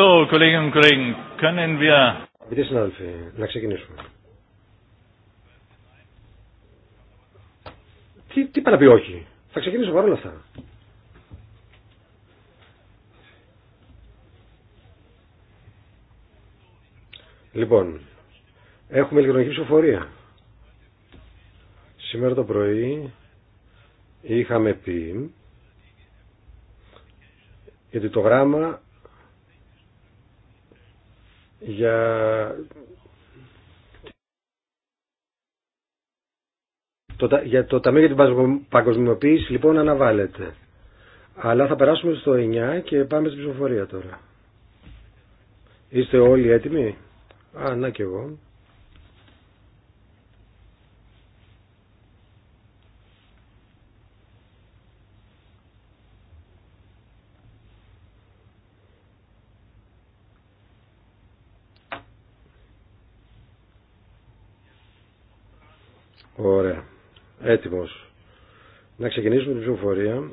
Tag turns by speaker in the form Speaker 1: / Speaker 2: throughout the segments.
Speaker 1: So, Kolleginnen und Kollegen, können wir... Αγαπητοί συνάδελφοι, να ξεκινήσουμε. Τι, τι πάει να πει όχι. Θα ξεκινήσω παρόλα αυτά. Λοιπόν, έχουμε ηλεκτρονική ψηφοφορία. Σήμερα το πρωί είχαμε πει γιατί το γράμμα για το, για το Ταμείο για την Παγκοσμιοποίηση λοιπόν αναβάλλεται. Αλλά θα περάσουμε στο 9 και πάμε στην ψηφοφορία τώρα. Είστε όλοι έτοιμοι? Α, να και εγώ. έτοιμος. Να ξεκινήσουμε την ψηφοφορία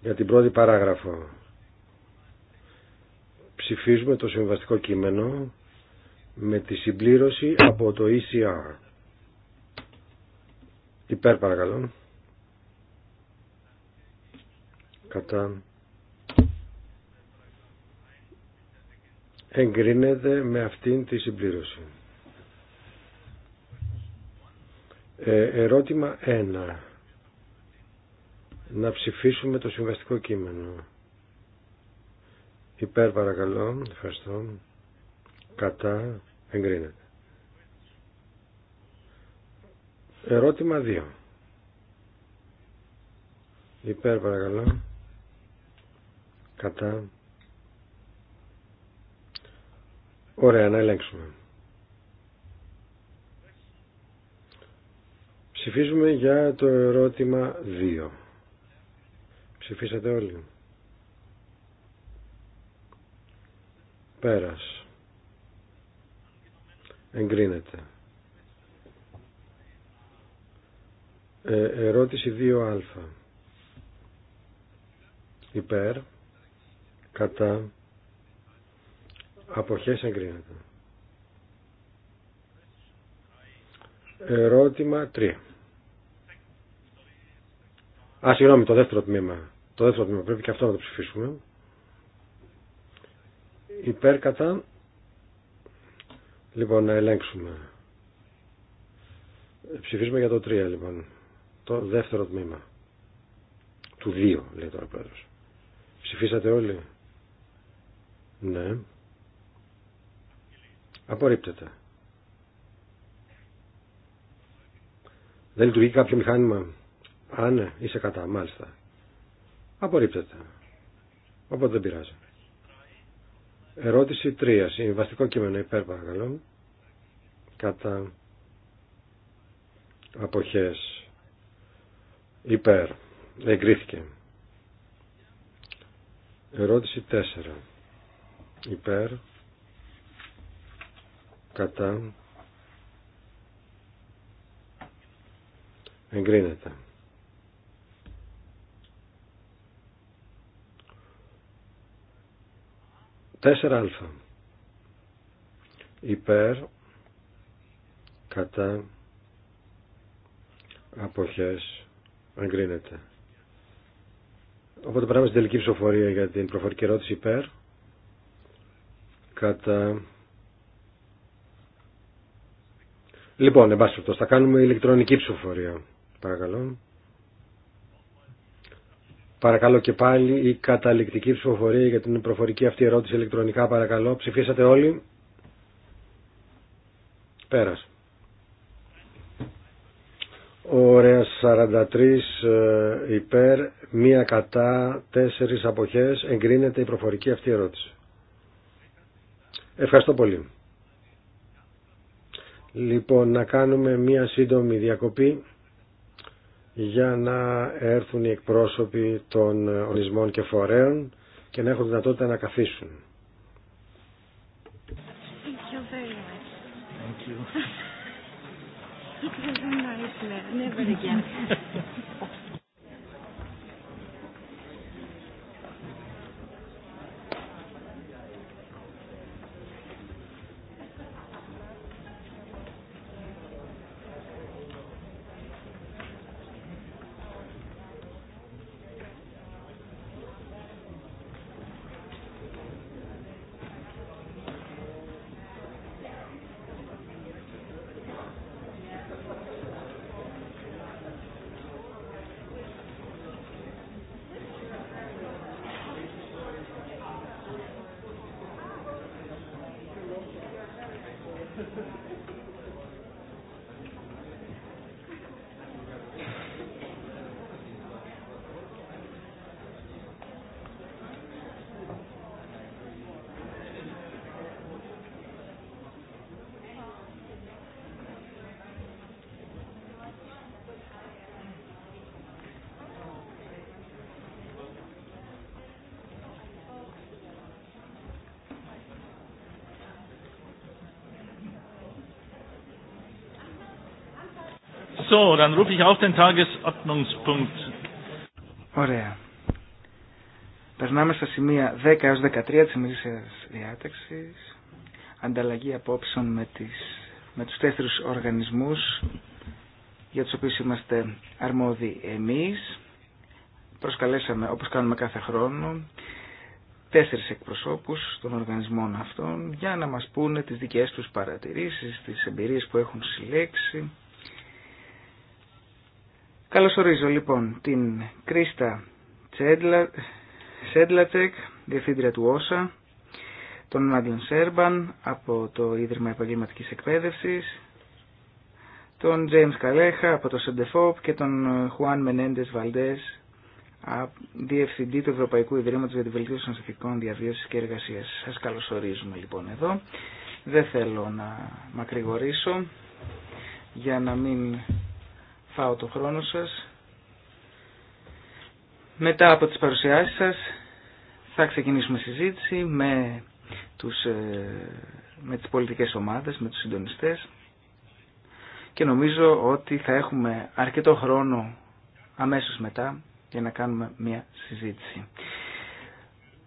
Speaker 1: για την πρώτη παράγραφο. Ψηφίζουμε το συμβαστικό κείμενο με τη συμπλήρωση από το ECR. Υπέρ παρακαλώ. Κατά. Εγκρίνεται με αυτήν τη συμπλήρωση. Ε, ερώτημα 1. Να ψηφίσουμε το συμβαστικό κείμενο. Υπέρ παρακαλώ. Ευχαριστώ. Κατά. Εγκρίνεται. Ερώτημα 2. Υπέρ παρακαλώ. Κατά. Ωραία, να ελέγξουμε. Ψηφίζουμε για το ερώτημα 2. Ψηφίσατε όλοι. Πέρας. Εγκρίνεται. Ε, ερώτηση 2α. Υπέρ. Κατά. Αποχές εγκρίνεται. Ερώτημα 3. Α, συγγνώμη, το δεύτερο τμήμα. Το δεύτερο τμήμα πρέπει και αυτό να το ψηφίσουμε. Υπέρ κατά. Λοιπόν, να ελέγξουμε. Ψηφίσουμε για το 3, λοιπόν. Το δεύτερο τμήμα. Του 2, λέει τώρα ο πρόεδρος. Ψηφίσατε όλοι. Ναι. Απορρίπτεται. Δεν λειτουργεί κάποιο μηχάνημα. Α, ναι, είσαι κατά, μάλιστα. Απορρίπτεται. Οπότε δεν πειράζει. Ερώτηση 3. Συμβαστικό κείμενο υπέρ παρακαλώ. Κατά αποχές υπέρ. Εγκρίθηκε. Ερώτηση 4. Υπέρ. Κατά. Εγκρίνεται. 4α υπέρ κατά αποχές εγκρίνεται. Οπότε πράγμα στην τελική ψηφοφορία για την προφορική ερώτηση υπέρ κατά Λοιπόν, εμπάσχευτος, θα κάνουμε ηλεκτρονική ψηφοφορία. Παρακαλώ. Παρακαλώ και πάλι η καταληκτική ψηφοφορία για την προφορική αυτή ερώτηση ηλεκτρονικά παρακαλώ. Ψηφίσατε όλοι. Πέρας. Ωραία 43 ε, υπέρ, μία κατά, τέσσερις αποχές. Εγκρίνεται η προφορική αυτή ερώτηση. Ευχαριστώ πολύ. Λοιπόν, να κάνουμε μία σύντομη διακοπή για να έρθουν οι εκπρόσωποι των ορισμών και φορέων και να έχουν δυνατότητα να καθίσουν.
Speaker 2: So, dann ich den Tagesordnungspunkt. Ωραία. Περνάμε στα σημεία 10 έως 13 της ημερήσιας διάταξης. Ανταλλαγή απόψεων με, τις, με τους τέσσερις οργανισμούς για τους οποίους είμαστε αρμόδιοι εμείς. Προσκαλέσαμε, όπως κάνουμε κάθε χρόνο, τέσσερις εκπροσώπους των οργανισμών αυτών για να μας πούνε τις δικές τους παρατηρήσεις, τις εμπειρίες που έχουν συλλέξει Καλωσορίζω λοιπόν την Κρίστα Σέντλατσεκ, Διευθύντρια του ΩΣΑ, τον Μάντλεν Σέρμπαν από το Ίδρυμα Επαγγελματικής Εκπαίδευσης, τον Τζέιμς Καλέχα από το Σεντεφόπ και τον Χουάν Μενέντες Βαλντές, Διευθυντή του Ευρωπαϊκού Ιδρύματος για τη Βελτίωση των Συνθηκών Διαβίωσης και Εργασίας. Σας καλωσορίζουμε λοιπόν εδώ. Δεν θέλω να μακρηγορήσω για να μην φάω το χρόνο σας. Μετά από τις παρουσιάσεις σας θα ξεκινήσουμε συζήτηση με, τους, ε, με τις πολιτικές ομάδες, με τους συντονιστές και νομίζω ότι θα έχουμε αρκετό χρόνο αμέσως μετά για να κάνουμε μια συζήτηση.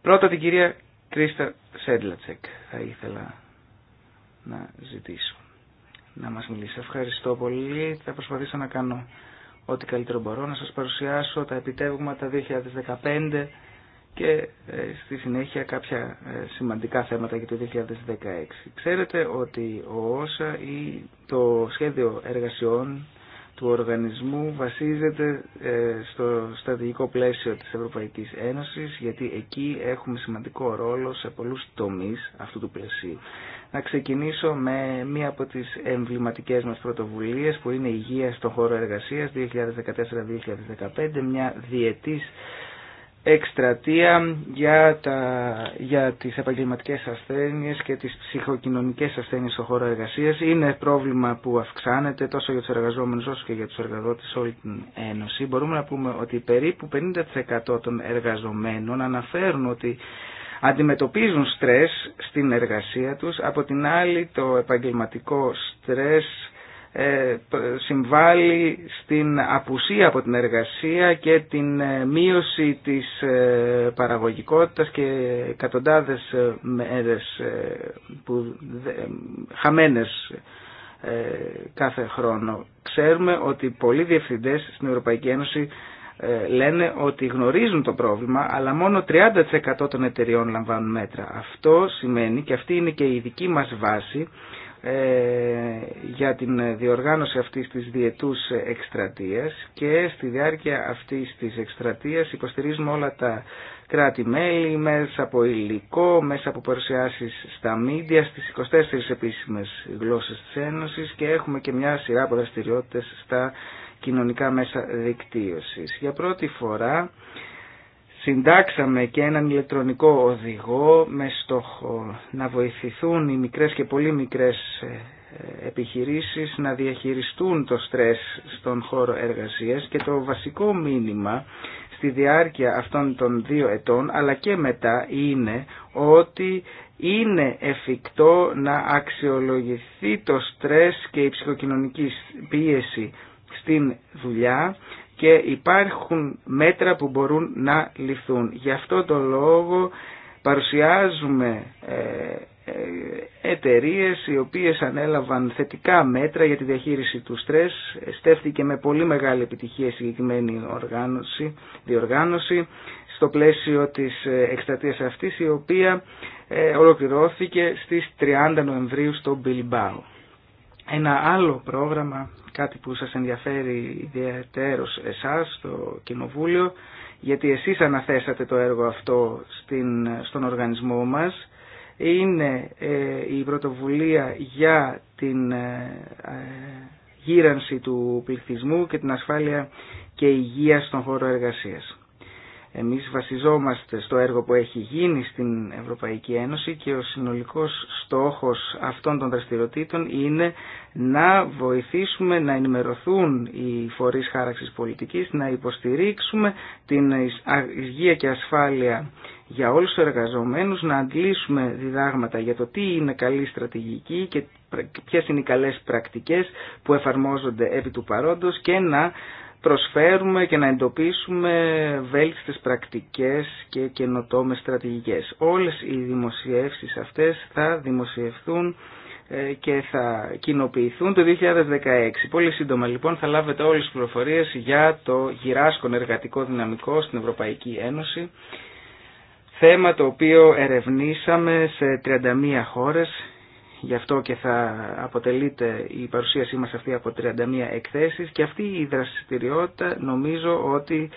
Speaker 2: Πρώτα την κυρία Κρίστα Σέντλατσεκ θα ήθελα να ζητήσω να μας μιλήσει. Ευχαριστώ πολύ. Θα προσπαθήσω να κάνω ό,τι καλύτερο μπορώ, να σας παρουσιάσω τα επιτεύγματα 2015 και ε, στη συνέχεια κάποια ε, σημαντικά θέματα για το 2016. Ξέρετε ότι ο ΩΣΑ ή το σχέδιο εργασιών του οργανισμού βασίζεται ε, στο στρατηγικό πλαίσιο της Ευρωπαϊκής Ένωσης γιατί εκεί έχουμε σημαντικό ρόλο σε πολλούς τομείς αυτού του πλαισίου. Να ξεκινήσω με μία από τις εμβληματικές μας πρωτοβουλίες που είναι η υγεία στον χώρο εργασίας 2014-2015, μια διετής εκστρατεία για, τα, για τις επαγγελματικές ασθένειες και τις ψυχοκοινωνικές ασθένειες στον χώρο εργασίας. Είναι πρόβλημα που αυξάνεται τόσο για τους εργαζόμενους όσο και για τους εργαδότες όλη την Ένωση. Μπορούμε να πούμε ότι περίπου 50% των εργαζομένων αναφέρουν ότι αντιμετωπίζουν στρες στην εργασία τους. Από την άλλη το επαγγελματικό στρες ε, συμβάλλει στην απουσία από την εργασία και την ε, μείωση της ε, παραγωγικότητας και εκατοντάδες μέρες που, χαμένες κάθε χρόνο. Ξέρουμε ότι πολλοί διευθυντές στην Ευρωπαϊκή Ένωση λένε ότι γνωρίζουν το πρόβλημα αλλά μόνο 30% των εταιριών λαμβάνουν μέτρα. Αυτό σημαίνει και αυτή είναι και η δική μας βάση ε, για την διοργάνωση αυτής της διετούς εκστρατείας και στη διάρκεια αυτής της εκστρατείας υποστηρίζουμε όλα τα κράτη-μέλη μέσα από υλικό, μέσα από παρουσιάσεις στα μίντια στις 24 επίσημες γλώσσες της Ένωσης και έχουμε και μια σειρά από δραστηριότητες στα κοινωνικά μέσα δικτύωσης. Για πρώτη φορά Συντάξαμε και έναν ηλεκτρονικό οδηγό με στόχο να βοηθηθούν οι μικρές και πολύ μικρές ε, επιχειρήσεις να διαχειριστούν το στρες στον χώρο εργασίας και το βασικό μήνυμα στη διάρκεια αυτών των δύο ετών αλλά και μετά είναι ότι είναι εφικτό να αξιολογηθεί το στρες και η ψυχοκοινωνική πίεση στην δουλειά και υπάρχουν μέτρα που μπορούν να ληφθούν. Γι' αυτό το λόγο παρουσιάζουμε ε, ε, εταιρείε οι οποίες ανέλαβαν θετικά μέτρα για τη διαχείριση του στρες. Στέφτηκε με πολύ μεγάλη επιτυχία η συγκεκριμένη οργάνωση, διοργάνωση στο πλαίσιο της ε, εκστατείας αυτής η οποία ολοκληρώθηκε στις 30 Νοεμβρίου στο Μπιλμπάου. Ένα άλλο πρόγραμμα, κάτι που σας ενδιαφέρει ιδιαίτερος εσάς, το Κοινοβούλιο, γιατί εσείς αναθέσατε το έργο αυτό στην, στον οργανισμό μας, είναι ε, η πρωτοβουλία για την ε, ε, γύρανση του πληθυσμού και την ασφάλεια και υγεία στον χώρο εργασίας. Εμείς βασιζόμαστε στο έργο που έχει γίνει στην Ευρωπαϊκή Ένωση και ο συνολικός στόχος αυτών των δραστηριοτήτων είναι να βοηθήσουμε να ενημερωθούν οι φορείς χάραξης πολιτικής, να υποστηρίξουμε την υγεία και ασφάλεια για όλους τους εργαζομένους, να αντλήσουμε διδάγματα για το τι είναι καλή στρατηγική και ποιες είναι οι καλές πρακτικές που εφαρμόζονται επί του παρόντος και να προσφέρουμε και να εντοπίσουμε βέλτιστες πρακτικές και καινοτόμες στρατηγικές. Όλες οι δημοσιεύσεις αυτές θα δημοσιευθούν ε, και θα κοινοποιηθούν το 2016. Πολύ σύντομα λοιπόν θα λάβετε όλες τις πληροφορίες για το γυράσκον εργατικό δυναμικό στην Ευρωπαϊκή Ένωση θέμα το οποίο ερευνήσαμε σε 31 χώρες Γι' αυτό και θα αποτελείται η παρουσίασή μας αυτή από 31 εκθέσεις και αυτή η δραστηριότητα νομίζω ότι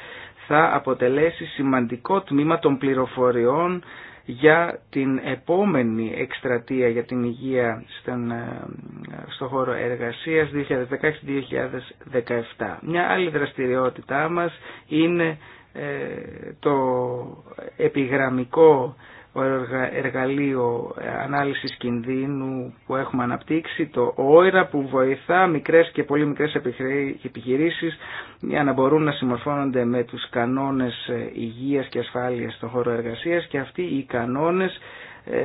Speaker 2: θα αποτελέσει σημαντικό τμήμα των πληροφοριών για την επόμενη εκστρατεία για την υγεία στον, ε, στο χώρο εργασίας 2016-2017. Μια άλλη δραστηριότητά μας είναι ε, το επιγραμμικό εργαλείο ε, ανάλυσης κινδύνου που έχουμε αναπτύξει, το ΟΕΡΑ που βοηθά μικρές και πολύ μικρές επιχειρήσεις για να μπορούν να συμμορφώνονται με τους κανόνες ε, υγείας και ασφάλειας στον χώρο εργασίας και αυτοί οι κανόνες ε,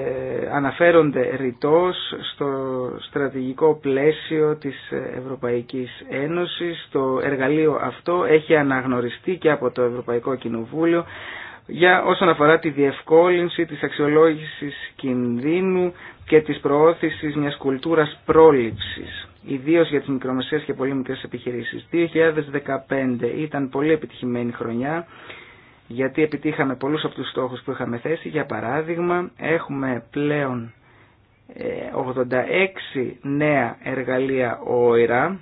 Speaker 2: αναφέρονται ρητός στο στρατηγικό πλαίσιο της Ευρωπαϊκής Ένωσης. Το εργαλείο αυτό έχει αναγνωριστεί και από το Ευρωπαϊκό Κοινοβούλιο για όσον αφορά τη διευκόλυνση της αξιολόγησης κινδύνου και της προώθησης μιας κουλτούρας πρόληψης, ιδίως για τις μικρομεσαίες και πολύ μικρές επιχειρήσεις. 2015 ήταν πολύ επιτυχημένη χρονιά, γιατί επιτύχαμε πολλούς από τους στόχους που είχαμε θέσει. Για παράδειγμα, έχουμε πλέον 86 ε, νέα εργαλεία όηρα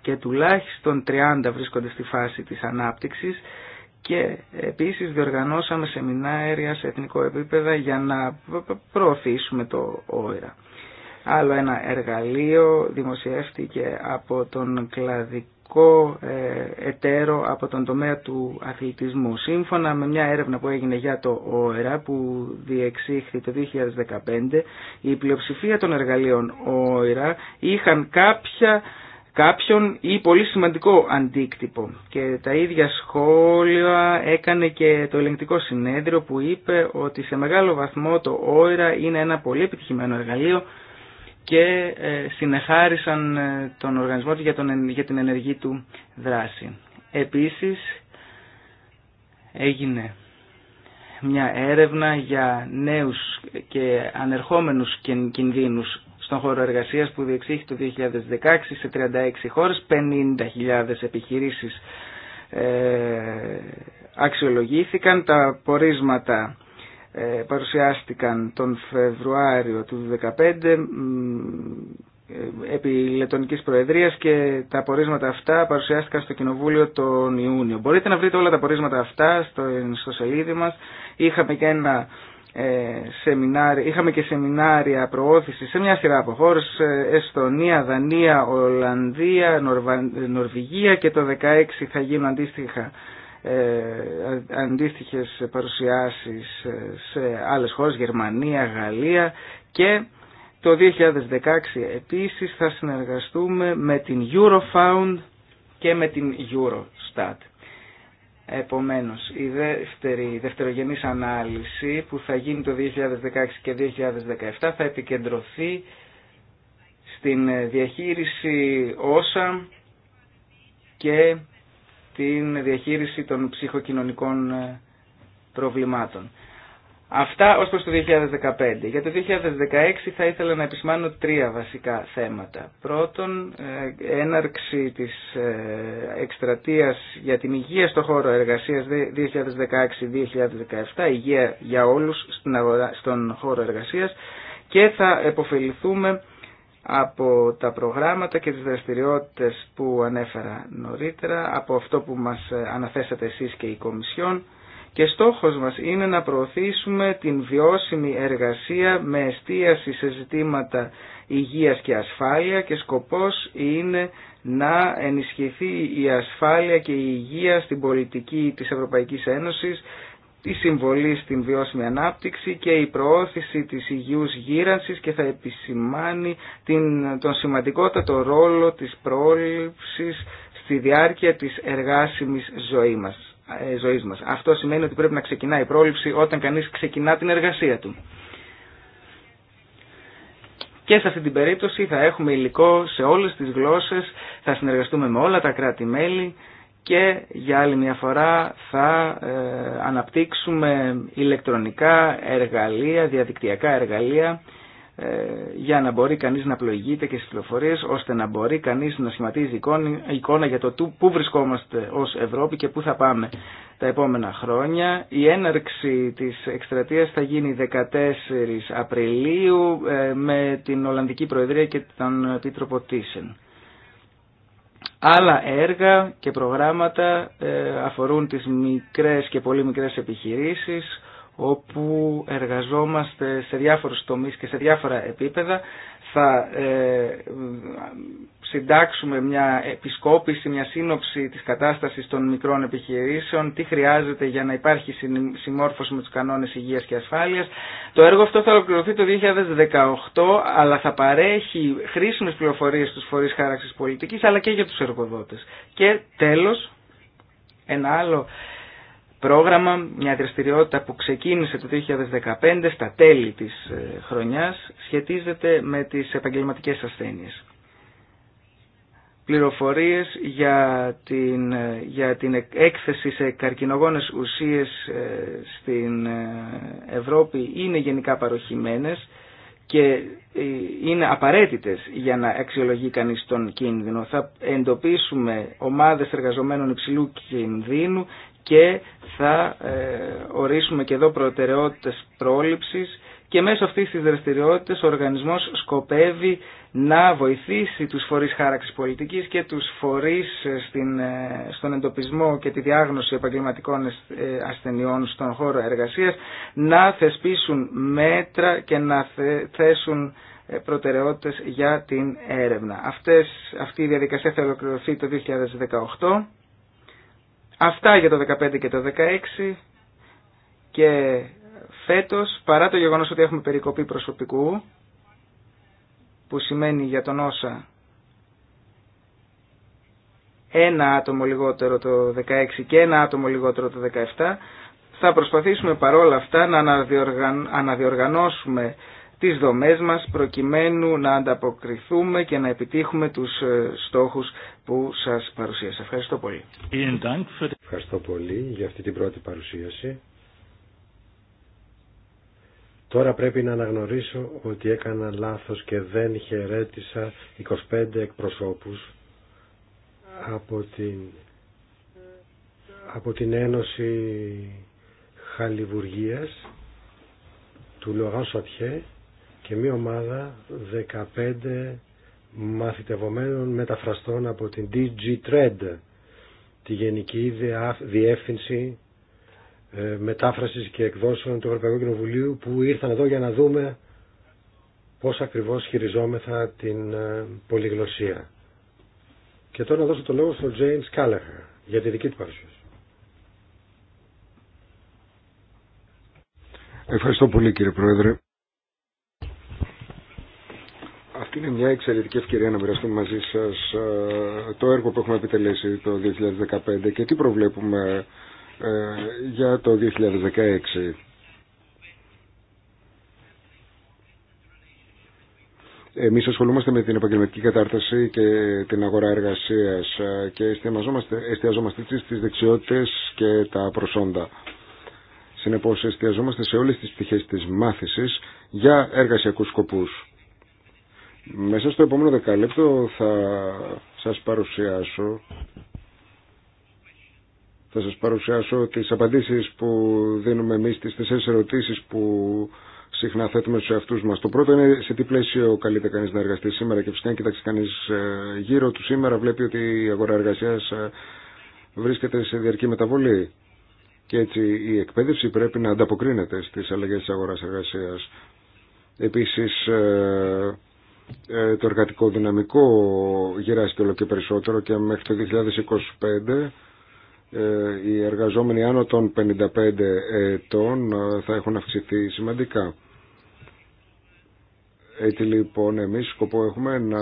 Speaker 2: και τουλάχιστον 30 βρίσκονται στη φάση της ανάπτυξης και επίσης διοργανώσαμε σεμινάρια σε εθνικό επίπεδο για να προωθήσουμε το ΩΕΡΑ. Άλλο ένα εργαλείο δημοσιεύτηκε από τον κλαδικό ε, εταίρο από τον τομέα του αθλητισμού. Σύμφωνα με μια έρευνα που έγινε για το ΟΕΡΑ που διεξήχθη το 2015, η πλειοψηφία των εργαλείων ΟΕΡΑ είχαν κάποια κάποιον ή πολύ σημαντικό αντίκτυπο. Και τα ίδια σχόλια έκανε και το ελεγκτικό συνέδριο που είπε ότι σε μεγάλο βαθμό το όιρα είναι ένα πολύ επιτυχημένο εργαλείο και ε, συνεχάρισαν ε, τον οργανισμό του για την ενεργή του δράση. Επίσης έγινε μια έρευνα για νέους και ανερχόμενους κινδύνους στον χώρο εργασία που διεξήχθη το 2016 σε 36 χώρε, 50.000 επιχειρήσεις ε, αξιολογήθηκαν, τα πορίσματα ε, παρουσιάστηκαν τον Φεβρουάριο του 2015 ε, επί Λετωνικής Προεδρίας και τα πορίσματα αυτά παρουσιάστηκαν στο Κοινοβούλιο τον Ιούνιο. Μπορείτε να βρείτε όλα τα πορίσματα αυτά στο, στο σελίδι μας. Είχαμε και ένα ε, σεμινάρια, είχαμε και σεμινάρια προώθηση σε μια σειρά από χώρε, Εστονία, Δανία, Ολλανδία, Νορβηγία και το 2016 θα γίνουν αντίστοιχα ε, αντίστοιχες παρουσιάσεις ε, σε άλλες χώρες, Γερμανία, Γαλλία και το 2016 επίσης θα συνεργαστούμε με την Eurofound και με την Eurostat. Επομένως, η δεύτερη δευτερογενής ανάλυση που θα γίνει το 2016 και 2017 θα επικεντρωθεί στην διαχείριση όσα και την διαχείριση των ψυχοκοινωνικών ε, προβλημάτων. Αυτά ως προς το 2015. Για το 2016 θα ήθελα να επισημάνω τρία βασικά θέματα. Πρώτον, ε, έναρξη της ε, εκστρατείας για την υγεία στο χώρο εργασίας 2016-2017, υγεία για όλους στον χώρο εργασίας και θα επωφεληθούμε από τα προγράμματα και τις δραστηριότητες που ανέφερα νωρίτερα, από αυτό που μας ε, αναθέσατε εσείς και η Κομισιόν, και στόχος μας είναι να προωθήσουμε την βιώσιμη εργασία με εστίαση σε ζητήματα υγείας και ασφάλεια και σκοπός είναι να ενισχυθεί η ασφάλεια και η υγεία στην πολιτική της Ευρωπαϊκής Ένωσης, τη συμβολή στην βιώσιμη ανάπτυξη και η προώθηση της υγιούς γύρανσης και θα επισημάνει την, τον σημαντικότατο ρόλο της πρόληψης στη διάρκεια της εργάσιμης ζωής μας. Ε, ζωής μας. Αυτό σημαίνει ότι πρέπει να ξεκινάει η πρόληψη όταν κανείς ξεκινά την εργασία του. Και σε αυτή την περίπτωση θα έχουμε υλικό σε όλες τις γλώσσες, θα συνεργαστούμε με όλα τα κράτη-μέλη και για άλλη μια φορά θα ε, αναπτύξουμε ηλεκτρονικά εργαλεία, διαδικτυακά εργαλεία ε, για να μπορεί κανείς να πλοηγείται και στις πληροφορίες ώστε να μπορεί κανείς να σχηματίζει εικόνα, για το πού βρισκόμαστε ως Ευρώπη και πού θα πάμε τα επόμενα χρόνια. Η έναρξη της εκστρατείας θα γίνει 14 Απριλίου ε, με την Ολλανδική Προεδρία και τον Επίτροπο Τίσεν. Άλλα έργα και προγράμματα ε, αφορούν τις μικρές και πολύ μικρές επιχειρήσεις όπου εργαζόμαστε σε διάφορους τομείς και σε διάφορα επίπεδα. Θα ε, συντάξουμε μια επισκόπηση, μια σύνοψη της κατάστασης των μικρών επιχειρήσεων, τι χρειάζεται για να υπάρχει συμμόρφωση με τους κανόνες υγείας και ασφάλειας. Το έργο αυτό θα ολοκληρωθεί το 2018, αλλά θα παρέχει χρήσιμες πληροφορίες στους φορείς χάραξης πολιτικής, αλλά και για τους εργοδότες. Και τέλος, ένα άλλο πρόγραμμα, μια δραστηριότητα που ξεκίνησε το 2015 στα τέλη της ε, χρονιάς, σχετίζεται με τις επαγγελματικές ασθένειες. Πληροφορίες για την, ε, για την έκθεση σε καρκινογόνες ουσίες ε, στην Ευρώπη είναι γενικά παροχημένες και είναι απαραίτητες για να αξιολογεί κανείς τον κίνδυνο. Θα εντοπίσουμε ομάδες εργαζομένων υψηλού κινδύνου και θα ε, ορίσουμε και εδώ προτεραιότητες πρόληψης και μέσω αυτής της δραστηριότητας ο οργανισμός σκοπεύει να βοηθήσει τους φορείς χάραξης πολιτικής και τους φορείς ε, στην, ε, στον εντοπισμό και τη διάγνωση επαγγελματικών ασθενειών στον χώρο εργασίας να θεσπίσουν μέτρα και να θέσουν προτεραιότητες για την έρευνα. Αυτές, αυτή η διαδικασία θα ολοκληρωθεί το 2018 Αυτά για το 2015 και το 2016 και φέτος παρά το γεγονός ότι έχουμε περικοπή προσωπικού που σημαίνει για τον όσα ένα άτομο λιγότερο το 16 και ένα άτομο λιγότερο το 17 θα προσπαθήσουμε παρόλα αυτά να αναδιοργανώσουμε τις δομές μας προκειμένου να ανταποκριθούμε και να επιτύχουμε τους ε, στόχους που σας παρουσίασα. Ευχαριστώ πολύ.
Speaker 1: Ευχαριστώ πολύ για αυτή την πρώτη παρουσίαση. Τώρα πρέπει να αναγνωρίσω ότι έκανα λάθος και δεν χαιρέτησα 25 εκπροσώπους από την, από την Ένωση Χαλιβουργίας του Λογάν Σοτιέ και μια ομάδα 15 μαθητευομένων μεταφραστών από την DG Trend, τη Γενική Διεύθυνση ε, Μετάφρασης και Εκδόσεων του Ευρωπαϊκού Κοινοβουλίου που ήρθαν εδώ για να δούμε πώς ακριβώς χειριζόμεθα την ε, πολυγλωσία. Και τώρα να δώσω το λόγο στον James Κάλεχα για τη δική του παρουσίαση.
Speaker 3: Ευχαριστώ πολύ κύριε Πρόεδρε. είναι μια εξαιρετική ευκαιρία να μοιραστούμε μαζί σας ε, το έργο που έχουμε επιτελέσει το 2015 και τι προβλέπουμε ε, για το 2016. Εμεί ασχολούμαστε με την επαγγελματική κατάρταση και την αγορά εργασία ε, και εστιαζόμαστε στι δεξιότητε και τα προσόντα. Συνεπώ, εστιαζόμαστε σε όλε τι πτυχέ τη μάθηση για εργασιακού σκοπού. Μέσα στο επόμενο δεκάλεπτο θα σας παρουσιάσω θα σας παρουσιάσω τις απαντήσεις που δίνουμε εμείς τις τέσσερις ερωτήσεις που συχνά θέτουμε στους εαυτούς μας. Το πρώτο είναι σε τι πλαίσιο καλείται κανείς να εργαστεί σήμερα και φυσικά αν κοιτάξει κανείς ε, γύρω του σήμερα βλέπει ότι η αγορά εργασίας ε, βρίσκεται σε διαρκή μεταβολή. Και έτσι η εκπαίδευση πρέπει να ανταποκρίνεται στις αλλαγές της αγοράς εργασίας. Επίσης ε, ε, το εργατικό δυναμικό γυράστηκε όλο και περισσότερο και μέχρι το 2025 ε, οι εργαζόμενοι άνω των 55 ετών ε, θα έχουν αυξηθεί σημαντικά. Έτσι λοιπόν εμείς σκοπό έχουμε να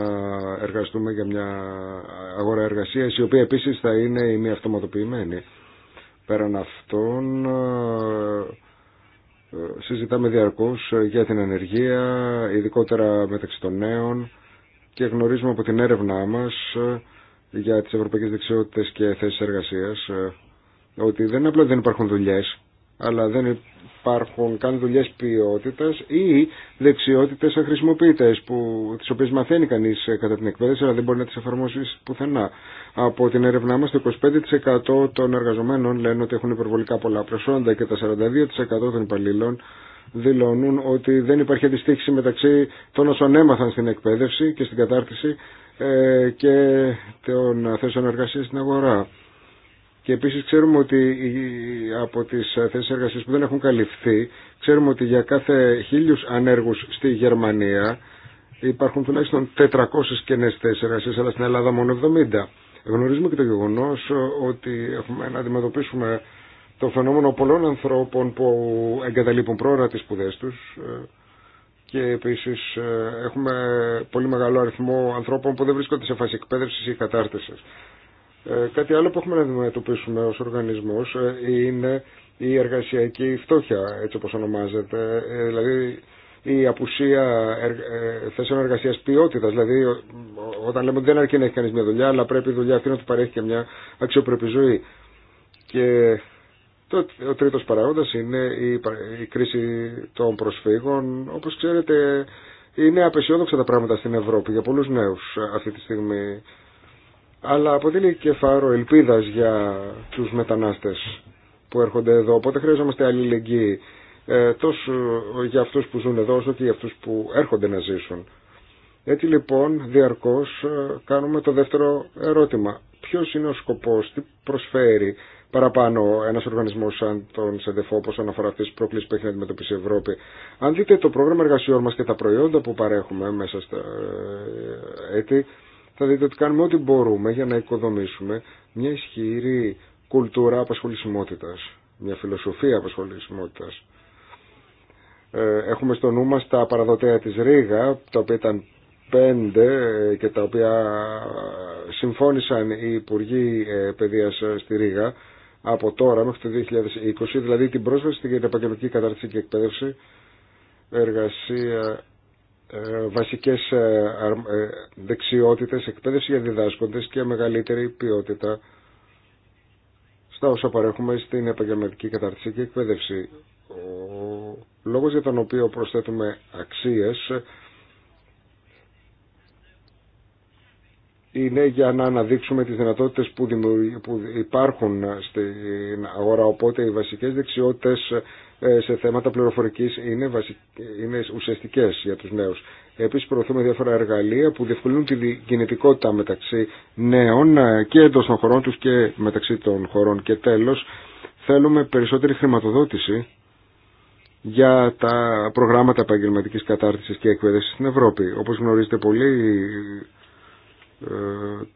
Speaker 3: εργαστούμε για μια αγορά εργασίας η οποία επίσης θα είναι η μη αυτοματοποιημένη. Πέραν αυτών συζητάμε διαρκώς ε, για την ενεργεία, ειδικότερα μεταξύ των νέων και γνωρίζουμε από την έρευνά μας ε, για τις ευρωπαϊκές δεξιότητες και θέσεις εργασίας ε, ότι δεν απλά δεν υπάρχουν δουλειές, αλλά δεν υπάρχουν καν δουλειέ ποιότητα ή δεξιότητε αχρησιμοποιητέ, τι οποίε μαθαίνει κανεί ε, κατά την εκπαίδευση, αλλά δεν μπορεί να τι εφαρμόσει πουθενά. Από την έρευνά μα, το 25% των εργαζομένων λένε ότι έχουν υπερβολικά πολλά προσόντα και τα 42% των υπαλλήλων δηλώνουν ότι δεν υπάρχει αντιστοίχηση μεταξύ των όσων έμαθαν στην εκπαίδευση και στην κατάρτιση ε, και των θέσεων εργασία στην αγορά. Και επίσης ξέρουμε ότι από τις θέσεις εργασίας που δεν έχουν καλυφθεί, ξέρουμε ότι για κάθε χίλιους ανέργους στη Γερμανία υπάρχουν τουλάχιστον 400 κενές θέσεις εργασίας, αλλά στην Ελλάδα μόνο 70. Γνωρίζουμε και το γεγονός ότι έχουμε να αντιμετωπίσουμε το φαινόμενο πολλών ανθρώπων που εγκαταλείπουν πρόωρα τις σπουδέ του. Ε, και επίση ε, έχουμε πολύ μεγάλο αριθμό ανθρώπων που δεν βρίσκονται σε φάση εκπαίδευση ή κατάρτιση. Ε, κάτι άλλο που έχουμε να αντιμετωπίσουμε ως οργανισμός ε, είναι η εργασιακή φτώχεια, έτσι όπως ονομάζεται, ε, δηλαδή η απουσία θέσεων εργασίας ποιότητας, δηλαδή όταν λέμε ότι δεν αρκεί να έχει κανείς μια δουλειά, αλλά πρέπει η δουλειά αυτή να του παρέχει και μια αξιοπρεπή ζωή. Και το, ο τρίτος παράγοντας είναι η, η κρίση των προσφύγων, όπως ξέρετε είναι απεσιόδοξα τα πράγματα στην Ευρώπη για πολλούς νέους αυτή τη στιγμή αλλά αποτελεί και φάρο ελπίδας για τους μετανάστες που έρχονται εδώ. Οπότε χρειαζόμαστε αλληλεγγύη ε, τόσο για αυτούς που ζουν εδώ όσο και για αυτούς που έρχονται να ζήσουν. Έτσι λοιπόν διαρκώς ε, κάνουμε το δεύτερο ερώτημα. Ποιος είναι ο σκοπός, τι προσφέρει παραπάνω ένας οργανισμός σαν τον ΣΕΔΕΦΟ όσον αναφορά αυτές τις που έχει να αντιμετωπίσει η Ευρώπη. Αν δείτε το πρόγραμμα εργασιών μας και τα προϊόντα που παρέχουμε μέσα στα ε, έτη, θα δείτε ότι κάνουμε ό,τι μπορούμε για να οικοδομήσουμε μια ισχυρή κουλτούρα απασχολησιμότητας, μια φιλοσοφία απασχολησιμότητας. Ε, έχουμε στο νου μας τα παραδοτέα της Ρήγα, τα οποία ήταν πέντε ε, και τα οποία ε, συμφώνησαν οι Υπουργοί Παιδείας στη Ρήγα από τώρα μέχρι το 2020, δηλαδή την πρόσβαση στην επαγγελματική κατάρτιση και εκπαίδευση, εργασία ε, βασικές ε, ε, δεξιότητες, εκπαίδευση για διδάσκοντες και μεγαλύτερη ποιότητα στα όσα παρέχουμε στην επαγγελματική κατάρτιση και εκπαίδευση. Ο λόγος για τον οποίο προσθέτουμε αξίες είναι για να αναδείξουμε τις δυνατότητες που, που υπάρχουν στην αγορά. Οπότε οι βασικές δεξιότητες ε, σε θέματα πληροφορικής είναι, βασικ... είναι ουσιαστικές για τους νέους. Επίσης προωθούμε διάφορα εργαλεία που διευκολύνουν τη κινητικότητα μεταξύ νέων ε, και εντός των χωρών τους και μεταξύ των χωρών. Και τέλος θέλουμε περισσότερη χρηματοδότηση για τα προγράμματα επαγγελματική κατάρτισης και εκπαίδευση στην Ευρώπη. Όπως γνωρίζετε πολύ, ε,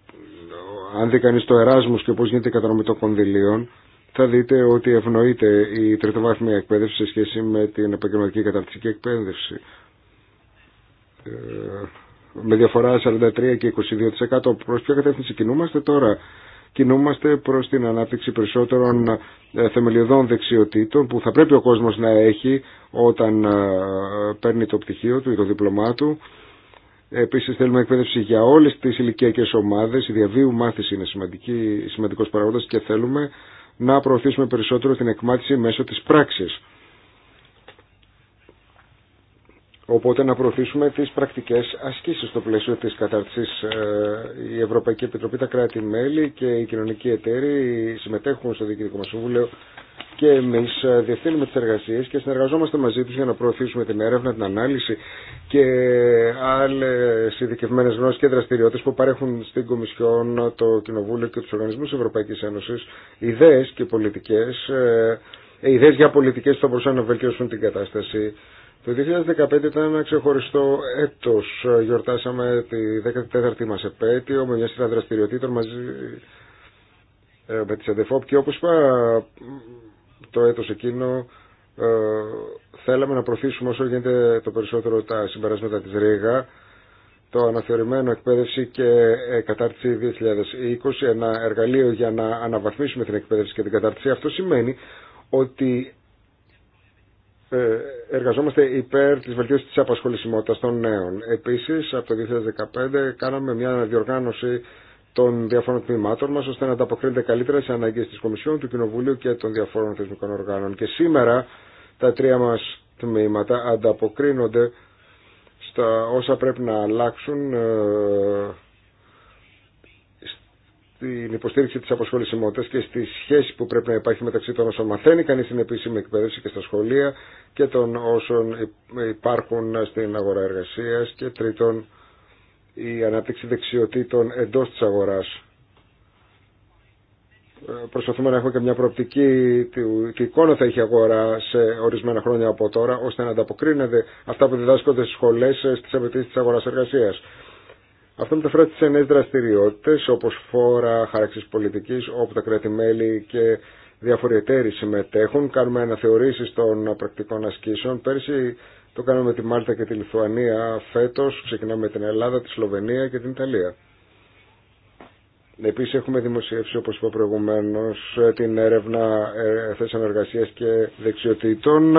Speaker 3: αν δει κανείς το Εράσμος και πώς γίνεται η κατανομή των κονδυλίων, θα δείτε ότι ευνοείται η τριτοβάθμια εκπαίδευση σε σχέση με την επαγγελματική καταρτιστική εκπαίδευση. Ε, με διαφορά 43 και 22% προς ποια κατεύθυνση κινούμαστε τώρα. Κινούμαστε προς την ανάπτυξη περισσότερων ε, θεμελιωδών δεξιοτήτων που θα πρέπει ο κόσμος να έχει όταν παίρνει το πτυχίο του ή το διπλωμά του Επίσης θέλουμε εκπαίδευση για όλες τις ηλικιακές ομάδες. Η διαβίου μάθηση είναι σημαντική, σημαντικός παράγοντας και θέλουμε να προωθήσουμε περισσότερο την εκμάθηση μέσω της πράξης. Οπότε να προωθήσουμε τις πρακτικές ασκήσεις στο πλαίσιο της κατάρτισης. Ε, η Ευρωπαϊκή Επιτροπή, τα κράτη-μέλη και οι κοινωνικοί εταίροι συμμετέχουν στο Διοικητικό μας και εμεί ε, διευθύνουμε τι εργασίε και συνεργαζόμαστε μαζί του για να προωθήσουμε την έρευνα, την ανάλυση και άλλε ειδικευμένε γνώσει και δραστηριότητε που παρέχουν στην Κομισιόν, το Κοινοβούλιο και του Οργανισμού Ευρωπαϊκή Ένωση. Ιδέε και πολιτικές, ε, ε, ιδέες για πολιτικές που θα μπορούσαν να βελτιώσουν την κατάσταση. Το 2015 ήταν ένα ξεχωριστό έτος. Γιορτάσαμε τη 14η μας επέτειο με μια σειρά δραστηριοτήτων μαζί με τις ΕΔΕΦΟΠ και είπα το έτος εκείνο ε, θέλαμε να προωθήσουμε όσο γίνεται το περισσότερο τα συμπεράσματα της ΡΙΓΑ, το αναθεωρημένο εκπαίδευση και ε, κατάρτιση 2020, ένα εργαλείο για να αναβαθμίσουμε την εκπαίδευση και την κατάρτιση. Αυτό σημαίνει ότι ε, εργαζόμαστε υπέρ της βελτιωση της απασχολησιμότητας των νέων. Επίσης, από το 2015 κάναμε μια διοργάνωση των διαφόρων τμήματων μα ώστε να ανταποκρίνεται καλύτερα σε ανάγκε τη Κομισιόν, του Κοινοβουλίου και των διαφόρων θεσμικών οργάνων. Και σήμερα τα τρία μα τμήματα ανταποκρίνονται στα όσα πρέπει να αλλάξουν ε, στην υποστήριξη τη αποσχολησιμότητας και στη σχέση που πρέπει να υπάρχει μεταξύ των όσων μαθαίνει κανεί στην επίσημη εκπαίδευση και στα σχολεία και των όσων υπάρχουν στην αγορά εργασία και τρίτον η ανάπτυξη δεξιοτήτων εντός της αγοράς. Ε, προσπαθούμε να έχουμε και μια προοπτική, τι εικόνα θα έχει αγορά σε ορισμένα χρόνια από τώρα, ώστε να ανταποκρίνεται αυτά που διδάσκονται στι σχολές ε, στις απαιτήσει της αγοράς εργασίας. Αυτό μεταφράζεται σε νέε δραστηριότητε όπω φόρα χάραξη πολιτική, όπου τα κράτη-μέλη και διάφοροι εταίροι συμμετέχουν. Κάνουμε αναθεωρήσει των πρακτικών ασκήσεων. Πέρσι το κάνουμε με τη Μάλτα και τη Λιθουανία φέτος, ξεκινάμε με την Ελλάδα, τη Σλοβενία και την Ιταλία. Επίση έχουμε δημοσιεύσει, όπω είπα προηγουμένω, την έρευνα ε, θέσεων εργασία και δεξιοτήτων.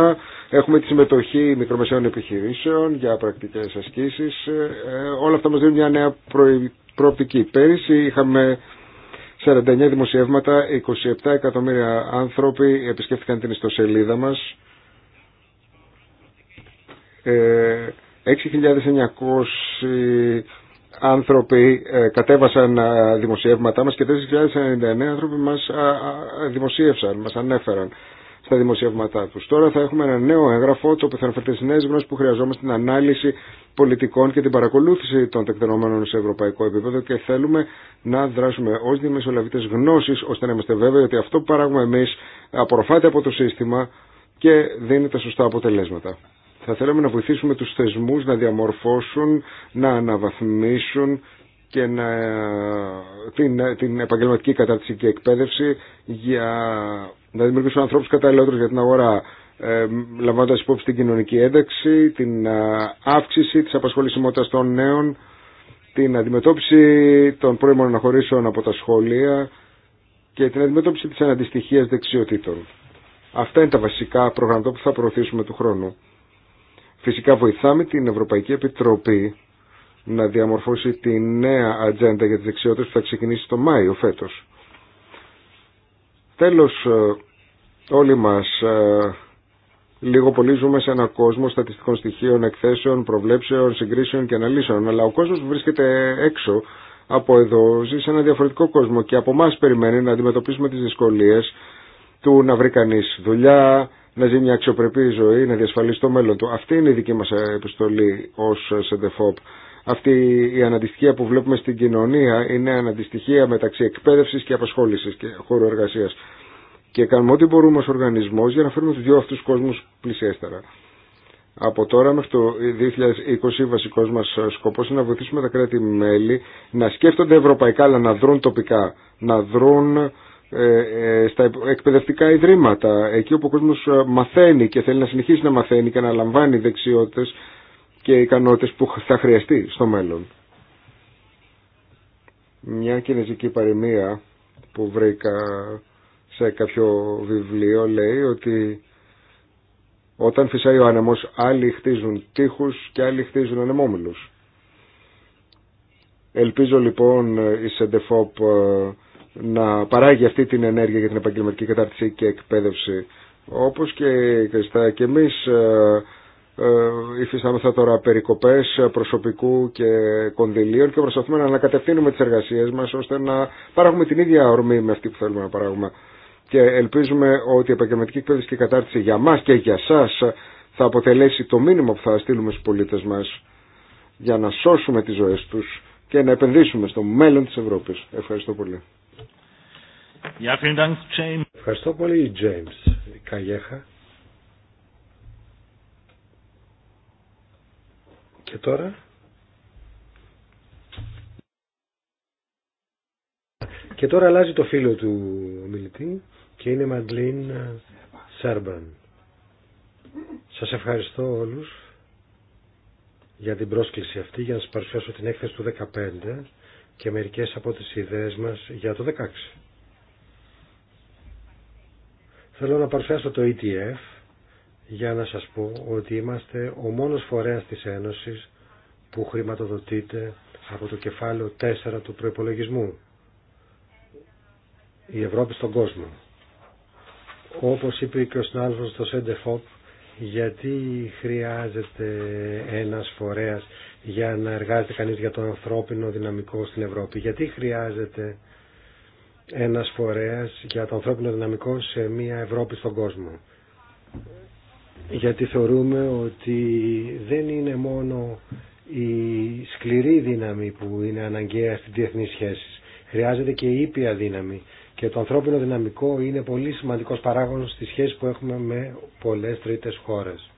Speaker 3: Έχουμε τη συμμετοχή μικρομεσαίων επιχειρήσεων για πρακτικέ ασκήσει. Ε, όλα αυτά μας δίνουν μια νέα προοπτική. Πέρυσι είχαμε 49 δημοσιεύματα, 27 εκατομμύρια άνθρωποι επισκέφθηκαν την ιστοσελίδα μας 6.900 ε, άνθρωποι ε, κατέβασαν ε, δημοσιεύματά μας και 4.099 άνθρωποι μας δημοσίευσαν, μας ανέφεραν στα δημοσιεύματά τους. Τώρα θα έχουμε ένα νέο έγγραφο το οποίο θα αναφερθεί στις νέες γνώσεις που χρειαζόμαστε την ανάλυση πολιτικών και την παρακολούθηση των τεκτενόμενων σε ευρωπαϊκό επίπεδο και θέλουμε να δράσουμε ως δημεσολαβητές γνώσεις ώστε να είμαστε βέβαιοι ότι αυτό που παράγουμε εμείς απορροφάται από το σύστημα και δίνει τα σωστά αποτελέσματα. Θα θέλαμε να βοηθήσουμε τους θεσμούς να διαμορφώσουν, να αναβαθμίσουν και να, την, την επαγγελματική κατάρτιση και εκπαίδευση για να δημιουργήσουν ανθρώπους καταλληλότερους για την αγορά ε, λαμβάνοντας υπόψη την κοινωνική ένταξη, την ε, αύξηση της απασχολησιμότητας των νέων, την αντιμετώπιση των πρώιμων αναχωρήσεων από τα σχολεία και την αντιμετώπιση της αναντιστοιχίας δεξιοτήτων. Αυτά είναι τα βασικά προγράμματα που θα προωθήσουμε του χρόνου. Φυσικά βοηθάμε την Ευρωπαϊκή Επιτροπή να διαμορφώσει τη νέα ατζέντα για τις δεξιότητες που θα ξεκινήσει το Μάιο φέτος. Τέλος, ε, όλοι μας ε, λίγο πολύ ζούμε σε έναν κόσμο στατιστικών στοιχείων, εκθέσεων, προβλέψεων, συγκρίσεων και αναλύσεων, αλλά ο κόσμος που βρίσκεται έξω από εδώ ζει σε ένα διαφορετικό κόσμο και από εμά περιμένει να αντιμετωπίσουμε τις δυσκολίες του να βρει κανεί δουλειά, να ζει μια αξιοπρεπή ζωή, να διασφαλίσει το μέλλον του. Αυτή είναι η δική μας επιστολή ως ΣΕΝΤΕΦΟΠ. Αυτή η αναντιστοιχία που βλέπουμε στην κοινωνία είναι αναντιστοιχία μεταξύ εκπαίδευσης και απασχόλησης και χώρου εργασίας. Και κάνουμε ό,τι μπορούμε ως οργανισμός για να φέρουμε τους δύο αυτούς κόσμους πλησιέστερα. Από τώρα μέχρι το 2020 βασικός μας σκοπός είναι να βοηθήσουμε τα κράτη-μέλη να σκέφτονται ευρωπαϊκά αλλά να δρουν τοπικά, να δρουν ε, ε, στα εκπαιδευτικά ιδρύματα, εκεί όπου ο κόσμο ε, μαθαίνει και θέλει να συνεχίσει να μαθαίνει και να λαμβάνει δεξιότητες και ικανότητες που θα χρειαστεί στο μέλλον. Μια κινέζικη παροιμία που βρήκα σε κάποιο βιβλίο λέει ότι όταν φυσάει ο άνεμος άλλοι χτίζουν τείχους και άλλοι χτίζουν ανεμόμυλους. Ελπίζω λοιπόν η Σεντεφόπ να παράγει αυτή την ενέργεια για την επαγγελματική κατάρτιση και εκπαίδευση. Όπως και Κριστά και εμείς ε, ε, υφιστάμεθα τώρα περικοπές προσωπικού και κονδυλίων και προσπαθούμε να ανακατευθύνουμε τις εργασίες μας ώστε να παράγουμε την ίδια ορμή με αυτή που θέλουμε να παράγουμε. Και ελπίζουμε ότι η επαγγελματική εκπαίδευση και η κατάρτιση για μας και για σας θα αποτελέσει το μήνυμα που θα στείλουμε στους πολίτες μας για να σώσουμε τις ζωές τους και να επενδύσουμε στο μέλλον της Ευρώπης. Ευχαριστώ πολύ.
Speaker 1: Ευχαριστώ πολύ, James Καγέχα. Και τώρα. Και τώρα αλλάζει το φίλο του μιλητή και είναι Μαντλίν Σέρμπαν. Σας ευχαριστώ όλους για την πρόσκληση αυτή για να σας παρουσιάσω την έκθεση του 15 και μερικές από τις ιδέες μας για το 16. Θέλω να παρουσιάσω το ETF για να σας πω ότι είμαστε ο μόνος φορέας της Ένωσης που χρηματοδοτείται από το κεφάλαιο 4 του προϋπολογισμού. Η Ευρώπη στον κόσμο. Όπως είπε και ο συνάδελφος στο ΣΕΝΤΕΦΟΠ, γιατί χρειάζεται ένας φορέας για να εργάζεται κανείς για το ανθρώπινο δυναμικό στην Ευρώπη. Γιατί χρειάζεται ένας φορέας για το ανθρώπινο δυναμικό σε μια Ευρώπη στον κόσμο. Γιατί θεωρούμε ότι δεν είναι μόνο η σκληρή δύναμη που είναι αναγκαία στις διεθνείς σχέσεις. Χρειάζεται και η ήπια δύναμη. Και το ανθρώπινο δυναμικό είναι πολύ σημαντικός παράγοντας στις σχέσεις που έχουμε με πολλές τρίτες χώρες.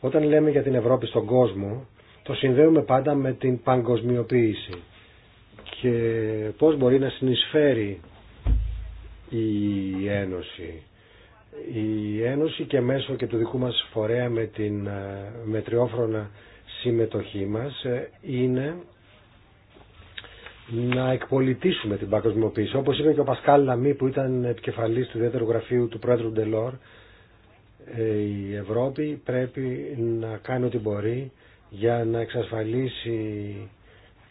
Speaker 1: Όταν λέμε για την Ευρώπη στον κόσμο, το συνδέουμε πάντα με την παγκοσμιοποίηση και πώς μπορεί να συνεισφέρει η Ένωση. Η Ένωση και μέσω και του δικού μας φορέα με την ε, μετριόφρονα συμμετοχή μας ε, είναι να εκπολιτήσουμε την παγκοσμιοποίηση. Όπως είπε και ο Πασκάλ Λαμή που ήταν επικεφαλής του ιδιαίτερου γραφείου του πρόεδρου Ντελόρ, ε, η Ευρώπη πρέπει να κάνει ό,τι μπορεί για να εξασφαλίσει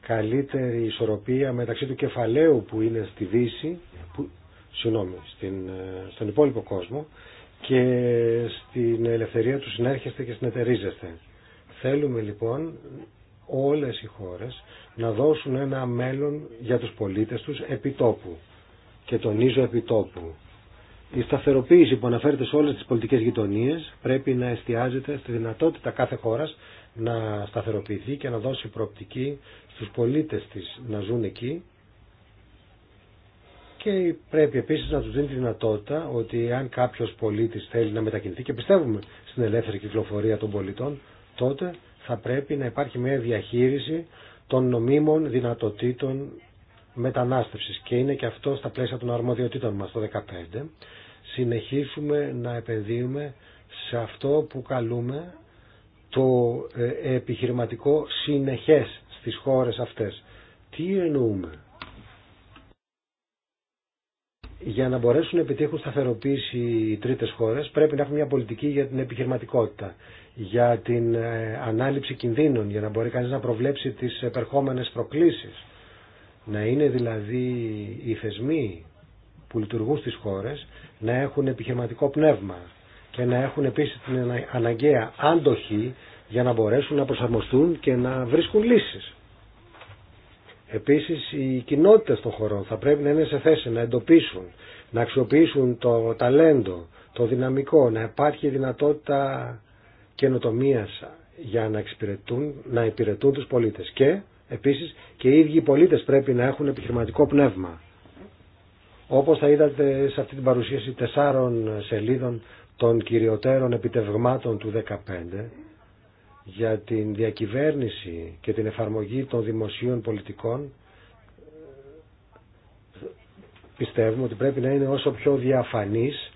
Speaker 1: καλύτερη ισορροπία μεταξύ του κεφαλαίου που είναι στη Δύση, που, συγγνώμη, στην, ε, στον υπόλοιπο κόσμο και στην ελευθερία του συνέρχεστε και συνεταιρίζεστε. Θέλουμε λοιπόν όλες οι χώρες να δώσουν ένα μέλλον για τους πολίτες τους επιτόπου και τονίζω επιτόπου. Η σταθεροποίηση που αναφέρεται σε όλες τις πολιτικές γειτονίες πρέπει να εστιάζεται στη δυνατότητα κάθε χώρας να σταθεροποιηθεί και να δώσει προοπτική στους πολίτες της να ζουν εκεί και πρέπει επίσης να τους δίνει τη δυνατότητα ότι αν κάποιος πολίτης θέλει να μετακινηθεί και πιστεύουμε στην ελεύθερη κυκλοφορία των πολιτών τότε θα πρέπει να υπάρχει μια διαχείριση των νομίμων δυνατοτήτων μετανάστευσης και είναι και αυτό στα πλαίσια των αρμοδιοτήτων μας το 2015 συνεχίσουμε να επενδύουμε σε αυτό που καλούμε το ε, επιχειρηματικό συνεχές στις χώρες αυτές. Τι εννοούμε. Για να μπορέσουν να επιτύχουν σταθεροποίηση οι τρίτες χώρες πρέπει να έχουμε μια πολιτική για την επιχειρηματικότητα, για την ε, ανάληψη κινδύνων, για να μπορεί κανείς να προβλέψει τις επερχόμενες προκλήσεις. Να είναι δηλαδή οι θεσμοί που λειτουργούν στις χώρες να έχουν επιχειρηματικό πνεύμα και να έχουν επίσης την αναγκαία άντοχη για να μπορέσουν να προσαρμοστούν και να βρίσκουν λύσεις. Επίσης οι κοινότητες των χωρών θα πρέπει να είναι σε θέση να εντοπίσουν, να αξιοποιήσουν το ταλέντο, το δυναμικό, να υπάρχει δυνατότητα καινοτομία για να, εξυπηρετούν, να υπηρετούν τους πολίτες. Και επίσης και οι ίδιοι οι πολίτες πρέπει να έχουν επιχειρηματικό πνεύμα. Όπως θα είδατε σε αυτή την παρουσίαση τεσσάρων σελίδων των κυριωτέρων επιτευγμάτων του 2015 για την διακυβέρνηση και την εφαρμογή των δημοσίων πολιτικών πιστεύουμε ότι πρέπει να είναι όσο πιο διαφανής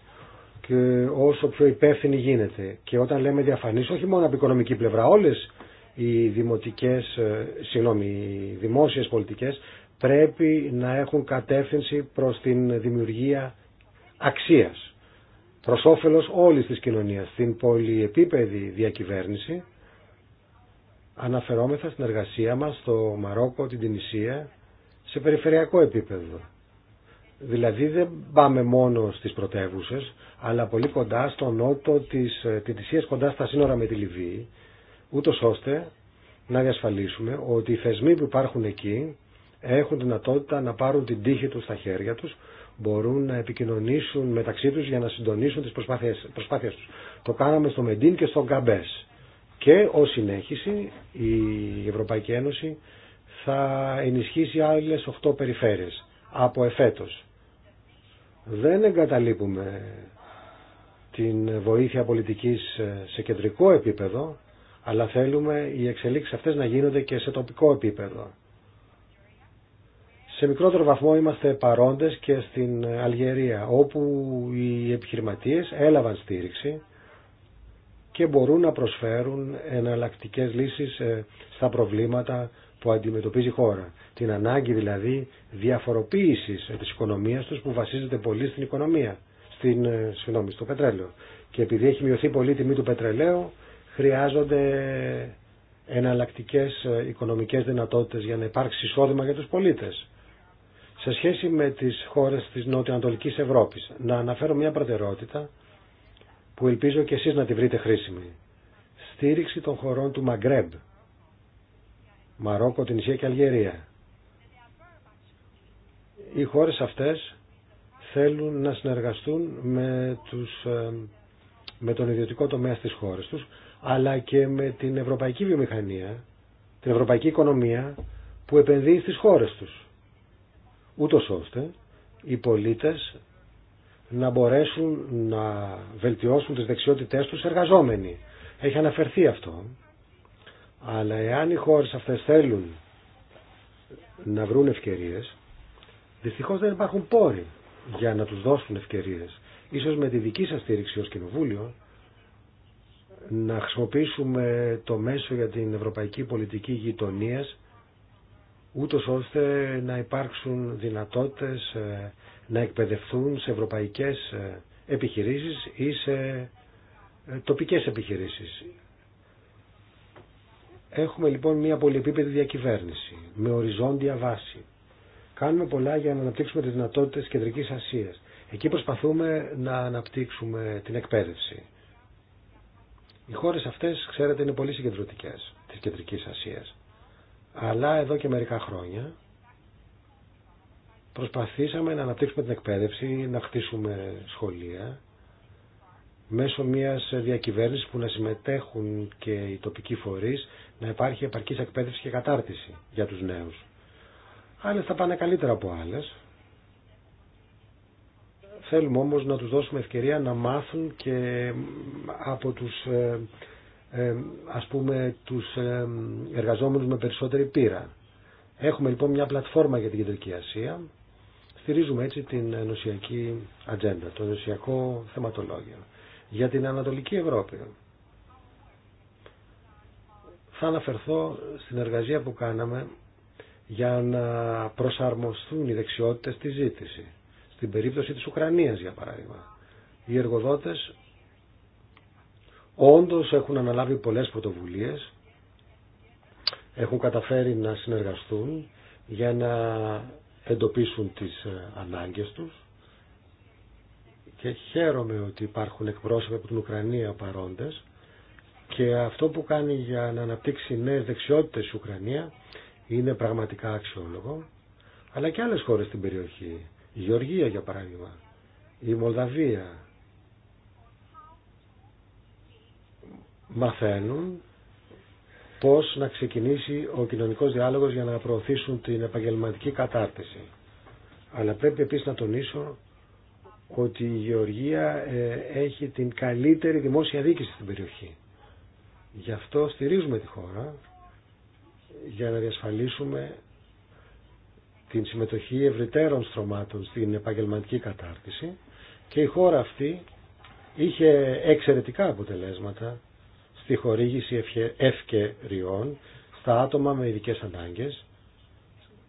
Speaker 1: και όσο πιο υπεύθυνη γίνεται. Και όταν λέμε διαφανής, όχι μόνο από οικονομική πλευρά, όλες οι δημοτικές, ε, συγγνώμη, οι δημόσιες πολιτικές πρέπει να έχουν κατεύθυνση προς την δημιουργία αξίας προς όφελος όλης της κοινωνίας. Στην πολυεπίπεδη διακυβέρνηση αναφερόμεθα στην εργασία μας στο Μαρόκο, την Τινησία, σε περιφερειακό επίπεδο. Δηλαδή δεν πάμε μόνο στις πρωτεύουσε, αλλά πολύ κοντά στο νότο της ε, Τινησίας, κοντά στα σύνορα με τη Λιβύη, ούτω ώστε να διασφαλίσουμε ότι οι θεσμοί που υπάρχουν εκεί έχουν δυνατότητα να πάρουν την τύχη τους στα χέρια τους, μπορούν να επικοινωνήσουν μεταξύ τους για να συντονίσουν τις προσπάθειες, προσπάθειες τους. Το κάναμε στο Μεντίν και στο Γκαμπές. Και ως συνέχιση η Ευρωπαϊκή Ένωση θα ενισχύσει άλλες 8 περιφέρειες από εφέτος. Δεν εγκαταλείπουμε την βοήθεια πολιτικής ε, σε κεντρικό επίπεδο, αλλά θέλουμε οι εξελίξεις αυτές να γίνονται και σε τοπικό επίπεδο σε μικρότερο βαθμό είμαστε παρόντες και στην Αλγερία όπου οι επιχειρηματίες έλαβαν στήριξη και μπορούν να προσφέρουν εναλλακτικέ λύσεις ε, στα προβλήματα που αντιμετωπίζει η χώρα. Την ανάγκη δηλαδή διαφοροποίησης ε, της οικονομίας τους που βασίζεται πολύ στην οικονομία, στην, ε, συγγνώμη, στο πετρέλαιο. Και επειδή έχει μειωθεί πολύ η τιμή του πετρελαίου, χρειάζονται εναλλακτικές οικονομικές δυνατότητες για να υπάρξει εισόδημα για τους πολίτες σε σχέση με τις χώρες της νοτιοανατολικής Ευρώπης. Να αναφέρω μια προτεραιότητα που ελπίζω και εσείς να τη βρείτε χρήσιμη. Στήριξη των χωρών του Μαγκρέμπ, Μαρόκο, Τινησία και Αλγερία. Οι χώρες αυτές θέλουν να συνεργαστούν με, τους, ε, με τον ιδιωτικό τομέα στις χώρες τους, αλλά και με την ευρωπαϊκή βιομηχανία, την ευρωπαϊκή οικονομία που επενδύει στις χώρες τους ούτως ώστε οι πολίτες να μπορέσουν να βελτιώσουν τις δεξιότητές τους εργαζόμενοι. Έχει αναφερθεί αυτό. Αλλά εάν οι χώρες αυτές θέλουν να βρουν ευκαιρίες, δυστυχώς δεν υπάρχουν πόροι για να τους δώσουν ευκαιρίες. Ίσως με τη δική σας στήριξη ως Κοινοβούλιο να χρησιμοποιήσουμε το μέσο για την Ευρωπαϊκή Πολιτική Γειτονίας ούτως ώστε να υπάρξουν δυνατότητες ε, να εκπαιδευτούν σε ευρωπαϊκές ε, επιχειρήσεις ή σε ε, τοπικές επιχειρήσεις. Έχουμε λοιπόν μια πολυεπίπεδη διακυβέρνηση με οριζόντια βάση. Κάνουμε πολλά για να αναπτύξουμε τις δυνατότητες κεντρικής Ασίας. Εκεί προσπαθούμε να αναπτύξουμε την εκπαίδευση. Οι χώρες αυτές, ξέρετε, είναι πολύ συγκεντρωτικές της κεντρικής Ασίας. Αλλά εδώ και μερικά χρόνια προσπαθήσαμε να αναπτύξουμε την εκπαίδευση, να χτίσουμε σχολεία μέσω μιας διακυβέρνησης που να συμμετέχουν και οι τοπικοί φορείς να υπάρχει επαρκής εκπαίδευση και κατάρτιση για τους νέους. Άλλες θα πάνε καλύτερα από άλλες. Θέλουμε όμως να τους δώσουμε ευκαιρία να μάθουν και από τους ε, ας πούμε τους εργαζόμενους με περισσότερη πείρα. Έχουμε λοιπόν μια πλατφόρμα για την Κεντρική Ασία. Στηρίζουμε έτσι την ενωσιακή ατζέντα, το ενωσιακό θεματολόγιο. Για την Ανατολική Ευρώπη θα αναφερθώ στην εργασία που κάναμε για να προσαρμοστούν οι δεξιότητες στη ζήτηση. Στην περίπτωση της Ουκρανίας για παράδειγμα. Οι εργοδότες όντως έχουν αναλάβει πολλές πρωτοβουλίες, έχουν καταφέρει να συνεργαστούν για να εντοπίσουν τις ε, ανάγκες τους και χαίρομαι ότι υπάρχουν εκπρόσωποι από την Ουκρανία παρόντες και αυτό που κάνει για να αναπτύξει νέες δεξιότητες η Ουκρανία είναι πραγματικά αξιόλογο αλλά και άλλες χώρες στην περιοχή η Γεωργία για παράδειγμα η Μολδαβία μαθαίνουν πώς να ξεκινήσει ο κοινωνικός διάλογος για να προωθήσουν την επαγγελματική κατάρτιση. Αλλά πρέπει επίσης να τονίσω ότι η Γεωργία ε, έχει την καλύτερη δημόσια δίκηση στην περιοχή. Γι' αυτό στηρίζουμε τη χώρα για να διασφαλίσουμε την συμμετοχή ευρυτέρων στρωμάτων στην επαγγελματική κατάρτιση και η χώρα αυτή είχε εξαιρετικά αποτελέσματα στη χορήγηση ευκαιριών στα άτομα με ειδικέ ανάγκες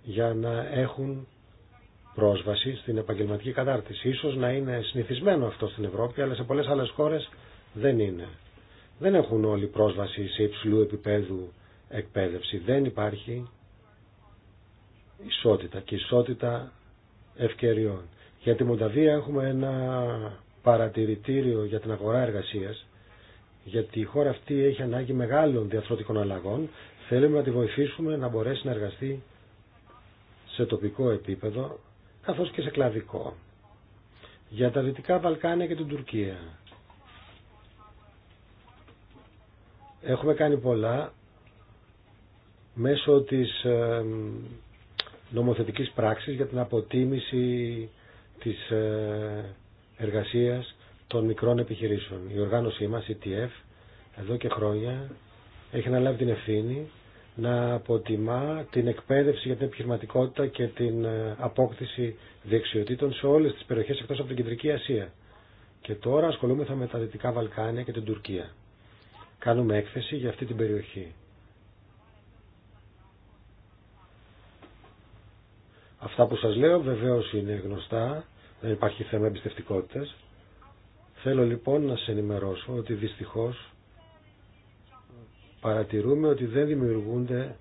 Speaker 1: για να έχουν πρόσβαση στην επαγγελματική κατάρτιση. Ίσως να είναι συνηθισμένο αυτό στην Ευρώπη, αλλά σε πολλές άλλες χώρες δεν είναι. Δεν έχουν όλοι πρόσβαση σε υψηλού επίπεδου εκπαίδευση. Δεν υπάρχει ισότητα και ισότητα ευκαιριών. Για τη Μονταβία έχουμε ένα παρατηρητήριο για την αγορά εργασίας γιατί η χώρα αυτή έχει ανάγκη μεγάλων διαθρωτικών αλλαγών. Θέλουμε να τη βοηθήσουμε να μπορέσει να εργαστεί σε τοπικό επίπεδο, καθώς και σε κλαδικό. Για τα Δυτικά Βαλκάνια και την Τουρκία. Έχουμε κάνει πολλά μέσω της νομοθετικής πράξης για την αποτίμηση της ε, εργασίας των μικρών επιχειρήσεων. Η οργάνωσή μας, η TF, εδώ και χρόνια έχει αναλάβει την ευθύνη να αποτιμά την εκπαίδευση για την επιχειρηματικότητα και την ε, απόκτηση δεξιοτήτων σε όλες τις περιοχές εκτός από την Κεντρική Ασία. Και τώρα ασχολούμεθα με τα Δυτικά Βαλκάνια και την Τουρκία. Κάνουμε έκθεση για αυτή την περιοχή. Αυτά που σας λέω βεβαίως είναι γνωστά, δεν υπάρχει θέμα εμπιστευτικότητας. Θέλω λοιπόν να σε ενημερώσω ότι δυστυχώς παρατηρούμε ότι δεν δημιουργούνται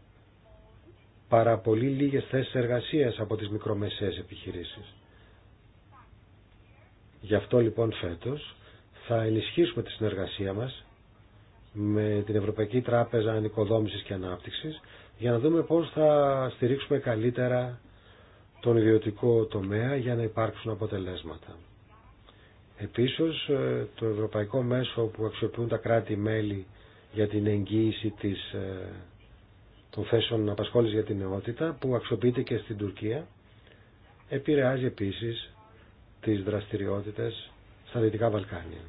Speaker 1: πάρα πολύ λίγες θέσεις εργασίας από τις μικρομεσαίες επιχειρήσεις. Γι' αυτό λοιπόν φέτος θα ενισχύσουμε τη συνεργασία μας με την Ευρωπαϊκή Τράπεζα Ανοικοδόμησης και Ανάπτυξης για να δούμε πώς θα στηρίξουμε καλύτερα τον ιδιωτικό τομέα για να υπάρξουν αποτελέσματα. Επίσης, ε, το ευρωπαϊκό μέσο που αξιοποιούν τα κράτη-μέλη για την εγγύηση της, ε, των θέσεων απασχόληση για την νεότητα, που αξιοποιείται και στην Τουρκία, επηρεάζει επίσης τις δραστηριότητες στα Δυτικά Βαλκάνια.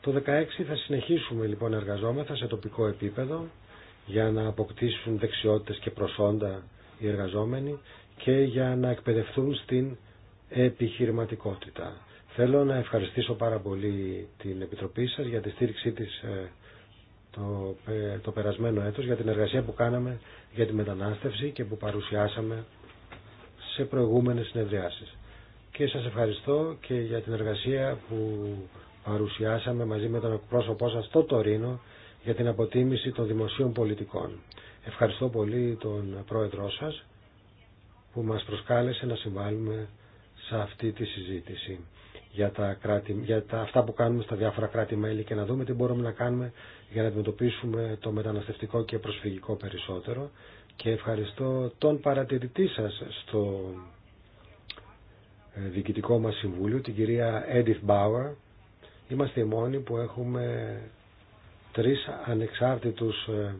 Speaker 1: Το 2016 θα συνεχίσουμε λοιπόν να εργαζόμεθα σε τοπικό επίπεδο για να αποκτήσουν δεξιότητες και προσόντα οι εργαζόμενοι και για να εκπαιδευτούν στην επιχειρηματικότητα. Θέλω να ευχαριστήσω πάρα πολύ την Επιτροπή σας για τη στήριξή της ε, το, ε, το περασμένο έτος, για την εργασία που κάναμε για τη μετανάστευση και που παρουσιάσαμε σε προηγούμενες συνεδριάσεις. Και σας ευχαριστώ και για την εργασία που παρουσιάσαμε μαζί με τον εκπρόσωπό σας στο Τωρίνο για την αποτίμηση των δημοσίων πολιτικών. Ευχαριστώ πολύ τον πρόεδρό σας που μας προσκάλεσε να συμβάλλουμε σε αυτή τη συζήτηση για, τα για τα, αυτά που κάνουμε στα διάφορα κράτη-μέλη και να δούμε τι μπορούμε να κάνουμε για να αντιμετωπίσουμε το μεταναστευτικό και προσφυγικό περισσότερο. Και ευχαριστώ τον παρατηρητή σας στο ε, διοικητικό μας συμβούλιο, την κυρία Edith Bauer. Είμαστε οι μόνοι που έχουμε τρεις ανεξάρτητους ε,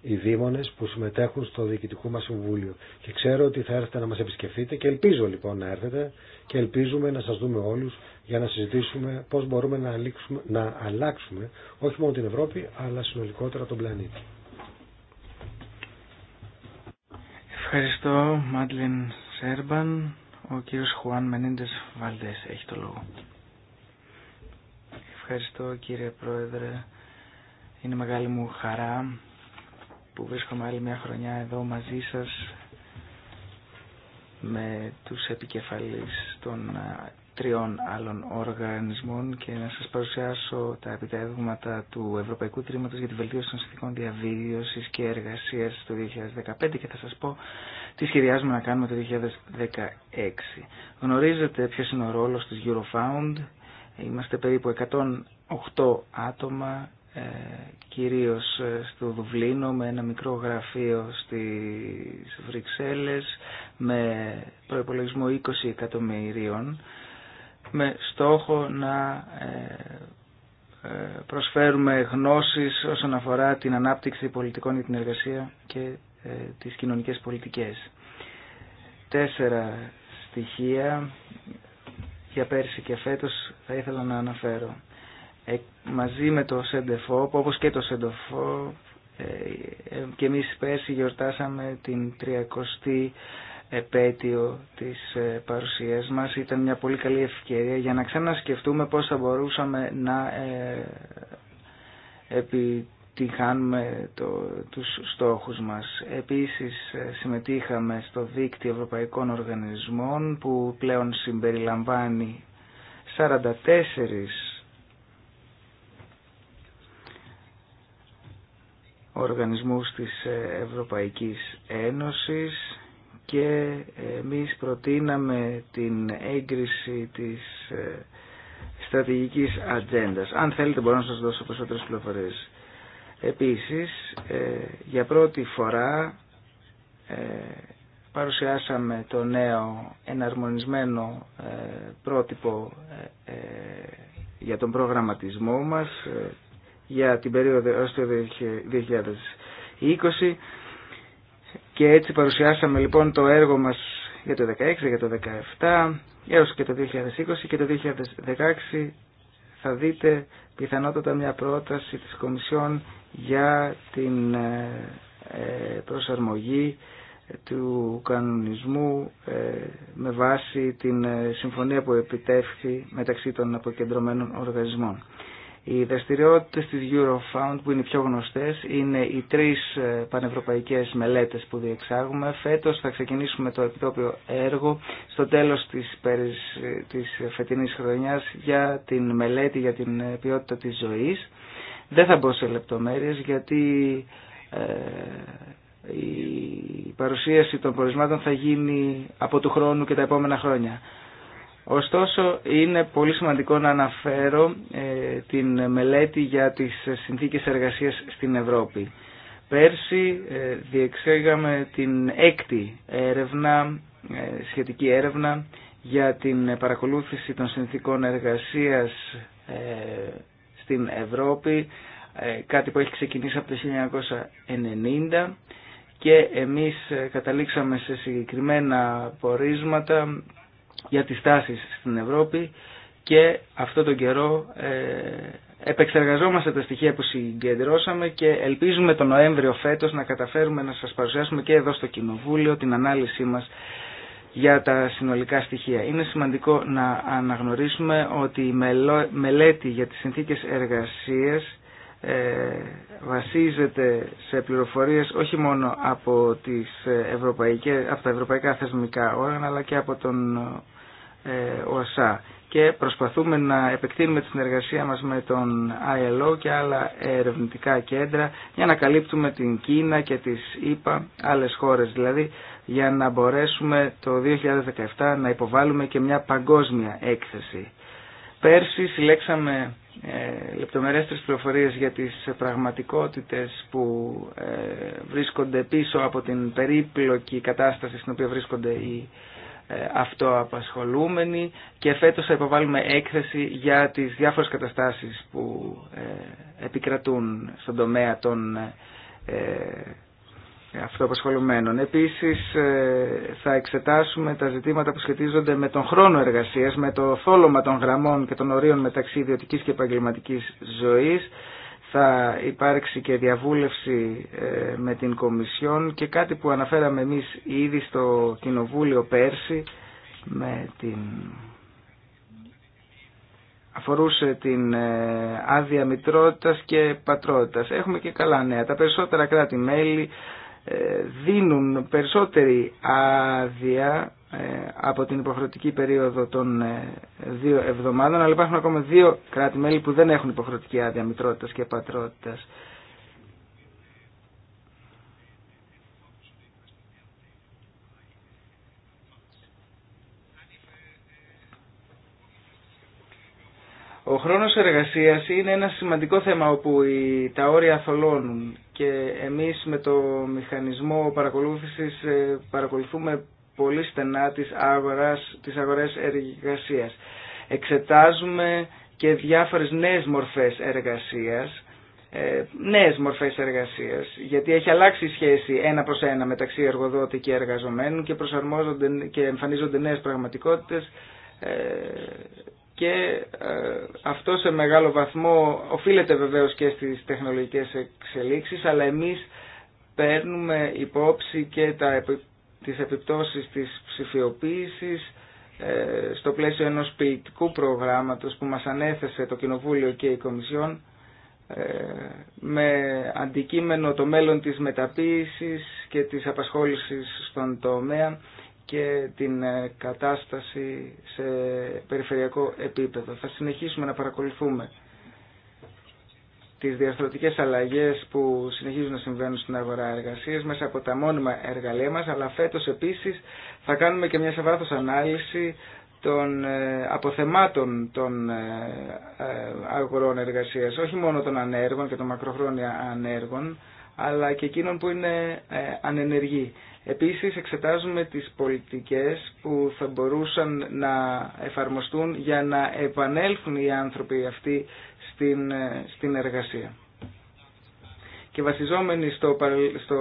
Speaker 1: οι δήμονες που συμμετέχουν στο Διοικητικό μας Συμβούλιο. Και ξέρω ότι θα έρθετε να μας επισκεφτείτε και ελπίζω λοιπόν να έρθετε και ελπίζουμε να σας δούμε όλους για να συζητήσουμε πώς μπορούμε να, να αλλάξουμε όχι μόνο την Ευρώπη αλλά συνολικότερα τον πλανήτη.
Speaker 2: Ευχαριστώ Μάντλιν Σέρμπαν. Ο κύριος Χουάν Μενίντες Βαλδές έχει το λόγο. Ευχαριστώ κύριε Πρόεδρε. Είναι μεγάλη μου χαρά που βρίσκομαι άλλη μια χρονιά εδώ μαζί σας με τους επικεφαλείς των τριών άλλων οργανισμών και να σας παρουσιάσω τα επιτεύγματα του Ευρωπαϊκού Τρίματος για τη Βελτίωση των Συνθηκών Διαβίωσης και Εργασίας το 2015 και θα σας πω τι σχεδιάζουμε να κάνουμε το 2016. Γνωρίζετε ποιο είναι ο ρόλος της Eurofound. Είμαστε περίπου 108 άτομα ε, κυρίως ε, στο Δουβλίνο με ένα μικρό γραφείο στις Βρυξέλλες με προϋπολογισμό 20 εκατομμυρίων με στόχο να ε, προσφέρουμε γνώσεις όσον αφορά την ανάπτυξη πολιτικών για την εργασία και τις κοινωνικές πολιτικές. Τέσσερα στοιχεία για πέρσι και φέτος θα ήθελα να αναφέρω. Ε, μαζί με το ΣΕΝΤΕΦΟΠ, όπως και το ΣΕΝΤΕΦΟΠ, ε, ε, και εμείς πέρσι γιορτάσαμε την 30η επέτειο της παρουσίας μας. Ήταν μια πολύ καλή ευκαιρία για να ξανασκεφτούμε πώς θα μπορούσαμε να επιτυχάνουμε το, τους στόχους μας. Επίσης συμμετείχαμε στο δίκτυο Ευρωπαϊκών Οργανισμών που πλέον συμπεριλαμβάνει 44 οργανισμούς της Ευρωπαϊκής Ένωσης και εμείς προτείναμε την έγκριση της ε, στρατηγικής ατζέντα. Αν θέλετε μπορώ να σας δώσω περισσότερες πληροφορίες. Επίσης, ε, για πρώτη φορά ε, παρουσιάσαμε το νέο εναρμονισμένο πρότυπο για τον προγραμματισμό μας για την περίοδο έως το 2020 και έτσι παρουσιάσαμε λοιπόν το έργο μας για το 2016, για το 2017 έως και το 2020 και το 2016 θα δείτε πιθανότατα μια πρόταση της Κομισιόν για την ε, προσαρμογή του κανονισμού ε, με βάση την ε, συμφωνία που επιτεύχθη μεταξύ των αποκεντρωμένων οργανισμών. Οι δραστηριότητε της Eurofound που είναι οι πιο γνωστές είναι οι τρεις ε, πανευρωπαϊκές μελέτες που διεξάγουμε. Φέτος θα ξεκινήσουμε το επιτόπιο έργο στο τέλος της, ε, της φετινής χρονιάς για την μελέτη για την ε, ποιότητα της ζωής. Δεν θα μπω σε λεπτομέρειες γιατί η παρουσίαση των πορισμάτων θα γίνει από του χρόνου και τα επόμενα χρόνια. Ωστόσο, είναι πολύ σημαντικό να αναφέρω ε, την μελέτη για τις συνθήκες εργασίας στην Ευρώπη. Πέρσι ε, διεξέγαμε την έκτη έρευνα, ε, σχετική έρευνα για την παρακολούθηση των συνθήκων εργασίας στην Ευρώπη, κάτι που έχει ξεκινήσει από το 1990 και εμείς καταλήξαμε σε συγκεκριμένα πορίσματα για τις τάσεις στην Ευρώπη και αυτό τον καιρό ε, επεξεργαζόμαστε τα στοιχεία που συγκεντρώσαμε και ελπίζουμε τον Νοέμβριο φέτος να καταφέρουμε να σας παρουσιάσουμε και εδώ στο Κοινοβούλιο την ανάλυση μας για τα συνολικά στοιχεία. Είναι σημαντικό να αναγνωρίσουμε ότι η μελέτη για τις συνθήκες εργασίας ε, βασίζεται σε πληροφορίες όχι μόνο από, τις ευρωπαϊκές, από τα ευρωπαϊκά θεσμικά όργανα αλλά και από τον ε, ΟΑΣΑ και προσπαθούμε να επεκτείνουμε τη συνεργασία μας με τον ILO και άλλα ερευνητικά κέντρα για να καλύπτουμε την Κίνα και τις ΗΠΑ, άλλες χώρες δηλαδή, για να μπορέσουμε το 2017 να υποβάλουμε και μια παγκόσμια έκθεση. Πέρσι συλλέξαμε ε, λεπτομερέστερες πληροφορίες για τις πραγματικότητες που ε, βρίσκονται πίσω από την περίπλοκη κατάσταση στην οποία βρίσκονται οι ε, αυτοαπασχολούμενοι και φέτος θα υποβάλουμε έκθεση για τις διάφορες καταστάσεις που ε, επικρατούν στον τομέα των ε, αυτοαπασχολουμένων. Επίσης θα εξετάσουμε τα ζητήματα που σχετίζονται με τον χρόνο εργασίας, με το θόλωμα των γραμμών και των ορίων μεταξύ ιδιωτικής και επαγγελματική ζωής θα υπάρξει και διαβούλευση ε, με την Κομισιόν και κάτι που αναφέραμε εμείς ήδη στο Κοινοβούλιο πέρσι με την... αφορούσε την ε, άδεια μητρότητας και πατρότητας. Έχουμε και καλά νέα. Τα περισσότερα κράτη-μέλη ε, δίνουν περισσότερη άδεια ε, από την υποχρεωτική περίοδο των ε, δύο εβδομάδων, αλλά υπάρχουν ακόμα δύο κράτη-μέλη που δεν έχουν υποχρεωτική άδεια μητρότητας και πατρότητας. Ο χρόνος εργασίας είναι ένα σημαντικό θέμα όπου τα όρια θολώνουν και εμείς με το μηχανισμό παρακολούθησης ε, παρακολουθούμε πολύ στενά τις, αγοράς, τις αγορές εργασίας. Εξετάζουμε και διάφορες νέες μορφές εργασίας, ε, νέες μορφές εργασίας, γιατί έχει αλλάξει η σχέση ένα προς ένα μεταξύ εργοδότη και εργαζομένου και προσαρμόζονται και εμφανίζονται νέες πραγματικότητες ε, και ε, αυτό σε μεγάλο βαθμό οφείλεται βεβαίως και στις τεχνολογικές εξελίξεις, αλλά εμείς παίρνουμε υπόψη και τα τις επιπτώσεις της ψηφιοποίησης ε, στο πλαίσιο ενός ποιητικού προγράμματος που μας ανέθεσε το Κοινοβούλιο και η Κομισιόν ε, με αντικείμενο το μέλλον της μεταποίησης και της απασχόλησης στον τομέα και την ε, κατάσταση σε περιφερειακό επίπεδο. Θα συνεχίσουμε να παρακολουθούμε τις διαστρωτικές αλλαγές που συνεχίζουν να συμβαίνουν στην αγορά εργασίας μέσα από τα μόνιμα εργαλεία μας, αλλά φέτος επίσης θα κάνουμε και μια σε βάθος ανάλυση των ε, αποθεμάτων των ε, ε, αγορών εργασίας, όχι μόνο των ανέργων και των μακροχρόνια ανέργων, αλλά και εκείνων που είναι ανενεργοί. Επίσης εξετάζουμε τις πολιτικές που θα μπορούσαν να εφαρμοστούν για να επανέλθουν οι άνθρωποι αυτοί στην, ε, στην εργασία. Και βασιζόμενοι στο, στο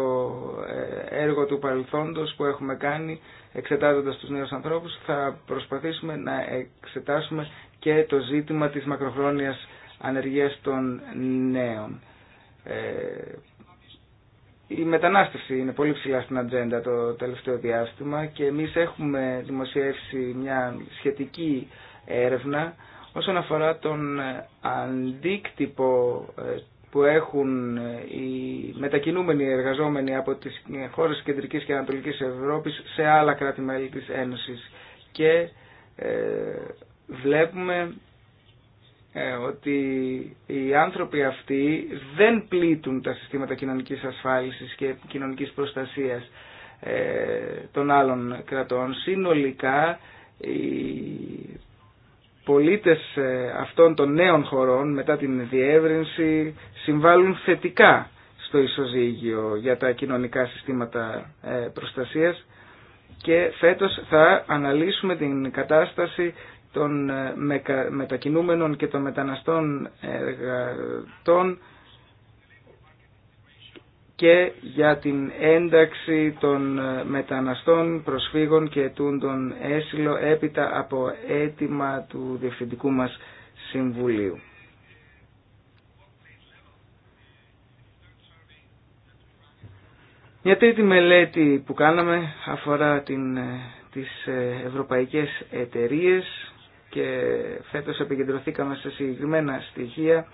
Speaker 2: ε, έργο του παρελθόντος που έχουμε κάνει, εξετάζοντας τους νέους ανθρώπους, θα προσπαθήσουμε να εξετάσουμε και το ζήτημα της μακροχρόνιας ανεργίας των νέων. Ε, η μετανάστευση είναι πολύ ψηλά στην ατζέντα το τελευταίο διάστημα και εμείς έχουμε δημοσιεύσει μια σχετική έρευνα Όσον αφορά τον ε, αντίκτυπο ε, που έχουν ε, οι μετακινούμενοι εργαζόμενοι από τις χώρες Κεντρικής και Ανατολικής Ευρώπης σε άλλα κράτη-μέλη της Ένωσης και βλέπουμε ότι οι άνθρωποι αυτοί δεν πλήττουν τα συστήματα κοινωνικής ασφάλισης και κοινωνικής προστασίας των άλλων κρατών. Συνολικά πολίτες ε, αυτών των νέων χωρών μετά την διεύρυνση συμβάλλουν θετικά στο ισοζύγιο για τα κοινωνικά συστήματα ε, προστασίας και φέτος θα αναλύσουμε την κατάσταση των ε, μετακινούμενων και των μεταναστών εργατών και για την ένταξη των ε, μεταναστών, προσφύγων και ετούντων έσυλο έπειτα από αίτημα του Διευθυντικού μας Συμβουλίου. Μια τρίτη μελέτη που κάναμε αφορά την, ε, τις ε, ευρωπαϊκές εταιρείες και φέτος επικεντρωθήκαμε σε συγκεκριμένα στοιχεία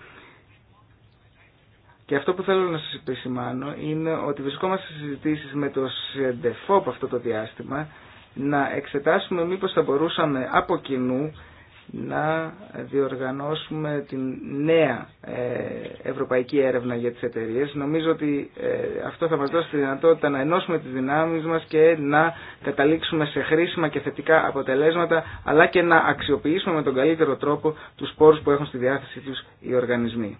Speaker 2: και αυτό που θέλω να σας επισημάνω είναι ότι βρισκόμαστε σε συζητήσεις με το ΣΕΝΤΕΦΟΠ αυτό το διάστημα να εξετάσουμε μήπως θα μπορούσαμε από κοινού να διοργανώσουμε την νέα ε, ευρωπαϊκή έρευνα για τις εταιρείε. Νομίζω ότι ε, αυτό θα μας δώσει τη δυνατότητα να ενώσουμε τις δυνάμεις μας και να καταλήξουμε σε χρήσιμα και θετικά αποτελέσματα αλλά και να αξιοποιήσουμε με τον καλύτερο τρόπο τους πόρους που έχουν στη διάθεσή τους οι οργανισμοί.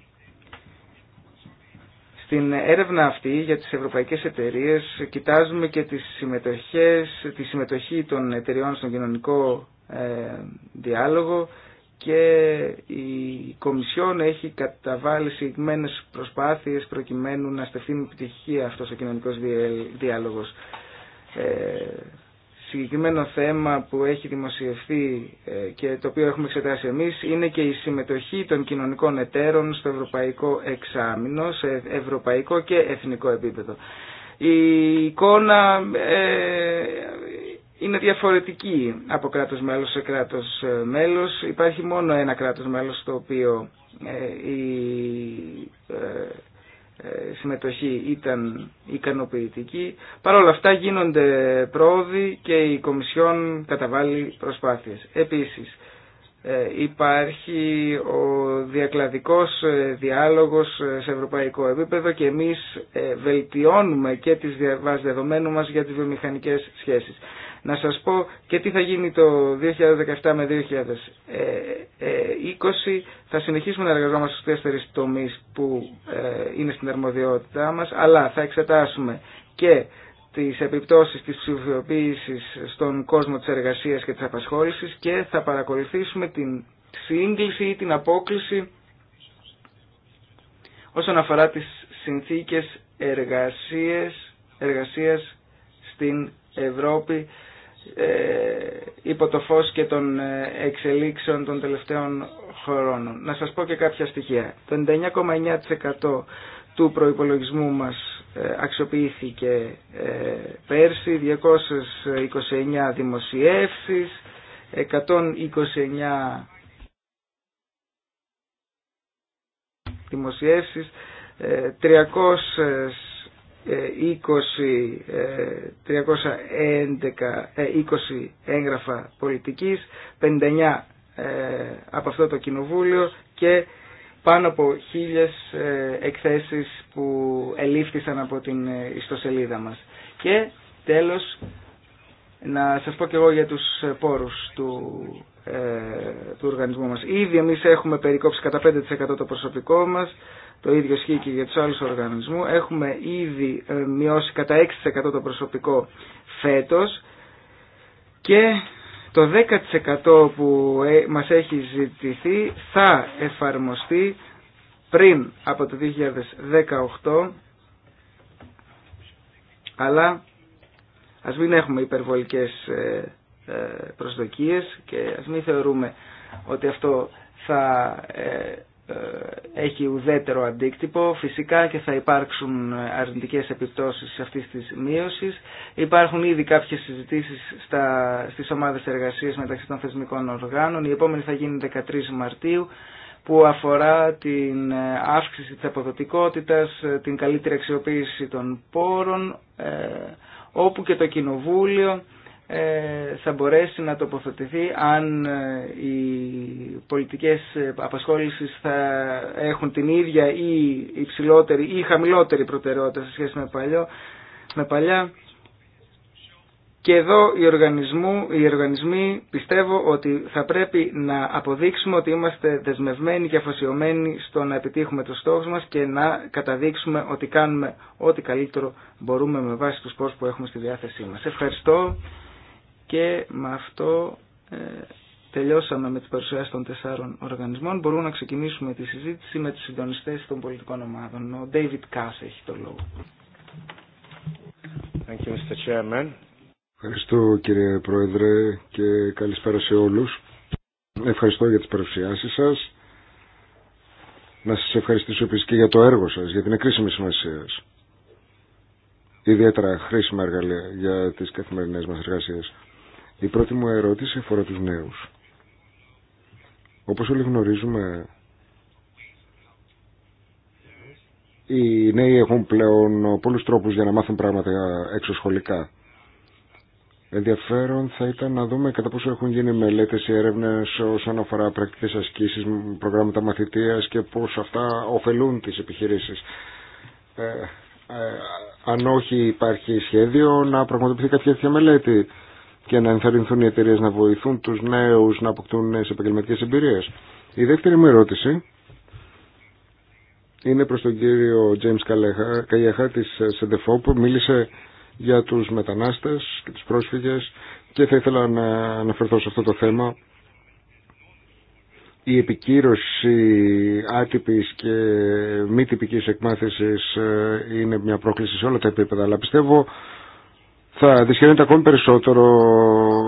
Speaker 2: Στην έρευνα αυτή για τις ευρωπαϊκές εταιρείες κοιτάζουμε και τις συμμετοχές, τη συμμετοχή των εταιρεών στον κοινωνικό ε, διάλογο και η Κομισιόν έχει καταβάλει συγκεκριμένε προσπάθειες προκειμένου να στεφθεί με επιτυχία αυτός ο κοινωνικός διάλογος. Ε, συγκεκριμένο θέμα που έχει δημοσιευθεί ε, και το οποίο έχουμε εξετάσει εμείς είναι και η συμμετοχή των κοινωνικών εταίρων στο ευρωπαϊκό εξάμεινο, σε ευρωπαϊκό και εθνικό επίπεδο. Η εικόνα ε, είναι διαφορετική από κράτος μέλος σε κράτος ε, μέλος. Υπάρχει μόνο ένα κράτος μέλος το οποίο η συμμετοχή ήταν ικανοποιητική. Παρ' όλα αυτά γίνονται πρόοδοι και η Κομισιόν καταβάλει προσπάθειες. Επίσης, ε, υπάρχει ο διακλαδικός ε, διάλογος ε, σε ευρωπαϊκό επίπεδο και εμείς βελτιώνουμε και τις διαβάσεις δεδομένου μας για τις βιομηχανικές σχέσεις. Να σας πω και τι θα γίνει το 2017 με 2020. Θα συνεχίσουμε να εργαζόμαστε στους τέσσερις τομείς που ε, είναι στην αρμοδιότητά μας, αλλά θα εξετάσουμε και τις επιπτώσεις της ψηφιοποίησης στον κόσμο της εργασίας και της απασχόλησης και θα παρακολουθήσουμε την σύγκληση ή την απόκληση όσον αφορά τις συνθήκες εργασίας, εργασίας στην Ευρώπη ε, υπό το φως και των ε, εξελίξεων των τελευταίων χρόνων. Να σας πω και κάποια στοιχεία. Το 99,9% του προϋπολογισμού μας ε, αξιοποιήθηκε πέρσι, 229 δημοσιεύσεις, 129 δημοσιεύσεις, 300 20 ε, ε, έγγραφα πολιτικής, 59 ε, από αυτό το κοινοβούλιο και πάνω από χίλιες εκθέσεις που ελήφθησαν από την ιστοσελίδα μας. Και τέλος, να σας πω και εγώ για τους πόρους του, του οργανισμού μας. Ήδη εμείς έχουμε περικόψει κατά 5% το προσωπικό μας, το ίδιο σχήκε και για τους άλλους οργανισμούς. Έχουμε ήδη ε, μειώσει κατά 6% το προσωπικό φέτος και το 10% που ε, μας έχει ζητηθεί θα εφαρμοστεί πριν από το 2018 αλλά ας μην έχουμε υπερβολικές ε, προσδοκίες και ας μην θεωρούμε ότι αυτό θα ε, έχει ουδέτερο αντίκτυπο. Φυσικά και θα υπάρξουν αρνητικές επιπτώσεις αυτής της μείωσης. Υπάρχουν ήδη κάποιες συζητήσεις στα, στις ομάδες εργασίας μεταξύ των θεσμικών οργάνων. Η επόμενη θα γίνει 13 Μαρτίου που αφορά την αύξηση της αποδοτικότητας, την καλύτερη αξιοποίηση των πόρων, ε, όπου και το Κοινοβούλιο ε, θα μπορέσει να τοποθετηθεί αν ε, οι πολιτικές απασχόλησης θα έχουν την ίδια ή υψηλότερη ή χαμηλότερη προτεραιότητα σε σχέση με, παλιό, με παλιά. Και εδώ οι, οργανισμού, οι οργανισμοί πιστεύω ότι θα πρέπει να αποδείξουμε ότι είμαστε δεσμευμένοι και αφοσιωμένοι στο να επιτύχουμε τους στόχους μας και να καταδείξουμε ότι κάνουμε ό,τι καλύτερο μπορούμε με βάση τους πόρους που έχουμε στη διάθεσή μας. Ευχαριστώ και με αυτό ε, τελειώσαμε με τις παρουσιάσεις των τεσσάρων οργανισμών. Μπορούμε να ξεκινήσουμε τη συζήτηση με τους συντονιστές των πολιτικών ομάδων. Ο David Κάς έχει το λόγο.
Speaker 3: Thank you, Mr. Chairman. Ευχαριστώ κύριε Πρόεδρε και καλησπέρα σε όλους. Ευχαριστώ για τις παρουσιάσεις σας. Να σας ευχαριστήσω επίσης και για το έργο σας, για την εκκρίσιμη σημασία ιδιαίτερα χρήσιμα εργαλεία για τις καθημερινές μας εργασίες. Η πρώτη μου ερώτηση αφορά τους νέους. Όπως όλοι γνωρίζουμε, οι νέοι έχουν πλέον πολλούς τρόπους για να μάθουν πράγματα εξωσχολικά. Ενδιαφέρον θα ήταν να δούμε κατά πόσο έχουν γίνει μελέτες ή έρευνες όσον αφορά πρακτικές ασκήσεις, προγράμματα μαθητείας και πώς αυτά ωφελούν τις επιχειρήσεις. Ε, ε, αν όχι υπάρχει σχέδιο να πραγματοποιηθεί κάποια μελέτη και να ενθαρρυνθούν οι εταιρείε να βοηθούν του νέου να αποκτούν νέε επαγγελματικέ εμπειρίε. Η δεύτερη μου ερώτηση είναι προς τον κύριο James Καλιαχά τη ΣΕΔΕΦΟ που μίλησε για τους μετανάστες και του πρόσφυγες και θα ήθελα να αναφερθώ σε αυτό το θέμα. Η επικύρωση άτυπης και μη τυπικής εκμάθησης ε, είναι μια πρόκληση σε όλα τα επίπεδα αλλά πιστεύω θα δυσχεραίνεται ακόμη περισσότερο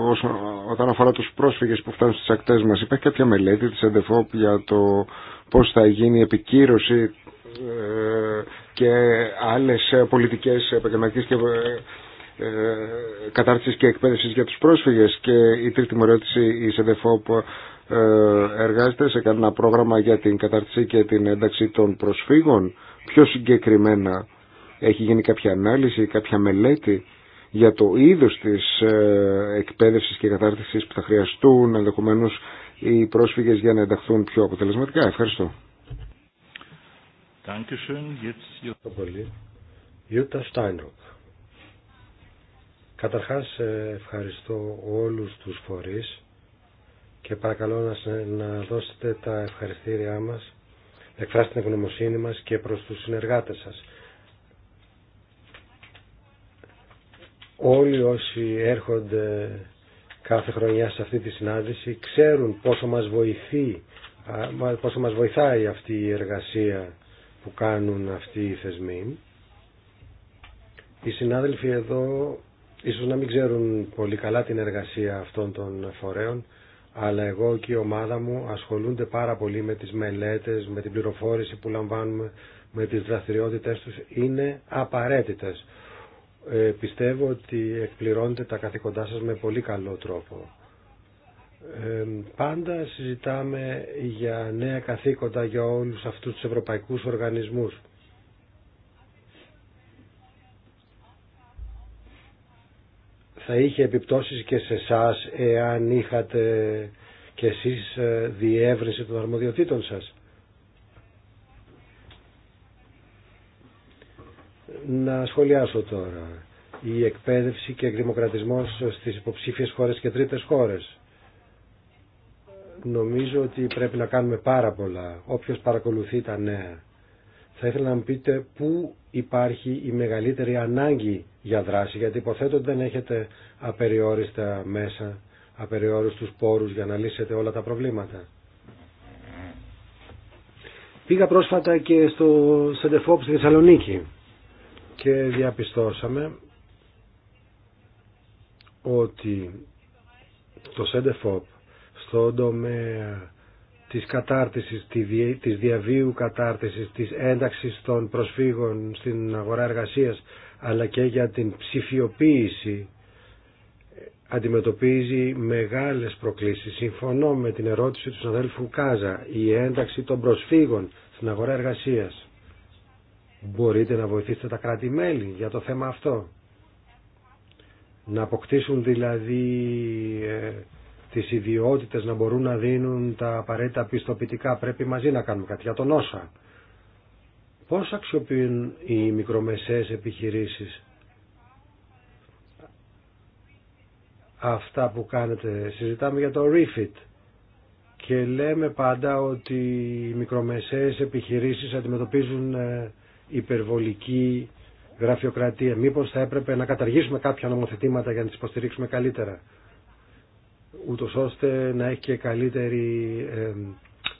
Speaker 3: όσο, όταν αφορά τους πρόσφυγες που φτάνουν στις ακτές μας. Υπάρχει κάποια μελέτη της ΕΔΕΦΟΠ για το πώς θα γίνει η επικύρωση ε, και άλλες πολιτικές επαγγελματικές και ε, ε κατάρτισης και εκπαίδευσης για τους πρόσφυγες και η τρίτη μου ερώτηση η ΣΕΔΕΦΟΠ ε, εργάζεται σε κανένα πρόγραμμα για την κατάρτιση και την ένταξη των προσφύγων πιο συγκεκριμένα έχει γίνει κάποια ανάλυση, κάποια μελέτη για το είδος της ε, εκπαίδευσης και κατάρτισης που θα χρειαστούν ενδεχομένω οι πρόσφυγες για να ενταχθούν πιο αποτελεσματικά. Ευχαριστώ.
Speaker 1: Ευχαριστώ πολύ. Ιούτα Στάινροκ. Καταρχάς ε, ευχαριστώ όλους τους φορείς και παρακαλώ να δώσετε τα ευχαριστήριά μας, να εκφράσετε την ευγνωμοσύνη μας και προς τους συνεργάτες σας Όλοι όσοι έρχονται κάθε χρονιά σε αυτή τη συνάντηση ξέρουν πόσο μας, βοηθεί, πόσο μας βοηθάει αυτή η εργασία που κάνουν αυτοί οι θεσμοί. Οι συνάδελφοι εδώ ίσως να μην ξέρουν πολύ καλά την εργασία αυτών των φορέων, αλλά εγώ και η ομάδα μου ασχολούνται πάρα πολύ με τις μελέτες, με την πληροφόρηση που λαμβάνουμε, με τις δραστηριότητες τους, είναι απαραίτητες. Ε, πιστεύω ότι εκπληρώνετε τα καθήκοντά σας με πολύ καλό τρόπο. Ε, πάντα συζητάμε για νέα καθήκοντα για όλους αυτούς τους ευρωπαϊκούς οργανισμούς. Θα είχε επιπτώσεις και σε εσά εάν είχατε και εσείς ε, διεύρυνση των αρμοδιοτήτων σας. Να σχολιάσω τώρα. Η εκπαίδευση και εκδημοκρατισμό στις υποψήφιες χώρες και τρίτες χώρες. Νομίζω ότι πρέπει να κάνουμε πάρα πολλά. Όποιος παρακολουθεί τα νέα. Θα ήθελα να μου πείτε πού υπάρχει η μεγαλύτερη ανάγκη για δράση, γιατί υποθέτω ότι δεν έχετε απεριόριστα μέσα, απεριόριστους πόρους για να λύσετε όλα τα προβλήματα. Πήγα πρόσφατα και στο Σεντεφόπ στη Θεσσαλονίκη και διαπιστώσαμε ότι το ΣΕΝΤΕΦΟΠ στον τομέα της κατάρτισης, της διαβίου κατάρτισης, της ένταξης των προσφύγων στην αγορά εργασίας αλλά και για την ψηφιοποίηση αντιμετωπίζει μεγάλες προκλήσεις. Συμφωνώ με την ερώτηση του συναδέλφου Κάζα, η ένταξη των προσφύγων στην αγορά εργασίας Μπορείτε να βοηθήσετε τα κράτη-μέλη για το θέμα αυτό. Να αποκτήσουν δηλαδή ε, τις ιδιότητες, να μπορούν να δίνουν τα απαραίτητα πιστοποιητικά. Πρέπει μαζί να κάνουμε κάτι για τον όσα. Πώς αξιοποιούν οι μικρομεσαίες επιχειρήσεις αυτά που κάνετε. Συζητάμε για το refit και λέμε πάντα ότι οι μικρομεσαίες επιχειρήσεις αντιμετωπίζουν ε, υπερβολική γραφειοκρατία. Μήπως θα έπρεπε να καταργήσουμε κάποια νομοθετήματα για να τις υποστηρίξουμε καλύτερα. Ούτως ώστε να έχει και καλύτερη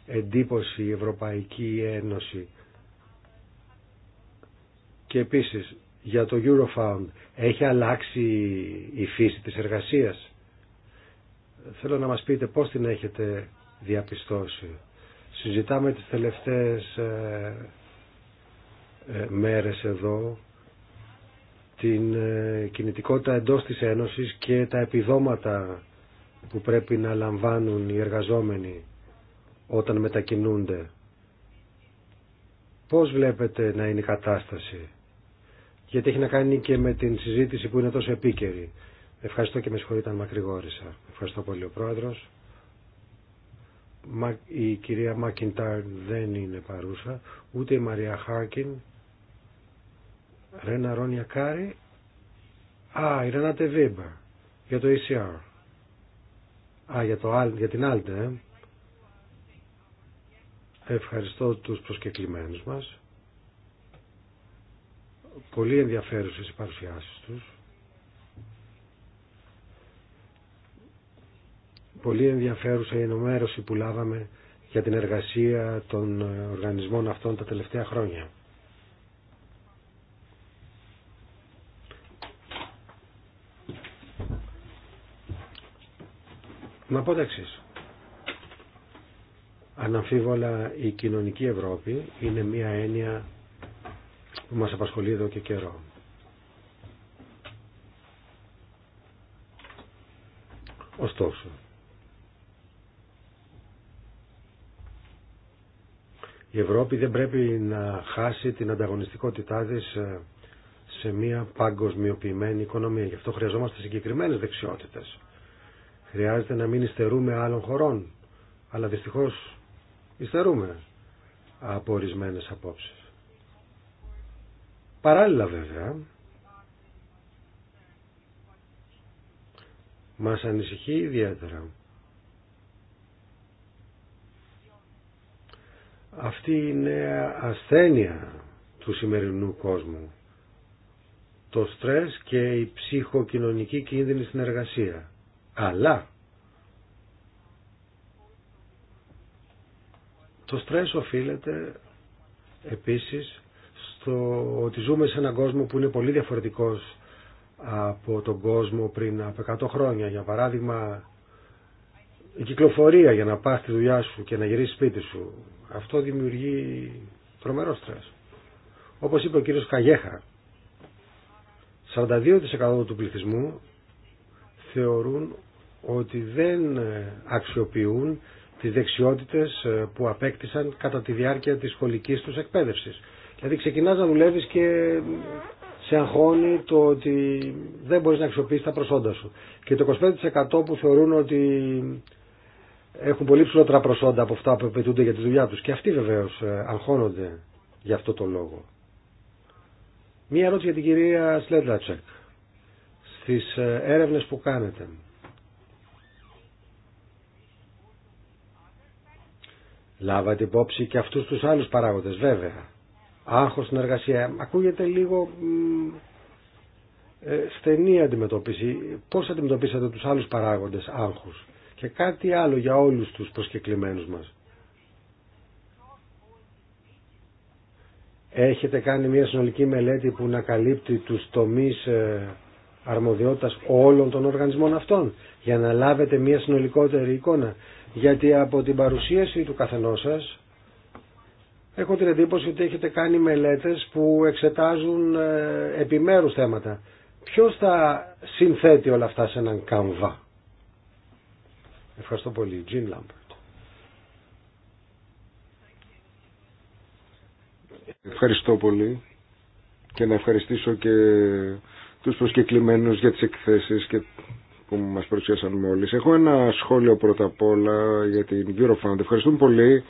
Speaker 1: εντύπωση η Ευρωπαϊκή Ένωση. Και επίσης για το Eurofound έχει αλλάξει η φύση της εργασίας. Θέλω να μας πείτε πώς την έχετε διαπιστώσει. Συζητάμε τις τελευταίες ε, ε, μέρες εδώ την ε, κινητικότητα εντός της Ένωσης και τα επιδόματα που πρέπει να λαμβάνουν οι εργαζόμενοι όταν μετακινούνται. Πώς βλέπετε να είναι η κατάσταση. Γιατί έχει να κάνει και με την συζήτηση που είναι τόσο επίκαιρη. Ευχαριστώ και με συγχωρείτε αν μακρηγόρησα. Ευχαριστώ πολύ ο Πρόεδρος. Η κυρία Μάκιντάρ δεν είναι παρούσα, ούτε η Μαρία Χάρκιν Ρένα Ρόνια Κάρι Α, η Ρένα Τεβίμπα. Για το ECR. Α, για, το, για την Άλτε. Ευχαριστώ τους προσκεκλημένους μας. Πολύ ενδιαφέρουσες οι παρουσιάσεις τους. Πολύ ενδιαφέρουσα η ενημέρωση που λάβαμε για την εργασία των οργανισμών αυτών τα τελευταία χρόνια. Να πω τα Αναμφίβολα η κοινωνική Ευρώπη είναι μια έννοια που μας απασχολεί εδώ και καιρό. Ωστόσο, η Ευρώπη δεν πρέπει να χάσει την ανταγωνιστικότητά της ε, σε μια παγκοσμιοποιημένη οικονομία. Γι' αυτό χρειαζόμαστε συγκεκριμένες δεξιότητες Χρειάζεται να μην υστερούμε άλλων χωρών. Αλλά δυστυχώς υστερούμε από ορισμένε απόψεις. Παράλληλα βέβαια, μας ανησυχεί ιδιαίτερα αυτή η νέα ασθένεια του σημερινού κόσμου το στρες και η ψυχοκοινωνική κίνδυνη στην εργασία αλλά το στρες οφείλεται επίσης στο ότι ζούμε σε έναν κόσμο που είναι πολύ διαφορετικός από τον κόσμο πριν από 100 χρόνια. Για παράδειγμα, η κυκλοφορία για να πας τη δουλειά σου και να γυρίσεις σπίτι σου, αυτό δημιουργεί τρομερό στρες. Όπως είπε ο κύριος Καγέχα, 42% του πληθυσμού θεωρούν ότι δεν ε, αξιοποιούν τις δεξιότητες ε, που απέκτησαν κατά τη διάρκεια της σχολικής τους εκπαίδευσης. Δηλαδή ξεκινάς να δουλεύεις και σε αγχώνει το ότι δεν μπορείς να αξιοποιήσεις τα προσόντα σου. Και το 25% που θεωρούν ότι έχουν πολύ ψηλότερα προσόντα από αυτά που απαιτούνται για τη δουλειά τους. Και αυτοί βεβαίως ε, αγχώνονται για αυτό το λόγο. Μία ερώτηση για την κυρία Σλέντλατσεκ. Στις έρευνες που κάνετε, Λάβατε υπόψη και αυτούς τους άλλους παράγοντες βέβαια. Άγχος στην εργασία. Ακούγεται λίγο ε, στενή αντιμετώπιση. Πώς αντιμετωπίσατε τους άλλους παράγοντες άγχους. Και κάτι άλλο για όλους τους προσκεκλημένους μας. Έχετε κάνει μια συνολική μελέτη που να καλύπτει τους τομείς ε, αρμοδιότητας όλων των οργανισμών αυτών για να λάβετε μια συνολικότερη εικόνα. Γιατί από την παρουσίαση του καθενός σας έχω την εντύπωση ότι έχετε κάνει μελέτες που εξετάζουν ε, επιμέρους θέματα. Ποιος θα συνθέτει όλα αυτά σε έναν καμβά. Ευχαριστώ πολύ. Τζίν
Speaker 3: Ευχαριστώ πολύ και να ευχαριστήσω και τους προσκεκλημένους για τις εκθέσεις και που μας παρουσίασαν μόλι. Έχω ένα σχόλιο πρώτα απ' όλα για την Eurofund. Ευχαριστούμε πολύ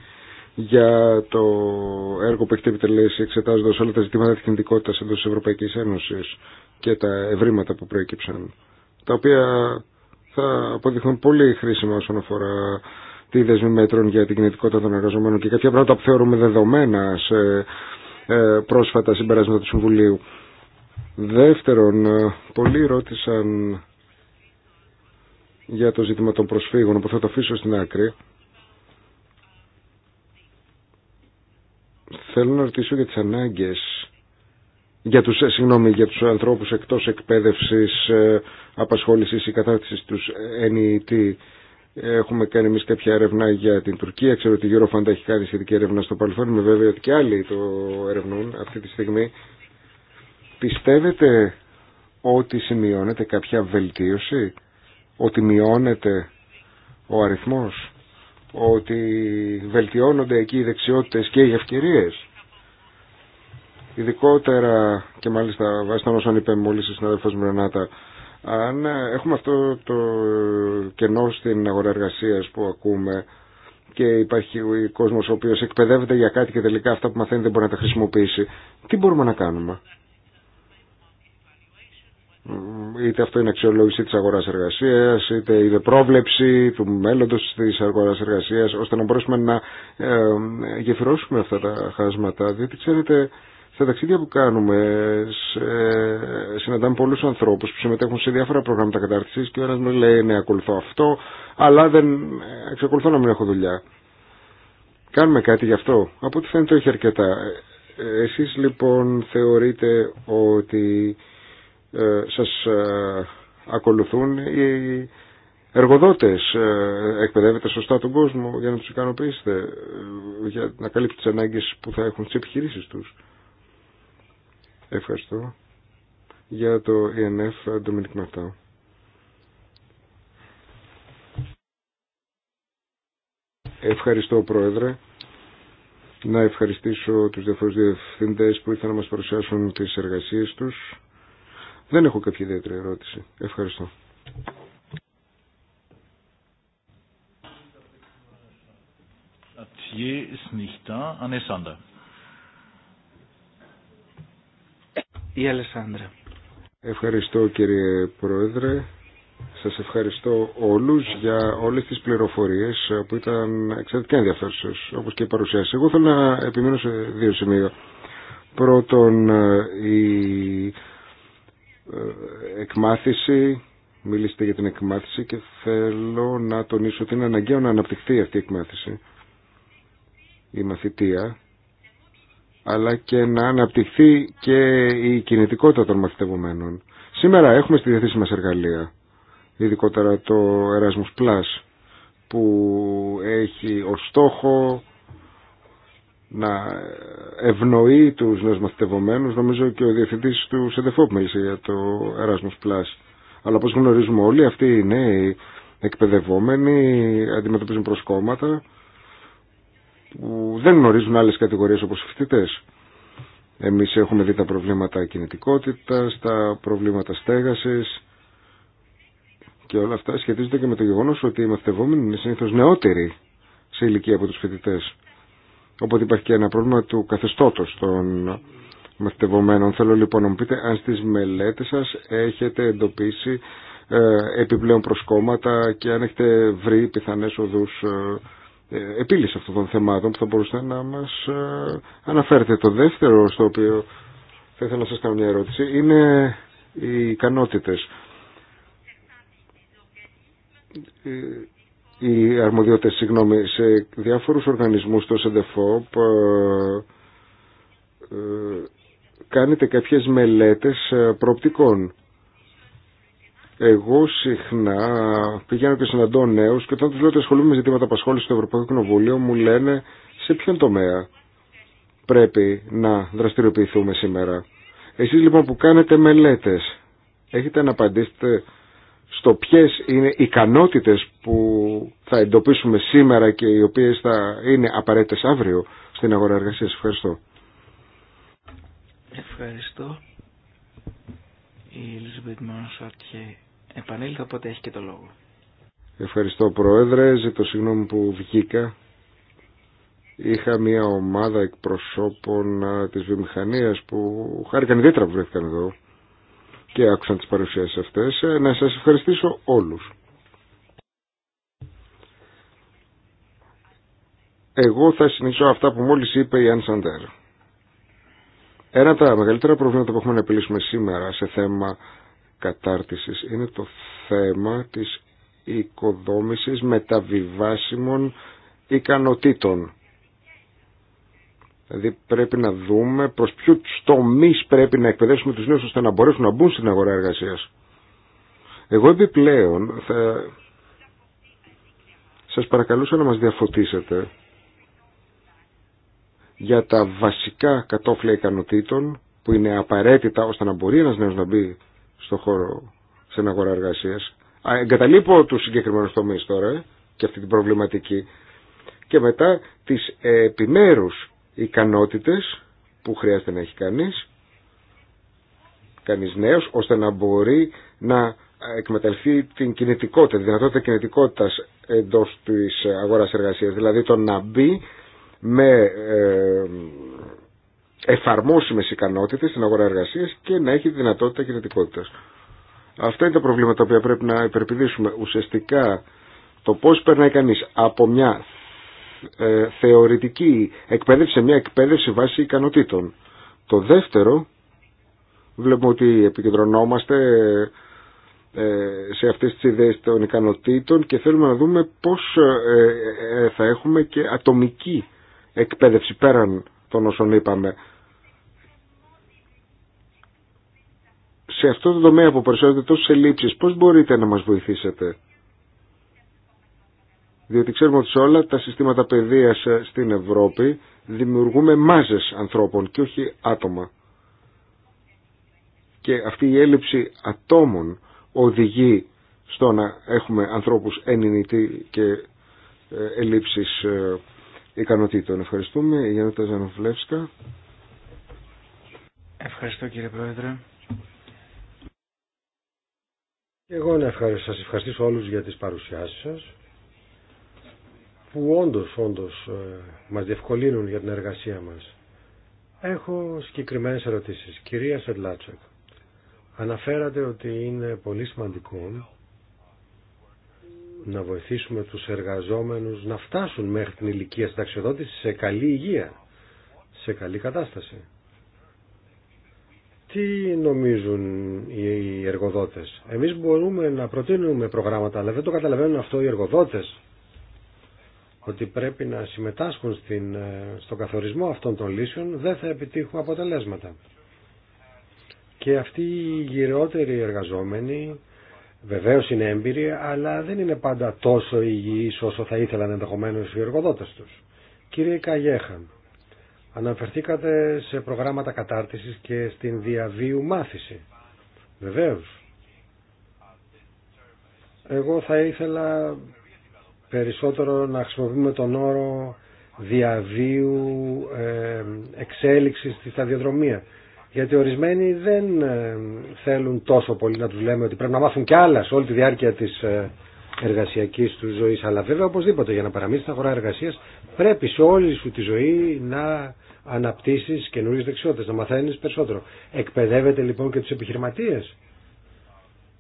Speaker 3: για το έργο που έχετε επιτελέσει εξετάζοντας όλα τα ζητήματα της κινητικότητας εντός της Ευρωπαϊκής Ένωσης και τα ευρήματα που προέκυψαν, τα οποία θα αποδειχθούν πολύ χρήσιμα όσον αφορά τη δεσμή μέτρων για την κινητικότητα των εργαζομένων και κάποια πράγματα που θεωρούμε δεδομένα σε ε, πρόσφατα συμπεράσματα του Συμβουλίου. Δεύτερον, ε, πολλοί ρώτησαν για το ζήτημα των προσφύγων που θα το αφήσω στην άκρη. Θέλω να ρωτήσω για τις ανάγκες για τους, ε, συγγνώμη, για τους ανθρώπους εκτός εκπαίδευσης, ε, απασχόλησης ή κατάρτισης τους NET. Ε, Έχουμε κάνει εμεί κάποια έρευνα για την Τουρκία. Ξέρω ότι η Eurofund έχει κάνει σχετική έρευνα στο παρελθόν. Είμαι βέβαιο ότι και άλλοι το ερευνούν αυτή τη στιγμή. Πιστεύετε ότι σημειώνεται κάποια βελτίωση ότι μειώνεται ο αριθμός, ότι βελτιώνονται εκεί οι δεξιότητες και οι ευκαιρίες. Ειδικότερα και μάλιστα βάσει των όσων είπε μόλις η συνάδελφος Μρενάτα αν έχουμε αυτό το κενό στην αγορά εργασίας που ακούμε και υπάρχει ο κόσμος ο οποίος εκπαιδεύεται για κάτι και τελικά αυτά που μαθαίνει δεν μπορεί να τα χρησιμοποιήσει, τι μπορούμε να κάνουμε είτε αυτό είναι αξιολόγηση της αγοράς εργασίας, είτε είναι πρόβλεψη του μέλλοντος της αγοράς εργασίας, ώστε να μπορέσουμε να ε, γεφυρώσουμε αυτά τα χάσματα, διότι ξέρετε... Στα ταξίδια που κάνουμε συναντάμε πολλούς ανθρώπους που συμμετέχουν σε διάφορα προγράμματα κατάρτισης και ο ένας μου λέει ναι ακολουθώ αυτό αλλά δεν εξακολουθώ να μην έχω δουλειά. Κάνουμε κάτι γι' αυτό. Από ό,τι φαίνεται όχι αρκετά. Ε, εσείς λοιπόν θεωρείτε ότι ε, σας ε, ακολουθούν οι εργοδότες. Ε, Εκπαιδεύετε σωστά τον κόσμο για να τους ικανοποιήσετε, για να καλύψετε τις ανάγκες που θα έχουν στις επιχειρήσεις τους. Ευχαριστώ. Για το ENF, Ντομινίκ Μαρτάου. Ευχαριστώ Πρόεδρε. Να ευχαριστήσω τους διαφορετικούς διευθυντές που ήθελαν να μας παρουσιάσουν τις εργασίες τους. Δεν έχω κάποια ιδιαίτερη ερώτηση. Ευχαριστώ.
Speaker 1: Η
Speaker 2: Αλεσάνδρα.
Speaker 3: Ευχαριστώ κύριε Πρόεδρε. Σας ευχαριστώ όλους για όλες τις πληροφορίες που ήταν εξαιρετικά ενδιαφέρουσες όπως και η παρουσίαση. Εγώ θέλω να επιμείνω σε δύο σημεία. Πρώτον, ε, η ε, εκμάθηση, μιλήσετε για την εκμάθηση και θέλω να τονίσω ότι είναι αναγκαίο να αναπτυχθεί αυτή η εκμάθηση, η μαθητεία, αλλά και να αναπτυχθεί και η κινητικότητα των μαθητευομένων. Σήμερα έχουμε στη διαθέση μας εργαλεία, ειδικότερα το Erasmus Plus, που έχει ως στόχο να ευνοεί τους νέους μαθητευομένους νομίζω και ο διευθυντής του ΣΕΔΕΦΟΠ μίλησε για το Erasmus Plus αλλά όπως γνωρίζουμε όλοι αυτοί οι νέοι εκπαιδευόμενοι αντιμετωπίζουν προσκόμματα που δεν γνωρίζουν άλλες κατηγορίες όπως οι φοιτητές. Εμείς έχουμε δει τα προβλήματα κινητικότητας, τα προβλήματα στέγασης και όλα αυτά σχετίζονται και με το γεγονός ότι οι μαθητευόμενοι είναι συνήθως νεότεροι σε ηλικία από τους φοιτητέ. Οπότε υπάρχει και ένα πρόβλημα του καθεστώτος των μαθητευομένων. Θέλω λοιπόν να μου πείτε αν στις μελέτες σας έχετε εντοπίσει ε, επιπλέον προσκόμματα και αν έχετε βρει πιθανές οδούς ε, ε, επίλυση αυτών των θεμάτων που θα μπορούσατε να μας αναφέρετε. Το δεύτερο στο οποίο θα ήθελα να σας κάνω μια ερώτηση είναι οι ικανότητες οι αρμοδιότητες, συγγνώμη, σε διάφορους οργανισμούς στο ΣΕΝΤΕΦΟΠ ε, ε, κάνετε κάποιες μελέτες ε, προοπτικών. Εγώ συχνά πηγαίνω και συναντώ νέου και όταν του λέω ότι ασχολούμαι με ζητήματα απασχόληση στο Ευρωπαϊκό Κοινοβούλιο, μου λένε σε ποιον τομέα πρέπει να δραστηριοποιηθούμε σήμερα. Εσείς λοιπόν που κάνετε μελέτες, έχετε να απαντήσετε στο ποιες είναι οι ικανότητες που θα εντοπίσουμε σήμερα και οι οποίες θα είναι απαραίτητες αύριο στην αγορά εργασίας. Ευχαριστώ.
Speaker 2: Ευχαριστώ. Η Elizabeth Μανοσάτιε επανήλθε οπότε έχει και το λόγο.
Speaker 3: Ευχαριστώ Πρόεδρε, ζητώ συγγνώμη που βγήκα. Είχα μια ομάδα εκπροσώπων ε, της βιομηχανίας που χάρηκαν ιδιαίτερα που βρέθηκαν εδώ και άκουσαν τις παρουσίες αυτές. Ε, να σας ευχαριστήσω όλους. Εγώ θα συνεχίσω αυτά που μόλις είπε η Αν Σαντέρ. Ένα από τα μεγαλύτερα προβλήματα που έχουμε να επιλύσουμε σήμερα σε θέμα κατάρτισης είναι το θέμα της οικοδόμησης μεταβιβάσιμων ικανοτήτων Δηλαδή πρέπει να δούμε προς ποιου τομεί πρέπει να εκπαιδεύσουμε τους νέους ώστε να μπορέσουν να μπουν στην αγορά εργασίας. Εγώ επιπλέον θα... σας παρακαλούσα να μας διαφωτίσετε για τα βασικά κατόφλια ικανοτήτων που είναι απαραίτητα ώστε να μπορεί ένας νέος να μπει στο χώρο στην αγορά εργασίας. Εγκαταλείπω τους συγκεκριμένους τομείς τώρα ε, και αυτή την προβληματική και μετά τις επιμέρους ικανότητες που χρειάζεται να έχει κανείς, κανείς νέος, ώστε να μπορεί να εκμεταλλευτεί την κινητικότητα, τη δυνατότητα κινητικότητας εντός της αγοράς εργασίας. Δηλαδή το να μπει με ε, εφαρμόσιμες ικανότητες στην αγορά εργασίας και να έχει τη δυνατότητα κινητικότητας. Αυτά είναι τα προβλήματα που πρέπει να υπερπηδήσουμε. Ουσιαστικά το πώς περνάει κανείς από μια ε, θεωρητική εκπαίδευση σε μια εκπαίδευση βάση ικανοτήτων. Το δεύτερο, βλέπουμε ότι επικεντρωνόμαστε ε, σε αυτές τις ιδέες των ικανοτήτων και θέλουμε να δούμε πώς ε, θα έχουμε και ατομική εκπαίδευση πέραν των όσων είπαμε. Σε αυτό το τομέα που παρουσιάζονται τόσες λήψεις πώς μπορείτε να μας βοηθήσετε διότι ξέρουμε ότι σε όλα τα συστήματα παιδείας ε, στην Ευρώπη δημιουργούμε μάζες ανθρώπων και όχι άτομα. Και αυτή η έλλειψη ατόμων οδηγεί στο να έχουμε ανθρώπους ενινητή και ε, ελλείψεις ε, ικανοτήτων. Ευχαριστούμε. Η
Speaker 2: Ευχαριστώ κύριε Πρόεδρε.
Speaker 1: Εγώ να ευχαριστώ, σας ευχαριστήσω όλους για τις παρουσιάσεις σας που όντως, όντως ε, μας διευκολύνουν για την εργασία μας. Έχω συγκεκριμένε ερωτήσεις. Κυρία Σεντλάτσεκ, αναφέρατε ότι είναι πολύ σημαντικό να βοηθήσουμε τους εργαζόμενους να φτάσουν μέχρι την ηλικία συνταξιοδότηση σε καλή υγεία, σε καλή κατάσταση. Τι νομίζουν οι εργοδότες. Εμείς μπορούμε να προτείνουμε προγράμματα, αλλά δεν το καταλαβαίνουν αυτό οι εργοδότες ότι πρέπει να συμμετάσχουν στην, ε, στον καθορισμό αυτών των λύσεων δεν θα επιτύχουν αποτελέσματα. Και αυτοί οι γυρεότεροι εργαζόμενοι βεβαίω είναι έμπειροι αλλά δεν είναι πάντα τόσο υγιείς όσο θα ήθελαν ενδεχομένω οι εργοδότες τους. Κύριε Καγέχα, αναφερθήκατε σε προγράμματα κατάρτισης και στην διαβίου μάθηση. Βεβαίω, Εγώ θα ήθελα περισσότερο να χρησιμοποιούμε τον όρο διαβίου ε, εξέλιξης στη σταδιοδρομία. Γιατί ορισμένοι δεν ε, θέλουν τόσο πολύ να τους λέμε ότι πρέπει να μάθουν κι άλλα σε όλη τη διάρκεια της ε, εργασιακής του ζωής. Αλλά βέβαια οπωσδήποτε για να παραμείνεις στην αγορά εργασίας πρέπει σε όλη σου τη ζωή να αναπτύσσεις καινούριε δεξιότητες, να μαθαίνεις περισσότερο. Εκπαιδεύετε λοιπόν και τους επιχειρηματίες.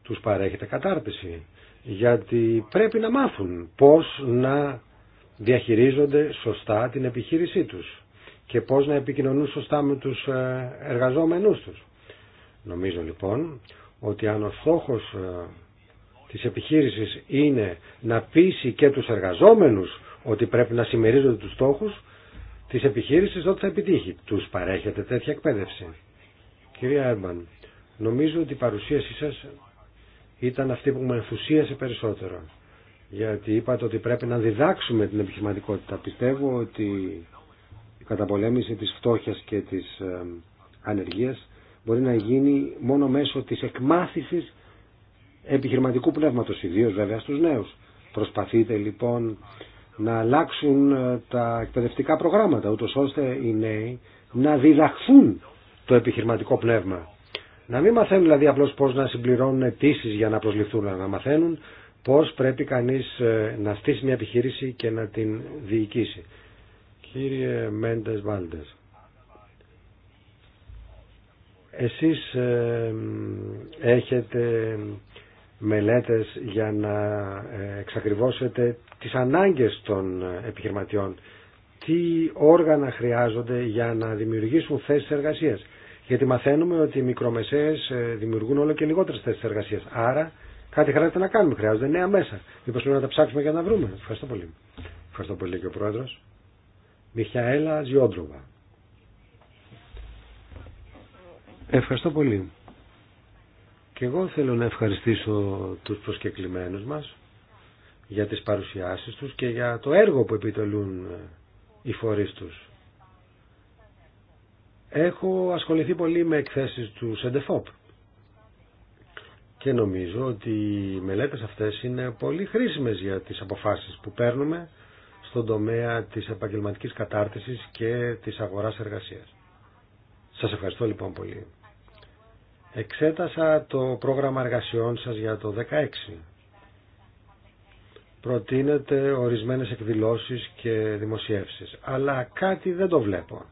Speaker 1: Τους παρέχετε κατάρτιση γιατί πρέπει να μάθουν πώς να διαχειρίζονται σωστά την επιχείρησή τους και πώς να επικοινωνούν σωστά με τους ε, εργαζόμενούς τους. Νομίζω λοιπόν ότι αν ο στόχος ε, της επιχείρησης είναι να πείσει και τους εργαζόμενους ότι πρέπει να συμμερίζονται τους στόχους της επιχείρησης, τότε θα επιτύχει. Τους παρέχεται τέτοια εκπαίδευση. Κυρία Έρμπαν, νομίζω ότι η παρουσίασή σας ήταν αυτή που με ενθουσίασε περισσότερο. Γιατί είπατε ότι πρέπει να διδάξουμε την επιχειρηματικότητα. Πιστεύω ότι η καταπολέμηση της φτώχειας και της ε, ανεργίας μπορεί να γίνει μόνο μέσω της εκμάθησης επιχειρηματικού πνεύματος, ιδίως βέβαια στους νέους. Προσπαθείτε λοιπόν να αλλάξουν ε, τα εκπαιδευτικά προγράμματα, ούτως ώστε οι νέοι να διδαχθούν το επιχειρηματικό πνεύμα. Να μην μαθαίνουν δηλαδή απλώς πώς να συμπληρώνουν αιτήσει για να προσληφθούν, αλλά να μαθαίνουν πώς πρέπει κανείς ε, να στήσει μια επιχείρηση και να την διοικήσει. Κύριε Μέντες Βάλτες, εσείς ε, έχετε μελέτες για να ε, εξακριβώσετε τις ανάγκες των επιχειρηματιών. Τι όργανα χρειάζονται για να δημιουργήσουν θέσεις εργασίας. Γιατί μαθαίνουμε ότι οι μικρομεσαίες ε, δημιουργούν όλο και λιγότερες θέσει εργασία. Άρα κάτι χρειάζεται να κάνουμε, χρειάζονται νέα μέσα. Μήπω πρέπει να τα ψάξουμε για να βρούμε. Ευχαριστώ πολύ. Ευχαριστώ πολύ και ο Πρόεδρος. Μιχαέλα Ζιόντροβα. Ευχαριστώ πολύ. Και εγώ θέλω να ευχαριστήσω τους προσκεκλημένους μας για τις παρουσιάσεις τους και για το έργο που επιτελούν ε, οι φορείς τους. Έχω ασχοληθεί πολύ με εκθέσεις του ΣΕΝΤΕΦΟΠ και νομίζω ότι οι μελέτες αυτές είναι πολύ χρήσιμες για τις αποφάσεις που παίρνουμε στον τομέα της επαγγελματικής κατάρτισης και της αγοράς εργασίας. Σας ευχαριστώ λοιπόν πολύ. Εξέτασα το πρόγραμμα εργασιών σας για το 2016. Προτείνετε ορισμένες εκδηλώσεις και δημοσιεύσεις, αλλά κάτι δεν το βλέπω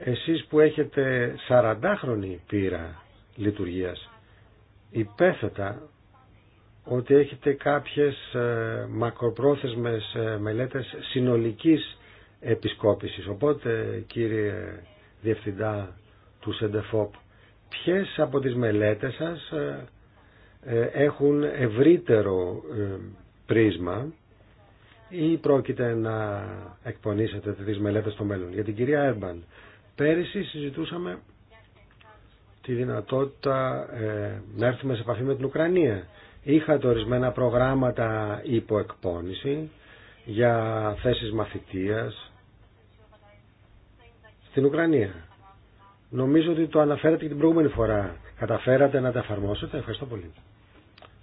Speaker 1: εσείς που έχετε 40χρονη πείρα λειτουργίας υπέθετα ότι έχετε κάποιες ε, μακροπρόθεσμες ε, μελέτες συνολικής επισκόπησης. Οπότε κύριε Διευθυντά του ΣΕΝΤΕΦΟΠ, ποιες από τις μελέτες σας ε, έχουν ευρύτερο πρίσμα ή πρόκειται να εκπονήσετε τις μελέτες στο μέλλον. Για την κυρία Έρμπαν, Πέρυσι συζητούσαμε τη δυνατότητα ε, να έρθουμε σε επαφή με την Ουκρανία. Είχατε ορισμένα προγράμματα υποεκπώνηση για θέσεις μαθητείας στην Ουκρανία. Νομίζω ότι το αναφέρατε και την προηγούμενη φορά. Καταφέρατε να τα εφαρμόσετε. Ευχαριστώ πολύ.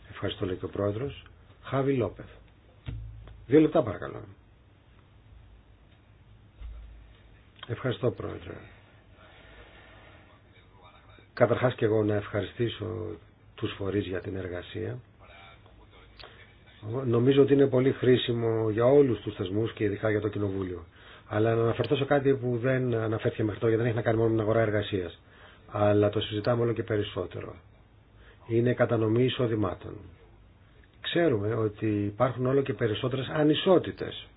Speaker 1: Ευχαριστώ λέει και ο Πρόεδρος. Χάβι Λόπεθ. Δύο λεπτά παρακαλώ. Ευχαριστώ πρόεδρε. Καταρχάς και εγώ να ευχαριστήσω τους φορείς για την εργασία. Νομίζω ότι είναι πολύ χρήσιμο για όλους τους θεσμούς και ειδικά για το Κοινοβούλιο. Αλλά να αναφερθώ σε κάτι που δεν αναφέρθηκε μέχρι τώρα γιατί δεν έχει να κάνει μόνο με την αγορά εργασίας. Αλλά το συζητάμε όλο και περισσότερο. Είναι κατανομή εισοδημάτων. Ξέρουμε ότι υπάρχουν όλο και περισσότερες ανισότητες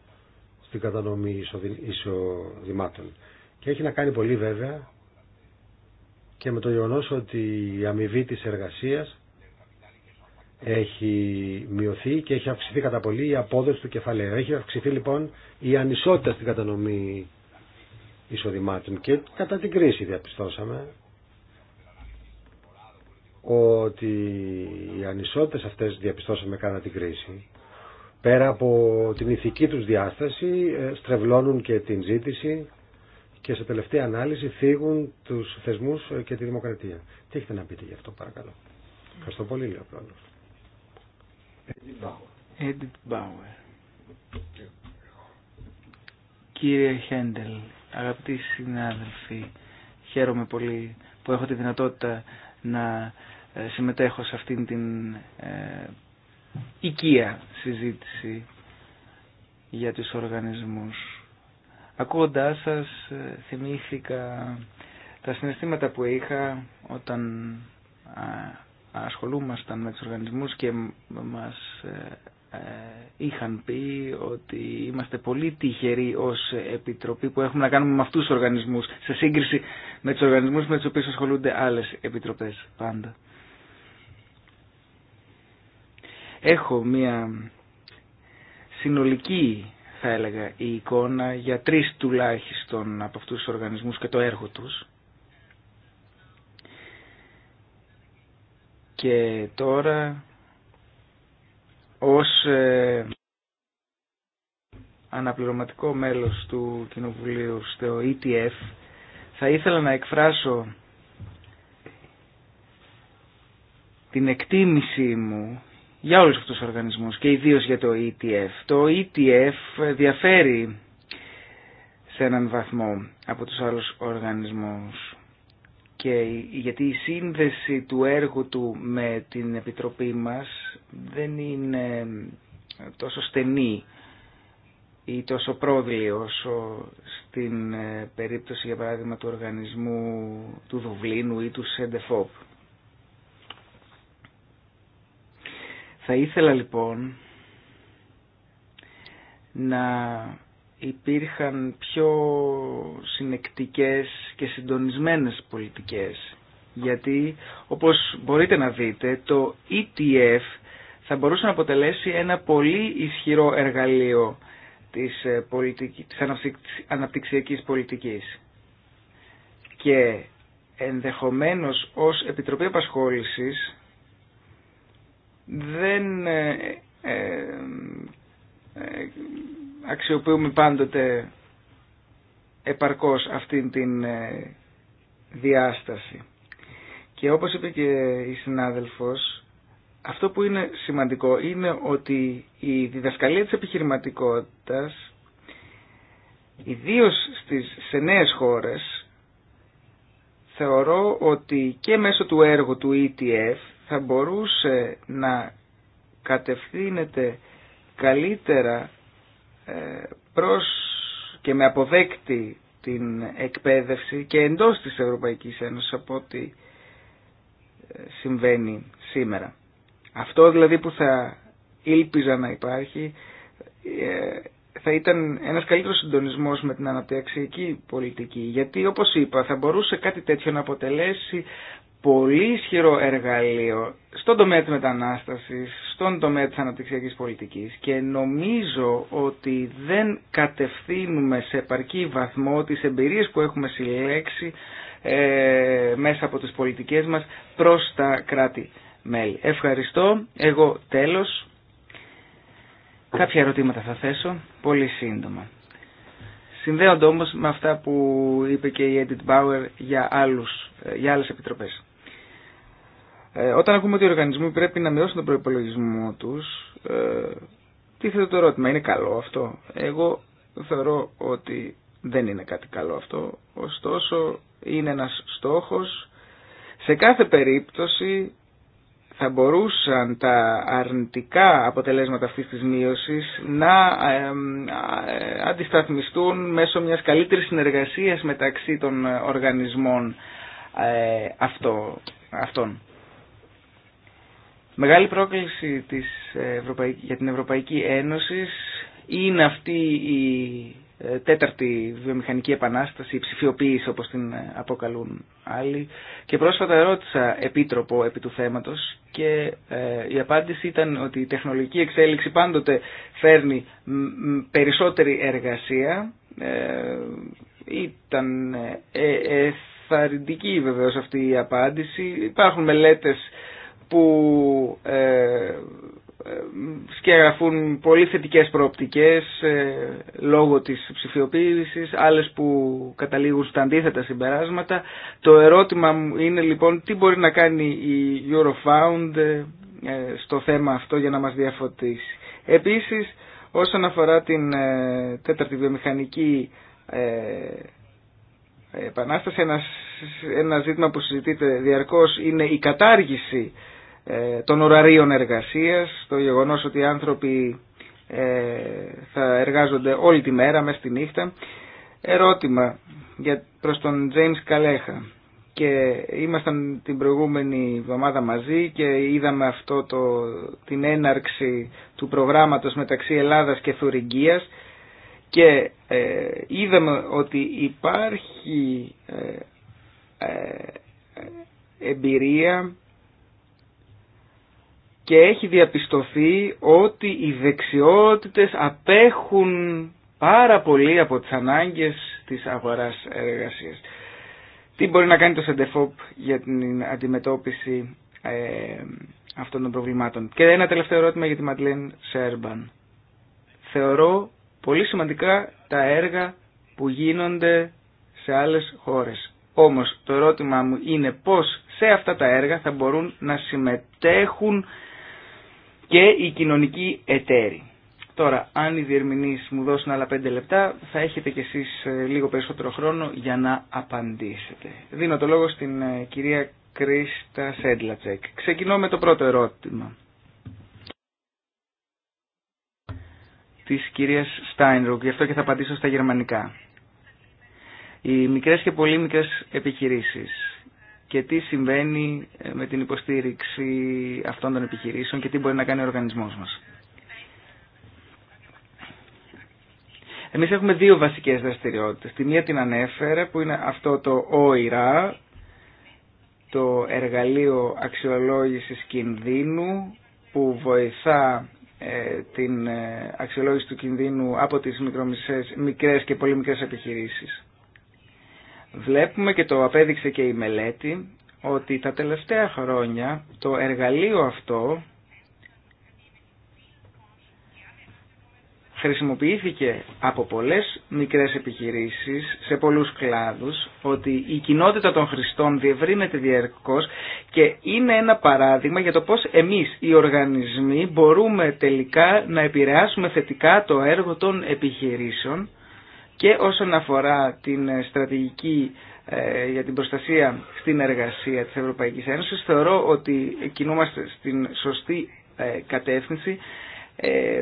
Speaker 1: την κατανομή εισοδημάτων. Και έχει να κάνει πολύ βέβαια και με το γεγονό ότι η αμοιβή της εργασίας έχει μειωθεί και έχει αυξηθεί κατά πολύ η απόδοση του κεφαλαίου. Έχει αυξηθεί λοιπόν η ανισότητα στην κατανομή εισοδημάτων και κατά την κρίση διαπιστώσαμε ότι οι ανισότητες αυτές διαπιστώσαμε κατά την κρίση πέρα από την ηθική τους διάσταση ε, στρεβλώνουν και την ζήτηση και σε τελευταία ανάλυση θίγουν τους θεσμούς ε, και τη δημοκρατία. Τι έχετε να πείτε γι' αυτό παρακαλώ. Ευχαριστώ πολύ λέει
Speaker 2: Edith Bauer. Κύριε Χέντελ, αγαπητοί συνάδελφοι, χαίρομαι πολύ που έχω τη δυνατότητα να ε, συμμετέχω σε αυτήν την οικία συζήτηση για τους οργανισμούς. Ακούγοντάς σας ε, θυμήθηκα τα συναισθήματα που είχα όταν ασχολούμασταν με τους οργανισμούς και μας ε, ε, είχαν πει ότι είμαστε πολύ τυχεροί ως επιτροπή που έχουμε να κάνουμε με αυτούς τους οργανισμούς σε σύγκριση με τους οργανισμούς με τους οποίους ασχολούνται άλλες επιτροπές πάντα. έχω μια συνολική θα έλεγα η εικόνα για τρεις τουλάχιστον από αυτούς τους οργανισμούς και το έργο τους. Και τώρα ως ε, αναπληρωματικό μέλος του Κοινοβουλίου στο ETF θα ήθελα να εκφράσω την εκτίμησή μου για όλους αυτούς τους οργανισμούς και ιδίως για το ETF. Το ETF διαφέρει σε έναν βαθμό από τους άλλους οργανισμούς και γιατί η σύνδεση του έργου του με την Επιτροπή μας δεν είναι τόσο στενή ή τόσο πρόβλη όσο στην ε, περίπτωση για παράδειγμα του οργανισμού του Δουβλίνου ή του Σεντεφόπ. Θα ήθελα λοιπόν να υπήρχαν πιο συνεκτικές και συντονισμένες πολιτικές. Γιατί, όπως μπορείτε να δείτε, το ETF θα μπορούσε να αποτελέσει ένα πολύ ισχυρό εργαλείο της, ε, πολιτικής, της αναπτυξιακής πολιτικής. Και ενδεχομένως ως Επιτροπή Απασχόλησης δεν ε, ε, ε, αξιοποιούμε πάντοτε επαρκώς αυτήν την ε, διάσταση. Και όπως είπε και η συνάδελφος, αυτό που είναι σημαντικό είναι ότι η διδασκαλία της επιχειρηματικότητας, ιδίως στις, σε νέες χώρες, θεωρώ ότι και μέσω του έργου του ETF θα μπορούσε να κατευθύνεται καλύτερα ε, προς και με αποδέκτη την εκπαίδευση και εντός της Ευρωπαϊκής Ένωσης από ό,τι ε, συμβαίνει σήμερα. Αυτό δηλαδή που θα ήλπιζα να υπάρχει ε, θα ήταν ένας καλύτερος συντονισμός με την αναπτυξιακή πολιτική γιατί όπως είπα θα μπορούσε κάτι τέτοιο να αποτελέσει πολύ ισχυρό εργαλείο στον τομέα της μετανάστασης, στον τομέα της αναπτυξιακής πολιτικής και νομίζω ότι δεν κατευθύνουμε σε επαρκή βαθμό τις εμπειρίες που έχουμε συλλέξει ε, μέσα από τις πολιτικές μας προς τα κράτη-μέλη. Ευχαριστώ. Εγώ τέλος. Κάποια ερωτήματα θα θέσω, πολύ σύντομα. Συνδέονται όμως με αυτά που είπε και η Edith Bauer για, άλλους, ε, για άλλες επιτροπές. Ε, όταν ακούμε ότι οι οργανισμοί πρέπει να μειώσουν τον προπολογισμό τους, ε, τίθεται το ερώτημα, είναι καλό αυτό. Εγώ θεωρώ ότι δεν είναι κάτι καλό αυτό, ωστόσο είναι ένας στόχος. Σε κάθε περίπτωση θα μπορούσαν τα αρνητικά αποτελέσματα αυτής της μείωσης να ε, αντισταθμιστούν μέσω μιας καλύτερης συνεργασίας μεταξύ των οργανισμών ε, αυτών. Μεγάλη πρόκληση της για την Ευρωπαϊκή Ένωση είναι αυτή η ε, τέταρτη βιομηχανική επανάσταση, η ψηφιοποίηση όπως την ε, αποκαλούν άλλοι. Και πρόσφατα ρώτησα επίτροπο επί του θέματος και ε, η απάντηση ήταν ότι η τεχνολογική εξέλιξη πάντοτε φέρνει περισσότερη εργασία. Ήταν εθαρρυντική βεβαίως αυτή η απάντηση. Υπάρχουν μελέτες που ε, ε, σκεγραφούν πολύ θετικές προοπτικές ε, λόγω της ψηφιοποίησης, άλλες που καταλήγουν στα αντίθετα συμπεράσματα. Το ερώτημα μου είναι λοιπόν τι μπορεί να κάνει η Eurofound στο θέμα αυτό για να μας διαφωτίσει. Επίσης, όσον αφορά την τέταρτη βιομηχανική επανάσταση, ένα, ένα ζήτημα που συζητείται διαρκώς είναι η κατάργηση ε, των ωραρίων εργασίας, το γεγονός ότι οι άνθρωποι ε, θα εργάζονται όλη τη μέρα, μέσα στη νύχτα. Ερώτημα για, προς τον James Καλέχα και ήμασταν την προηγούμενη εβδομάδα μαζί και είδαμε αυτό το, την έναρξη του προγράμματος μεταξύ Ελλάδας και Θουριγκίας... και ε, είδαμε ότι υπάρχει ε, εμπειρία και έχει διαπιστωθεί ότι οι δεξιότητες απέχουν πάρα πολύ από τις ανάγκες της αγοράς εργασίας. Τι μπορεί να κάνει το Σεντεφόπ για την αντιμετώπιση ε, αυτών των προβλημάτων. Και ένα τελευταίο ερώτημα για τη Ματλέν Σέρμπαν. Θεωρώ πολύ σημαντικά τα έργα που γίνονται σε άλλες χώρες. Όμως το ερώτημά μου είναι πώς σε αυτά τα έργα θα μπορούν να συμμετέχουν και η κοινωνική εταίροι. Τώρα, αν οι διερμηνείς μου δώσουν άλλα πέντε λεπτά, θα έχετε κι εσείς ε, λίγο περισσότερο χρόνο για να απαντήσετε. Δίνω το λόγο στην ε, κυρία Κρίστα Σέντλατσεκ. Ξεκινώ με το πρώτο ερώτημα. Της κυρίας Στάινρουκ, γι' αυτό και θα απαντήσω στα γερμανικά. Οι μικρές και πολύ μικρές επιχειρήσεις και τι συμβαίνει ε, με την υποστήριξη αυτών των επιχειρήσεων και τι μπορεί να κάνει ο οργανισμός μας. Εμείς έχουμε δύο βασικές δραστηριότητες. Τη μία την ανέφερε που είναι αυτό το ΟΙΡΑ, το εργαλείο αξιολόγησης κινδύνου που βοηθά ε, την ε, αξιολόγηση του κινδύνου από τις μικρές και πολύ μικρές επιχειρήσεις. Βλέπουμε και το απέδειξε και η μελέτη ότι τα τελευταία χρόνια το εργαλείο αυτό χρησιμοποιήθηκε από πολλές μικρές επιχειρήσεις σε πολλούς κλάδους ότι η κοινότητα των χρηστών διευρύνεται διαρκώς και είναι ένα παράδειγμα για το πώς εμείς οι οργανισμοί μπορούμε τελικά να επηρεάσουμε θετικά το έργο των επιχειρήσεων και όσον αφορά την ε, στρατηγική ε, για την προστασία στην εργασία της Ευρωπαϊκής Ένωσης θεωρώ ότι κινούμαστε στην σωστή ε, κατεύθυνση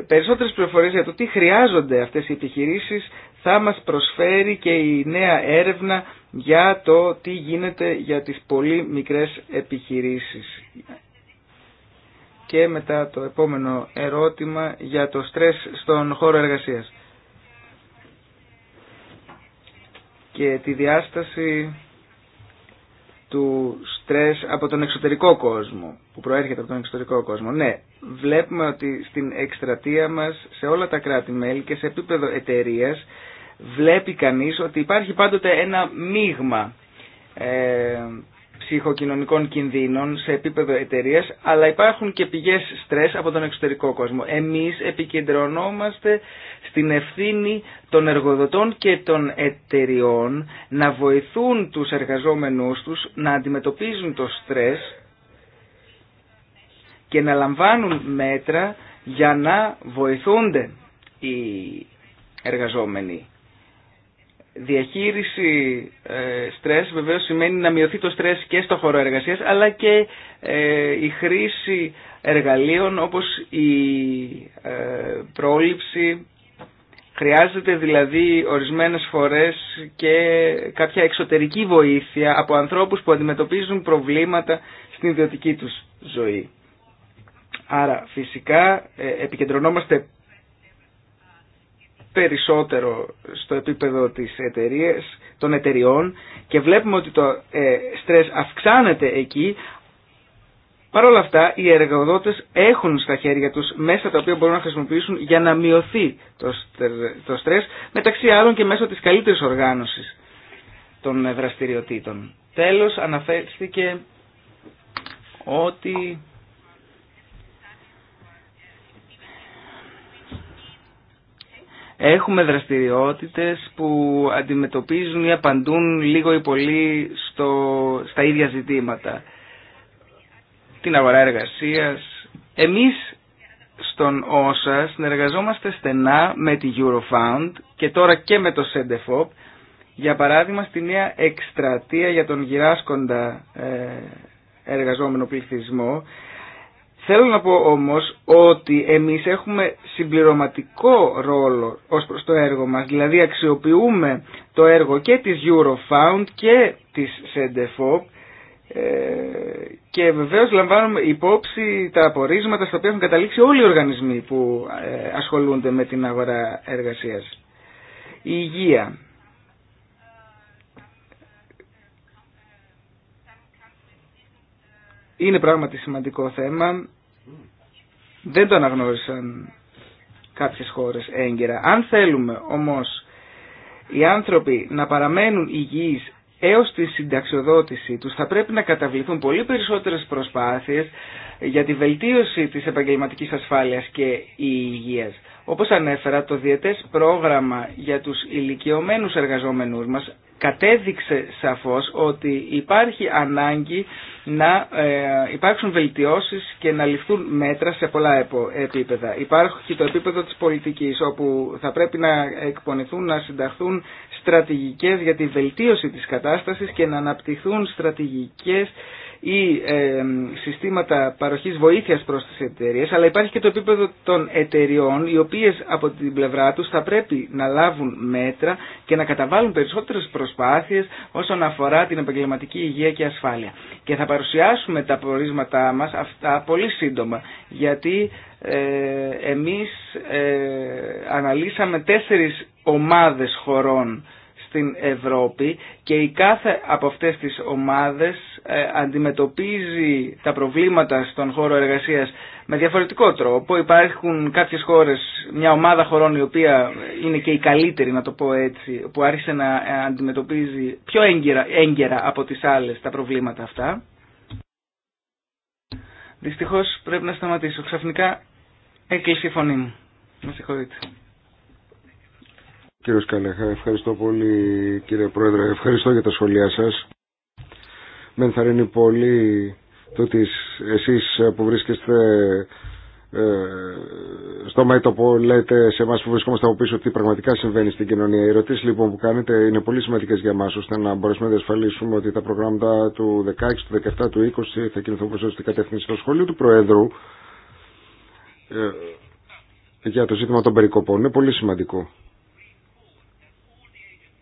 Speaker 2: περισσότερες πληροφορίες για το τι χρειάζονται αυτές οι επιχειρήσεις θα μας προσφέρει και η νέα έρευνα για το τι γίνεται για τις πολύ μικρές επιχειρήσεις. Και μετά το επόμενο ερώτημα για το στρες στον χώρο εργασίας. και τη διάσταση του στρες από τον εξωτερικό κόσμο, που προέρχεται από τον εξωτερικό κόσμο. Ναι, βλέπουμε ότι στην εκστρατεία μας, σε όλα τα κράτη-μέλη και σε επίπεδο εταιρεία βλέπει κανείς ότι υπάρχει πάντοτε ένα μείγμα ε, ψυχοκοινωνικών κινδύνων σε επίπεδο εταιρεία, αλλά υπάρχουν και πηγές στρες από τον εξωτερικό κόσμο. Εμείς επικεντρωνόμαστε στην ευθύνη των εργοδοτών και των εταιριών να βοηθούν τους εργαζόμενούς τους να αντιμετωπίζουν το στρες και να λαμβάνουν μέτρα για να βοηθούνται οι εργαζόμενοι. Διαχείριση ε, στρες βεβαίως σημαίνει να μειωθεί το στρες και στο χώρο εργασίας αλλά και ε, η χρήση εργαλείων όπως η ε, πρόληψη. Χρειάζεται δηλαδή ορισμένες φορές και κάποια εξωτερική βοήθεια από ανθρώπους που αντιμετωπίζουν προβλήματα στην ιδιωτική τους ζωή. Άρα φυσικά ε, επικεντρωνόμαστε περισσότερο στο επίπεδο της εταιρείας, των εταιριών και βλέπουμε ότι το ε, στρες αυξάνεται εκεί Παρ' όλα αυτά, οι εργοδότες έχουν στα χέρια τους μέσα τα οποία μπορούν να χρησιμοποιήσουν για να μειωθεί το στρες, μεταξύ άλλων και μέσω της καλύτερης οργάνωσης των δραστηριοτήτων. Τέλος, αναφέρθηκε ότι Έχουμε δραστηριότητες που αντιμετωπίζουν ή απαντούν λίγο ή πολύ στο, στα ίδια ζητήματα. Την αγορά εργασίας. Εμείς στον όσα συνεργαζόμαστε στενά με τη Eurofound και τώρα και με το Σεντεφόπ για παράδειγμα στη νέα εκστρατεία για τον γυράσκοντα ε, εργαζόμενο πληθυσμό Θέλω να πω όμως ότι εμείς έχουμε συμπληρωματικό ρόλο ως προς το έργο μας, δηλαδή αξιοποιούμε το έργο και της Eurofound και της Sendefop ε, και βεβαίως λαμβάνουμε υπόψη τα απορίσματα στα οποία έχουν καταλήξει όλοι οι οργανισμοί που ε, ασχολούνται με την αγορά εργασίας. Η υγεία Είναι πράγματι σημαντικό θέμα. Δεν το αναγνώρισαν κάποιες χώρες έγκαιρα. Αν θέλουμε όμως οι άνθρωποι να παραμένουν υγιείς έως τη συνταξιοδότηση τους θα πρέπει να καταβληθούν πολύ περισσότερες προσπάθειες για τη βελτίωση της επαγγελματικής ασφάλειας και υγείας. Όπως ανέφερα, το διετές πρόγραμμα για τους ηλικιωμένους εργαζόμενούς μας κατέδειξε σαφώς ότι υπάρχει ανάγκη να ε, υπάρξουν βελτιώσεις και να ληφθούν μέτρα σε πολλά επίπεδα. Υπάρχει το επίπεδο της πολιτικής όπου θα πρέπει να εκπονηθούν, να συνταχθούν στρατηγικές για τη βελτίωση της κατάστασης και να αναπτυχθούν στρατηγικές ή ε, συστήματα παροχής βοήθειας προς τις εταιρείε, αλλά υπάρχει και το επίπεδο των εταιριών οι οποίες από την πλευρά τους θα πρέπει να λάβουν μέτρα και να καταβάλουν περισσότερες προσπάθειες όσον αφορά την επαγγελματική υγεία και ασφάλεια. Και θα παρουσιάσουμε τα προορίσματά μας αυτά πολύ σύντομα γιατί ε, εμείς ε, αναλύσαμε τέσσερις ομάδες χωρών στην Ευρώπη και η κάθε από αυτές τις ομάδες ε, αντιμετωπίζει τα προβλήματα στον χώρο εργασίας με διαφορετικό τρόπο. Υπάρχουν κάποιες χώρες, μια ομάδα χωρών η οποία είναι και η καλύτερη να το πω έτσι, που άρχισε να ε, αντιμετωπίζει πιο έγκαιρα, έγκαιρα από τις άλλες τα προβλήματα αυτά. Δυστυχώς πρέπει να σταματήσω. Ξαφνικά έκλεισε η φωνή μου. Με συγχωρείτε.
Speaker 3: Κύριε Καλέχα, ευχαριστώ πολύ κύριε Πρόεδρε, ευχαριστώ για τα σχόλιά σας. Με ενθαρρύνει πολύ το ότι εσείς που βρίσκεστε ε, στο μέτωπο λέτε σε εμά που βρισκόμαστε από πίσω τι πραγματικά συμβαίνει στην κοινωνία. Οι ερωτήσει λοιπόν που κάνετε είναι πολύ σημαντικέ για εμά ώστε να μπορέσουμε να διασφαλίσουμε ότι τα προγράμματα του 16, του 17, του 20 θα κινηθούν προ την κατεύθυνση στο σχολείο του Προέδρου ε, για το ζήτημα των περικοπών. Είναι πολύ σημαντικό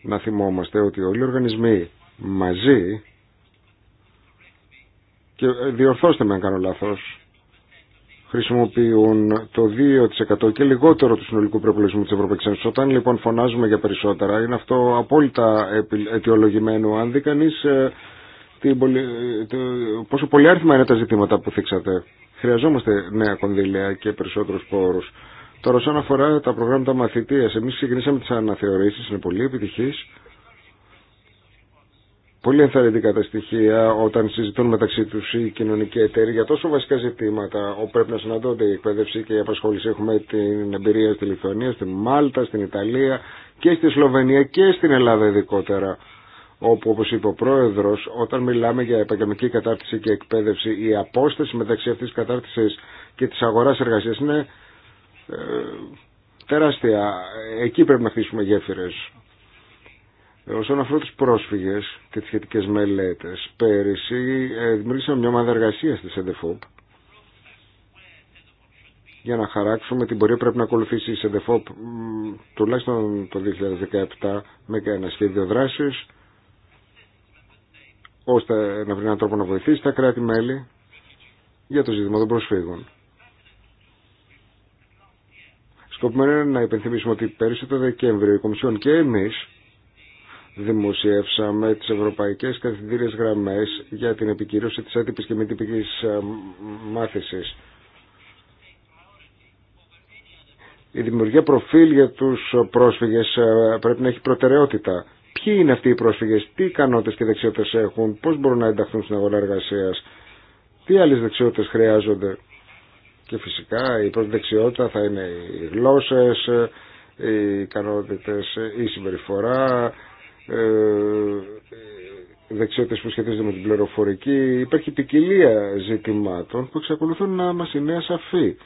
Speaker 3: να θυμόμαστε ότι όλοι οι οργανισμοί μαζί και ε, διορθώστε με αν κάνω λάθος χρησιμοποιούν το 2% και λιγότερο του συνολικού προπολογισμού της Ευρωπαϊκής Ένωσης. Όταν λοιπόν φωνάζουμε για περισσότερα είναι αυτό απόλυτα αιτιολογημένο αν δει κανείς ε, πόσο πολυάριθμα είναι τα ζητήματα που θίξατε. Χρειαζόμαστε νέα κονδύλια και περισσότερους πόρους. Τώρα όσον αφορά τα προγράμματα μαθητία. Εμεί ξεκινήσαμε τι αναθεωρήσει, είναι πολύ επιτυχη. Πολύ ενθαρρυντικά τα στοιχεία όταν συζητούν μεταξύ του οι κοινωνικοί εταίροι για τόσο βασικά ζητήματα όπου πρέπει να συναντώνται η εκπαίδευση και η απασχόληση. Έχουμε την εμπειρία στη Λιθουανία, στην Μάλτα, στην Ιταλία και στη Σλοβενία και στην Ελλάδα ειδικότερα. Όπου, όπω είπε ο πρόεδρο, όταν μιλάμε για επαγγελματική κατάρτιση και εκπαίδευση, η απόσταση μεταξύ αυτή τη κατάρτιση και τη αγορά εργασία είναι ε, τεράστια. Εκεί πρέπει να χτίσουμε γέφυρες. Ε, όσον αφορά του πρόσφυγες και τι σχετικέ μελέτε, πέρυσι ε, δημιουργήσαμε μια ομάδα εργασία τη ΕΔΕΦΟΠ για να χαράξουμε την πορεία που πρέπει να ακολουθήσει η ΣΕΔΕΦΟΠ τουλάχιστον το 2017 με ένα σχέδιο δράση ώστε να βρει έναν τρόπο να βοηθήσει τα κράτη-μέλη για το ζήτημα των προσφύγων. Σκοπημένο είναι να υπενθυμίσουμε ότι πέρυσι το Δεκέμβριο η Κομισιόν και εμείς δημοσιεύσαμε τις ευρωπαϊκές καθημερινές γραμμές για την επικύρωση της άτυπης και μη τυπικής ε, μάθησης. Η δημιουργία προφίλ για τους πρόσφυγες ε, πρέπει να έχει προτεραιότητα. Ποιοι είναι αυτοί οι πρόσφυγες, τι ικανότητες και δεξιότητες έχουν, πώς μπορούν να ενταχθούν στην αγορά εργασίας, τι άλλες δεξιότητες χρειάζονται. Και φυσικά η πρώτη δεξιότητα θα είναι οι γλώσσες, οι ικανότητες, η συμπεριφορά, ε, δεξιότητες που σχετίζονται με την πληροφορική. Υπάρχει ποικιλία ζητημάτων που εξακολουθούν να μας είναι ασαφή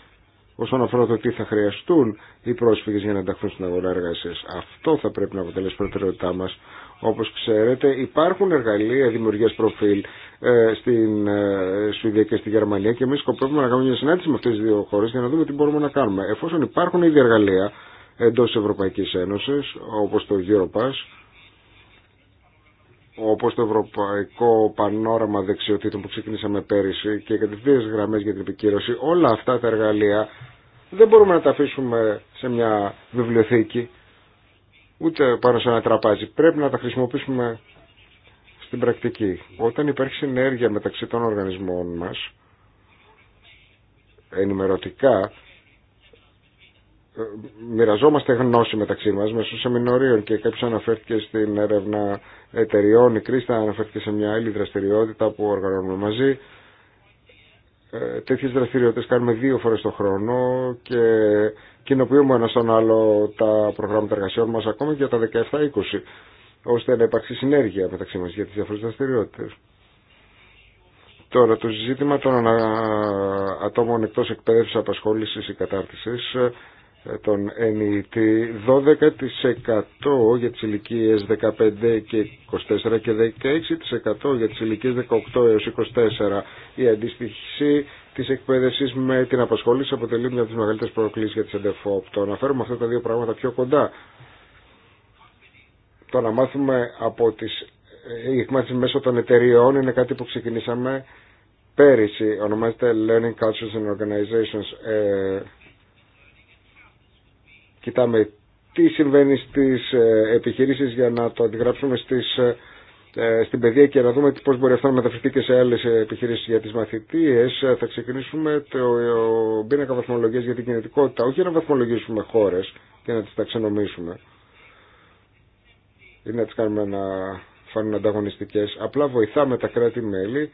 Speaker 3: όσον αφορά το τι θα χρειαστούν οι πρόσφυγες για να ενταχθούν στην αγορά εργασίας. Αυτό θα πρέπει να αποτελέσει προτεραιότητά μας όπως ξέρετε υπάρχουν εργαλεία δημιουργίας προφίλ ε, στην ε, Σουηδία και στη Γερμανία και εμείς σκοπεύουμε να κάνουμε μια συνάντηση με αυτές τις δύο χώρες για να δούμε τι μπορούμε να κάνουμε. Εφόσον υπάρχουν ήδη εργαλεία εντός Ευρωπαϊκής Ένωσης όπως το Europass, όπως το Ευρωπαϊκό Πανόραμα Δεξιοτήτων που ξεκινήσαμε πέρυσι και κατευθείας γραμμές για την επικύρωση, όλα αυτά τα εργαλεία δεν μπορούμε να τα αφήσουμε σε μια βιβλιοθήκη ούτε πάνω σε ένα τραπάζι. Πρέπει να τα χρησιμοποιήσουμε στην πρακτική. Όταν υπάρχει συνέργεια μεταξύ των οργανισμών μας, ενημερωτικά, ε, μοιραζόμαστε γνώση μεταξύ μας μέσω σεμινωρίων και κάποιος αναφέρθηκε στην έρευνα εταιριών, η Κρίστα αναφέρθηκε σε μια άλλη δραστηριότητα που οργανώνουμε μαζί. Ε, τέτοιε δραστηριότητες κάνουμε δύο φορές το χρόνο και κοινοποιούμε ένα στον άλλο τα προγράμματα εργασιών μας ακόμα και για τα 17-20 ώστε να υπάρξει συνέργεια μεταξύ μας για τις διάφορες δραστηριότητε. Τώρα το ζήτημα των ατόμων εκτός εκπαίδευση απασχόλησης ή κατάρτισης τον ενητη 12% για τις ηλικίες 15 και 24 και 16% για τις ηλικίες 18 έως 24. Η αντίστοιχη της εκπαίδευσης με την απασχόληση αποτελεί μια από τις μεγαλύτερες προκλήσεις για τις ΕΝΤΕΦΟΠ. Το να φέρουμε αυτά τα δύο πράγματα πιο κοντά. Το να μάθουμε από τις εκμάθησεις μέσω των εταιριών είναι κάτι που ξεκινήσαμε πέρυσι. Ονομάζεται Learning Cultures and Organizations. Ε, κοιτάμε τι συμβαίνει στις ε, επιχειρήσεις για να το αντιγράψουμε στις, ε, ε, στην παιδεία και να δούμε πώς μπορεί αυτό να μεταφερθεί και σε άλλες επιχειρήσεις για τις μαθητείες. Θα ξεκινήσουμε το πίνακα βαθμολογίας για την κινητικότητα, όχι για να βαθμολογήσουμε χώρες και να τις ταξινομήσουμε ή να τι κάνουμε να φάνουν ανταγωνιστικές. Απλά βοηθάμε τα κράτη-μέλη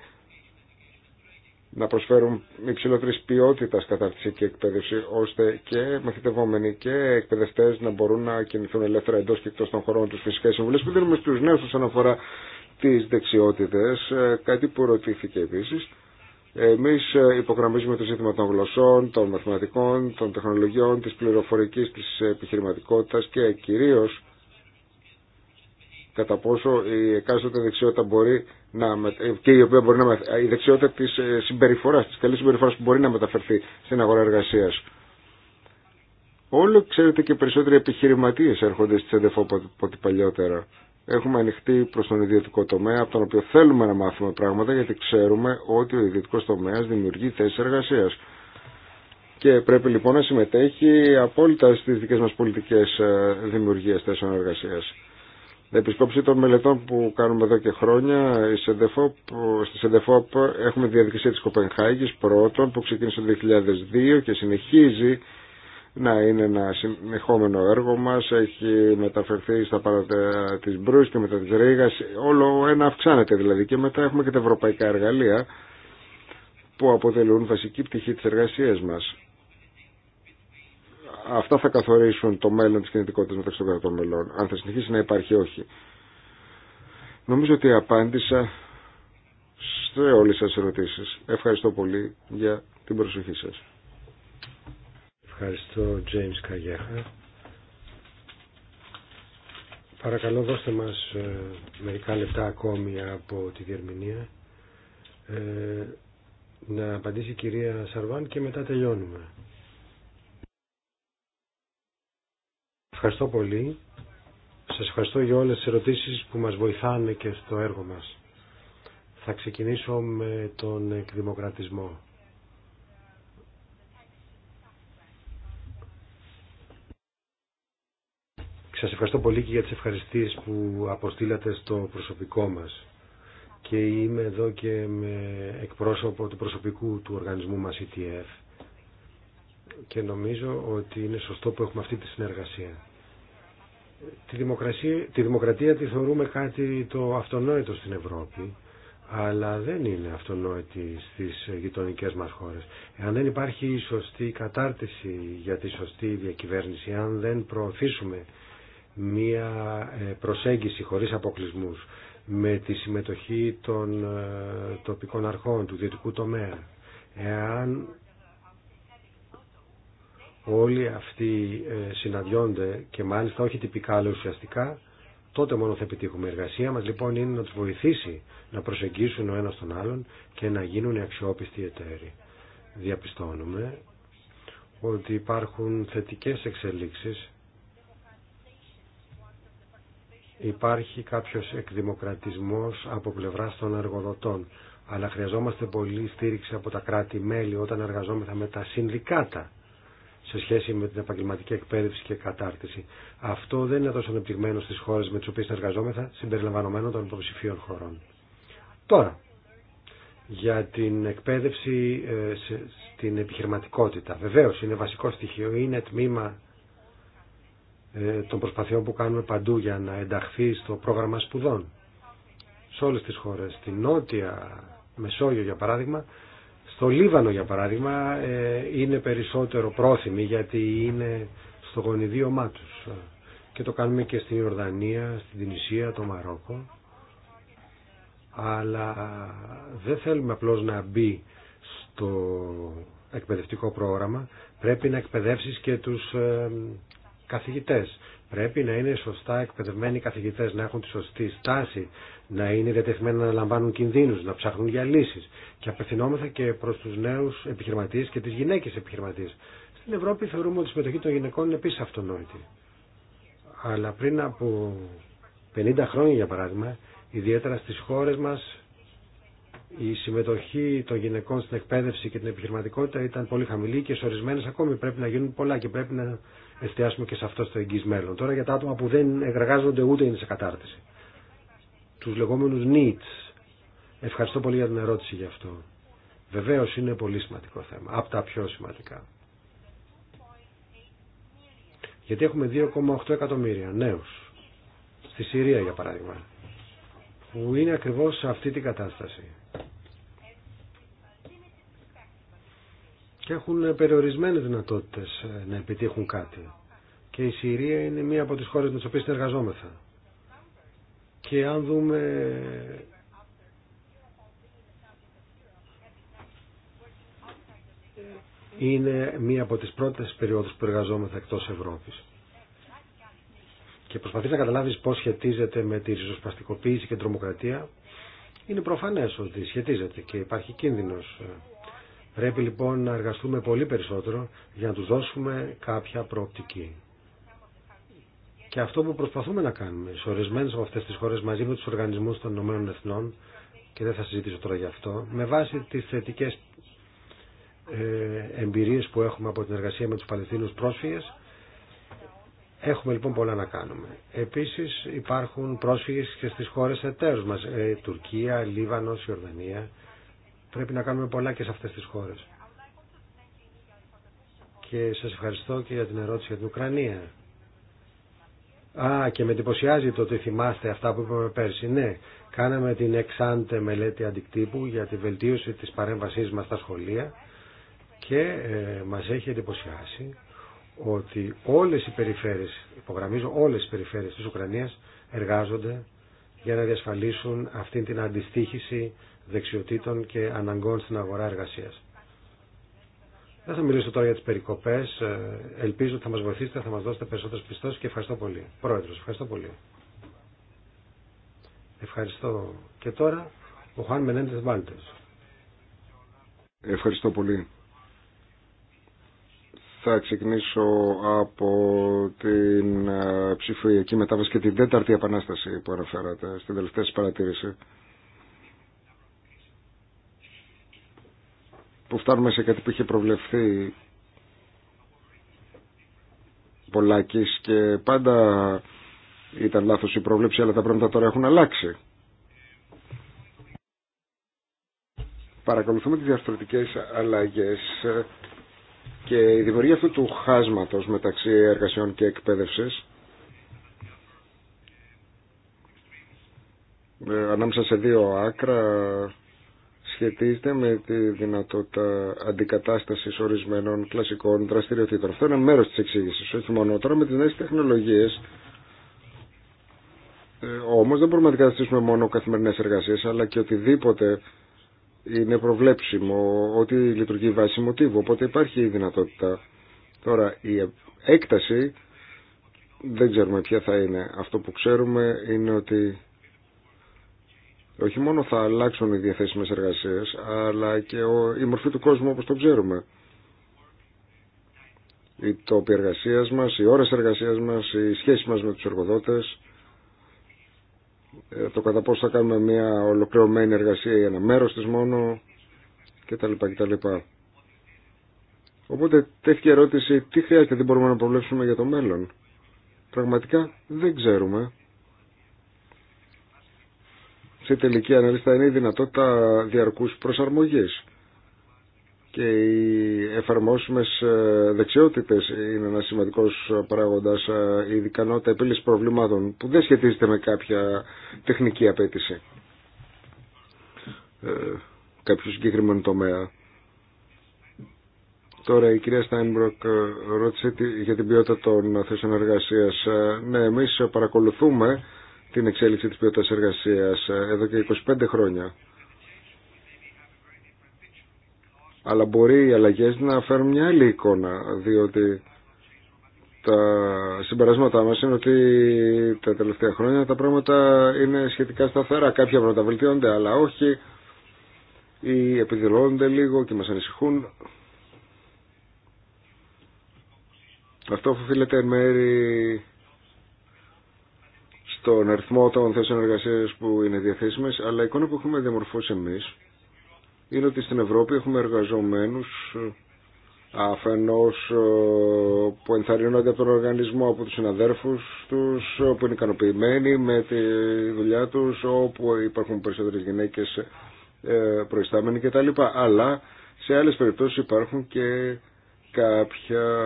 Speaker 3: να προσφέρουν υψηλότερη ποιότητα κατάρτιση και εκπαίδευση, ώστε και μαθητευόμενοι και εκπαιδευτέ να μπορούν να κινηθούν ελεύθερα εντό και εκτό των χωρών του. Φυσικέ συμβουλέ που δίνουμε στου νέου όσον αφορά τι δεξιότητε, ε, κάτι που ρωτήθηκε επίση. Εμεί ε, υπογραμμίζουμε το ζήτημα των γλωσσών, των μαθηματικών, των τεχνολογιών, τη πληροφορική, τη επιχειρηματικότητα και κυρίω κατά πόσο η εκάστοτε δεξιότητα μπορεί να, ε, και η, οποία μπορεί να, ε, δεξιότητα τη ε, συμπεριφορά, τη καλής συμπεριφοράς που μπορεί να μεταφερθεί στην αγορά εργασία. Όλο, ξέρετε, και περισσότεροι επιχειρηματίε έρχονται στη ΣΕΔΕΦΟ από ό,τι παλιότερα. Έχουμε ανοιχτεί προ τον ιδιωτικό τομέα, από τον οποίο θέλουμε να μάθουμε πράγματα, γιατί ξέρουμε ότι ο ιδιωτικό τομέα δημιουργεί θέσει εργασία. Και πρέπει λοιπόν να συμμετέχει απόλυτα στις δικέ μα πολιτικέ δημιουργίε θέσεων εργασία επισκόψη των μελετών που κάνουμε εδώ και χρόνια στη ΣΕΝΤΕΦΟΠ έχουμε διαδικασία της Κοπενχάγης πρώτον που ξεκίνησε το 2002 και συνεχίζει να είναι ένα συνεχόμενο έργο μας έχει μεταφερθεί στα παρατέρα της Μπρούς και μετά της Ρήγας όλο ένα αυξάνεται δηλαδή και μετά έχουμε και τα ευρωπαϊκά εργαλεία που αποτελούν βασική πτυχή της εργασίας μας Αυτά θα καθορίσουν το μέλλον της κινητικότητας μεταξύ των κρατών μελών, αν θα συνεχίσει να υπάρχει όχι. Νομίζω ότι απάντησα σε όλες σας ερωτήσεις. Ευχαριστώ πολύ για την προσοχή σας. Ευχαριστώ, James Καγιάχα.
Speaker 1: Παρακαλώ δώστε μας ε, μερικά λεπτά ακόμη από τη ε, να απαντήσει η κυρία Σαρβάν και μετά τελειώνουμε. Ευχαριστώ πολύ. Σας ευχαριστώ για όλες τις ερωτήσεις που μας βοηθάνε και στο έργο μας. Θα ξεκινήσω με τον εκδημοκρατισμό. Σας ευχαριστώ πολύ και για τις ευχαριστίες που αποστήλατε στο προσωπικό μας. Και είμαι εδώ και με εκπρόσωπο του προσωπικού του οργανισμού μας ETF. Και νομίζω ότι είναι σωστό που έχουμε αυτή τη συνεργασία τη δημοκρατία, τη δημοκρατία τη θεωρούμε κάτι το αυτονόητο στην Ευρώπη, αλλά δεν είναι αυτονόητη στις γειτονικέ μας χώρες. Εάν δεν υπάρχει η σωστή κατάρτιση για τη σωστή διακυβέρνηση, αν δεν προωθήσουμε μία ε, προσέγγιση χωρίς αποκλεισμούς με τη συμμετοχή των ε, τοπικών αρχών, του ιδιωτικού τομέα, εάν όλοι αυτοί ε, συναντιόνται και μάλιστα όχι τυπικά αλλά ουσιαστικά, τότε μόνο θα επιτύχουμε. Η εργασία μας λοιπόν είναι να τους βοηθήσει να προσεγγίσουν ο ένας τον άλλον και να γίνουν αξιόπιστοι εταίροι. Διαπιστώνουμε ότι υπάρχουν θετικές εξελίξεις. Υπάρχει κάποιος εκδημοκρατισμός από πλευρά των εργοδοτών, αλλά χρειαζόμαστε πολύ στήριξη από τα κράτη-μέλη όταν εργαζόμεθα με τα συνδικάτα σε σχέση με την επαγγελματική εκπαίδευση και κατάρτιση. Αυτό δεν είναι τόσο ανεπτυγμένο στι χώρε με τι οποίε συνεργαζόμεθα, συμπεριλαμβανομένων των υποψηφίων χωρών. Τώρα, για την εκπαίδευση ε, στην επιχειρηματικότητα. Βεβαίω, είναι βασικό στοιχείο, είναι τμήμα ε, των προσπαθειών που κάνουμε παντού για να ενταχθεί στο πρόγραμμα σπουδών. Σε όλες τις χώρες, στην Νότια Μεσόγειο για παράδειγμα, στο Λίβανο για παράδειγμα ε, είναι περισσότερο πρόθυμοι γιατί είναι στο γονιδίωμά τους και το κάνουμε και στην Ιορδανία, στην Τινησία, το Μαρόκο αλλά δεν θέλουμε απλώς να μπει στο εκπαιδευτικό πρόγραμμα πρέπει να εκπαιδεύσεις και τους ε, καθηγητές Πρέπει να είναι σωστά εκπαιδευμένοι οι καθηγητές, να έχουν τη σωστή στάση, να είναι διατεθειμένοι να λαμβάνουν κινδύνους, να ψάχνουν για λύσεις. Και απευθυνόμεθα και προς τους νέου επιχειρηματίε και τις γυναίκες επιχειρηματίε. Στην Ευρώπη θεωρούμε ότι η συμμετοχή των γυναικών είναι επίση αυτονόητη. Αλλά πριν από 50 χρόνια, για παράδειγμα, ιδιαίτερα στι χώρε μα η συμμετοχή των γυναικών στην εκπαίδευση και την επιχειρηματικότητα ήταν πολύ χαμηλή και σε ορισμένε ακόμη πρέπει να γίνουν πολλά και πρέπει να εστιάσουμε και σε αυτό στο εγγύ μέλλον. Τώρα για τα άτομα που δεν εργάζονται ούτε είναι σε κατάρτιση. Του λεγόμενου needs. Ευχαριστώ πολύ για την ερώτηση γι' αυτό. Βεβαίω είναι πολύ σημαντικό θέμα. Από τα πιο σημαντικά. Γιατί έχουμε 2,8 εκατομμύρια νέου. Στη Συρία για παράδειγμα. Που είναι ακριβώ σε αυτή την κατάσταση και έχουν περιορισμένες δυνατότητες ε, να επιτύχουν κάτι. Και η Συρία είναι μία από τις χώρες με τις οποίες συνεργαζόμεθα. Και αν δούμε είναι μία από τις πρώτες περιόδους που εργαζόμεθα εκτός Ευρώπης. Και προσπαθείς να καταλάβεις πώς σχετίζεται με τη ριζοσπαστικοποίηση και τρομοκρατία. Είναι προφανές ότι σχετίζεται και υπάρχει κίνδυνος ε, Πρέπει λοιπόν να εργαστούμε πολύ περισσότερο για να τους δώσουμε κάποια προοπτική. Και αυτό που προσπαθούμε να κάνουμε σε ορισμένε από αυτέ τι χώρε μαζί με τους οργανισμούς των Ηνωμένων Εθνών, και δεν θα συζητήσω τώρα γι' αυτό, με βάση τις θετικέ ε, εμπειρίε που έχουμε από την εργασία με τους Παλαιστίνου πρόσφυγες έχουμε λοιπόν πολλά να κάνουμε. Επίσης υπάρχουν πρόσφυγες και στις χώρες εταίρους μας ε, Τουρκία, Λίβανος, Ιορδανία, πρέπει να κάνουμε πολλά και σε αυτές τις χώρες. Και σας ευχαριστώ και για την ερώτηση για την Ουκρανία. Α, και με εντυπωσιάζει το ότι θυμάστε αυτά που είπαμε πέρσι. Ναι, κάναμε την εξάντε μελέτη αντικτύπου για τη βελτίωση της παρέμβασής μας στα σχολεία και ε, μας έχει εντυπωσιάσει ότι όλες οι περιφέρειες, υπογραμμίζω όλες οι περιφέρειες της Ουκρανίας εργάζονται για να διασφαλίσουν αυτήν την αντιστοίχηση δεξιοτήτων και αναγκών στην αγορά εργασίας. Δεν θα μιλήσω τώρα για τις περικοπές. Ε, ελπίζω ότι θα μας βοηθήσετε, θα μας δώσετε περισσότερες πιστώσεις και ευχαριστώ πολύ. Πρόεδρος, ευχαριστώ πολύ. Ευχαριστώ. Και τώρα ο Χάν Μενέντες Βάλτες.
Speaker 3: Ευχαριστώ πολύ. Θα ξεκινήσω από την ε, ψηφιακή μετάβαση και την τέταρτη επανάσταση που αναφέρατε στην τελευταία σας παρατήρηση. Που φτάνουμε σε κάτι που είχε προβλεφθεί πολλάκις και πάντα ήταν λάθος η πρόβλεψη αλλά τα πράγματα τώρα έχουν αλλάξει. Παρακολουθούμε τις διαφορετικές αλλαγές και η δημιουργία αυτού του χάσματος μεταξύ εργασιών και εκπαίδευσης ε, ανάμεσα σε δύο άκρα σχετίζεται με τη δυνατότητα αντικατάστασης ορισμένων κλασικών δραστηριοτήτων. Αυτό είναι μέρος της εξήγηση. όχι μόνο τώρα με τις νέες τεχνολογίες. Ε, όμως δεν μπορούμε να αντικαταστήσουμε μόνο καθημερινές εργασίες, αλλά και οτιδήποτε είναι προβλέψιμο, ότι λειτουργεί βάση μοτίβου, οπότε υπάρχει η δυνατότητα. Τώρα η έκταση δεν ξέρουμε ποια θα είναι. Αυτό που ξέρουμε είναι ότι όχι μόνο θα αλλάξουν οι διαθέσιμες εργασίες, αλλά και η μορφή του κόσμου όπως το ξέρουμε. Η τόποι εργασία μας, οι ώρες εργασίας μας, η σχέση μας με τους εργοδότες, ε, το κατά πόσο θα κάνουμε μια ολοκληρωμένη εργασία ή ένα μέρος της μόνο κτλ. κτλ. Οπότε τέτοια ερώτηση τι χρειάζεται, τι μπορούμε να προβλέψουμε για το μέλλον. Πραγματικά δεν ξέρουμε. Σε τελική αναλύση είναι η δυνατότητα διαρκούς προσαρμογής και οι εφαρμόσιμες ε, δεξιότητες είναι ένας σημαντικός παράγοντας ε, η ικανότητα επίλυσης προβλημάτων που δεν σχετίζεται με κάποια τεχνική απέτηση ε, κάποιου συγκεκριμένο τομέα. Τώρα η κυρία Στάινμπροκ ρώτησε για την ποιότητα των θέσεων εργασία. Ναι, εμεί παρακολουθούμε την εξέλιξη της ποιότητας εργασίας εδώ και 25 χρόνια. Αλλά μπορεί οι αλλαγές να φέρουν μια άλλη εικόνα, διότι τα συμπεράσματά μας είναι ότι τα τελευταία χρόνια τα πράγματα είναι σχετικά σταθερά. Κάποια πράγματα βελτιώνται, αλλά όχι ή επιδηλώνονται λίγο και μας ανησυχούν. Αυτό οφείλεται εν μέρη στον αριθμό των θέσεων εργασίας που είναι διαθέσιμες, αλλά η εικόνα που έχουμε διαμορφώσει εμείς είναι ότι στην Ευρώπη έχουμε εργαζομένους ε, αφενός ε, που ενθαρρύνονται από τον οργανισμό από τους συναδέρφους τους που είναι ικανοποιημένοι με τη δουλειά τους όπου υπάρχουν περισσότερες γυναίκες ε, προϊστάμενοι κτλ. Αλλά σε άλλες περιπτώσεις υπάρχουν και κάποια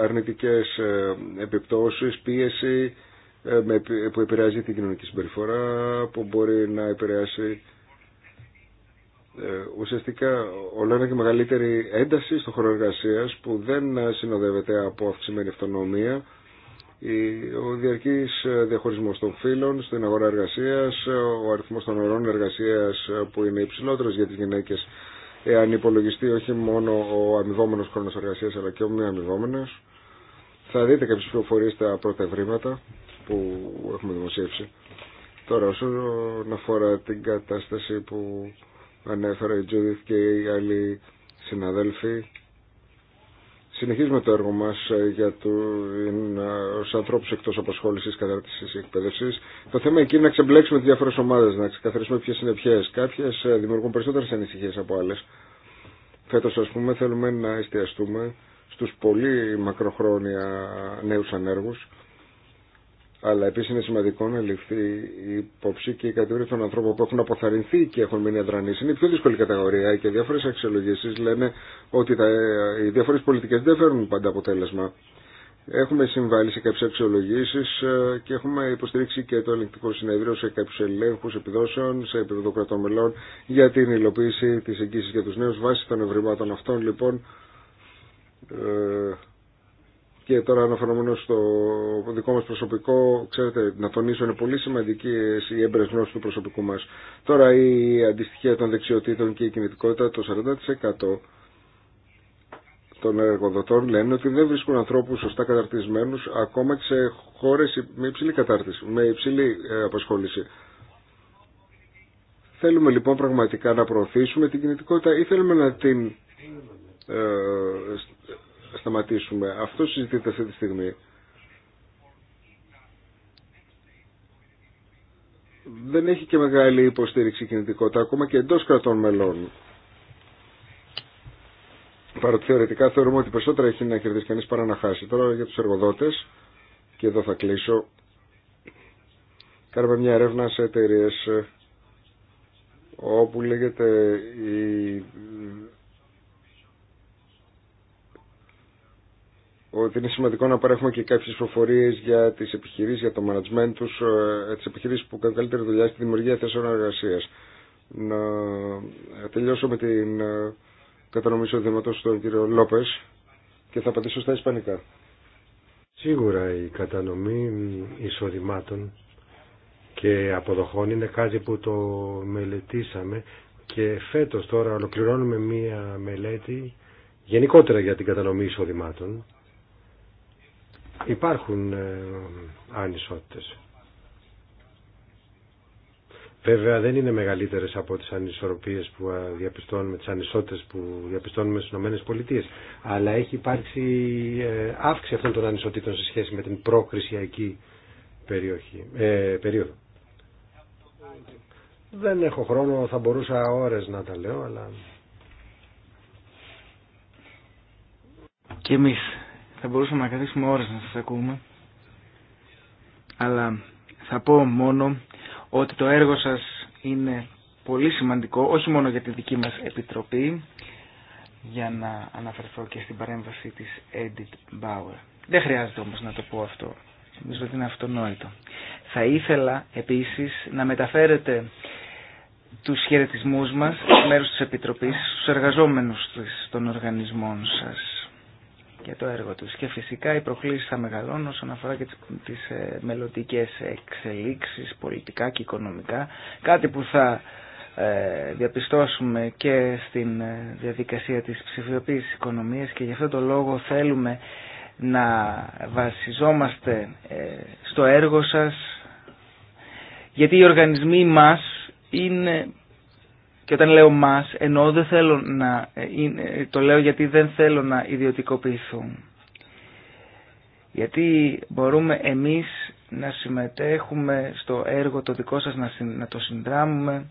Speaker 3: αρνητικές επιπτώσεις, πίεση που επηρεάζει την κοινωνική συμπεριφορά που μπορεί να επηρεάσει ε, ουσιαστικά όλο και μεγαλύτερη ένταση στο χώρο εργασία που δεν συνοδεύεται από αυξημένη αυτονομία. Ο διαρκής διαχωρισμός των φύλων στην αγορά εργασίας, ο αριθμός των ωρών εργασία που είναι υψηλότερος για τις γυναίκες εάν υπολογιστεί όχι μόνο ο αμοιβόμενος χρόνος εργασίας, αλλά και ο μη αμοιβόμενο. Θα δείτε κάποιες πληροφορίε στα πρώτα ευρήματα που έχουμε δημοσιεύσει. Τώρα όσον αφορά την κατάσταση που ανέφερε η Τζούδιθ και οι άλλοι συναδέλφοι. Συνεχίζουμε το έργο μας ε, για τους ε, ανθρώπους εκτός απασχόλησης, και εκπαίδευσης. Το θέμα εκεί είναι να ξεμπλέξουμε τις διάφορες ομάδες, να ξεκαθαρίσουμε ποιες είναι ποιες. Κάποιες ε, δημιουργούν περισσότερες ανησυχίες από άλλες. Φέτος, ας πούμε, θέλουμε να εστιαστούμε στους πολύ μακροχρόνια νέους ανέργους αλλά επίση είναι σημαντικό να ληφθεί υπόψη και η κατηγορία των ανθρώπων που έχουν αποθαρρυνθεί και έχουν μείνει αδρανεί. Είναι η πιο δύσκολη κατηγορία και διάφορε αξιολογήσει λένε ότι οι διάφορε πολιτικέ δεν φέρνουν πάντα αποτέλεσμα. Έχουμε συμβάλει σε κάποιε αξιολογήσει ε, και έχουμε υποστηρίξει και το ελεγκτικό συνέδριο σε κάποιου ελέγχου επιδόσεων σε επίπεδο κρατών μελών για την υλοποίηση τη εγγύηση για του νέου βάσει των ευρημάτων αυτών. Λοιπόν, ε, και τώρα αναφερόμενο στο δικό μας προσωπικό, ξέρετε, να τονίσω είναι πολύ σημαντική η έμπρες του προσωπικού μας. Τώρα η αντιστοιχεία των δεξιοτήτων και η κινητικότητα, το 40% των εργοδοτών λένε ότι δεν βρίσκουν ανθρώπους σωστά καταρτισμένους ακόμα και σε χώρες με υψηλή κατάρτιση, με υψηλή ε, απασχόληση. Θέλουμε λοιπόν πραγματικά να προωθήσουμε την κινητικότητα ή θέλουμε να την ε, σταματήσουμε. Αυτό συζητείται αυτή τη στιγμή. Δεν έχει και μεγάλη υποστήριξη κινητικότητα ακόμα και εντός κρατών μελών. Παρότι θεωρητικά θεωρούμε ότι περισσότερα έχει να κερδίσει κανείς παρά να χάσει. Τώρα για τους εργοδότες, και εδώ θα κλείσω, κάναμε μια έρευνα σε εταιρείε όπου λέγεται η ότι είναι σημαντικό να παρέχουμε και κάποιες προφορίες για τις επιχειρήσεις, για το management τους, ε, ε, τις επιχειρήσεις που κάνουν καλύτερη δουλειά στη δημιουργία θέσεων εργασία. Να ε, τελειώσω με την κατανομή εισοδήματος στον κύριο Λόπες και θα απαντήσω στα ισπανικά. Σίγουρα η κατανομή εισοδημάτων
Speaker 1: και αποδοχών είναι κάτι που το μελετήσαμε και φέτος τώρα ολοκληρώνουμε μία μελέτη γενικότερα για την κατανομή εισοδημάτων υπάρχουν ανισότητες. Ε, Βέβαια δεν είναι μεγαλύτερες από τις ανισορροπίες που διαπιστώνουμε, τις ανισότητες που διαπιστώνουμε στις Πολιτείες. Αλλά έχει υπάρξει ε, αύξηση αυτών των ανισοτήτων σε σχέση με την προκρισιακή περιοχή, ε, περίοδο. Δεν έχω χρόνο, θα μπορούσα ώρες να τα λέω, αλλά...
Speaker 2: Και εμείς θα μπορούσαμε να καθίσουμε ώρες να σας ακούμε. Αλλά θα πω μόνο ότι το έργο σας είναι πολύ σημαντικό, όχι μόνο για τη δική μας επιτροπή, για να αναφερθώ και στην παρέμβαση της Edith Bauer. Δεν χρειάζεται όμως να το πω αυτό. Νομίζω ότι είναι αυτονόητο. Θα ήθελα επίσης να μεταφέρετε τους χαιρετισμού μας μέρους της Επιτροπής στους εργαζόμενους των οργανισμών σας για το έργο τους. Και φυσικά οι προκλήσεις θα μεγαλώνουν όσον αφορά και τις ε, μελλοντικέ εξελίξεις πολιτικά και οικονομικά. Κάτι που θα ε, διαπιστώσουμε και στην ε, διαδικασία της ψηφιοποίησης οικονομίας και γι' αυτό το λόγο θέλουμε να βασιζόμαστε στο έργο σας γιατί οι οργανισμοί μας είναι και όταν λέω μας, εννοώ δεν θέλω να, ε, ε, το λέω γιατί δεν θέλω να ιδιωτικοποιηθούν. Γιατί μπορούμε εμείς να συμμετέχουμε στο έργο το δικό σας, να το συνδράμουμε,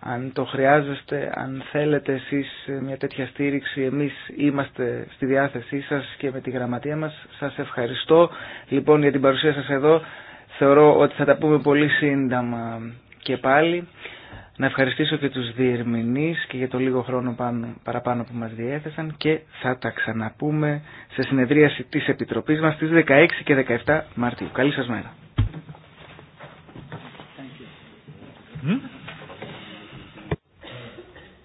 Speaker 2: αν το χρειάζεστε, αν θέλετε εσείς μια τέτοια στήριξη, εμείς είμαστε στη διάθεσή σας και με τη γραμματεία μας. Σας ευχαριστώ λοιπόν για την παρουσία σας εδώ. Θεωρώ ότι θα τα πούμε πολύ σύνταμα και πάλι. Να ευχαριστήσω και τους διερμηνείς και για το λίγο χρόνο παραπάνω που μας διέθεσαν και θα τα ξαναπούμε σε συνεδρίαση της Επιτροπής μας στις 16 και 17 Μαρτίου. Καλή σας μέρα.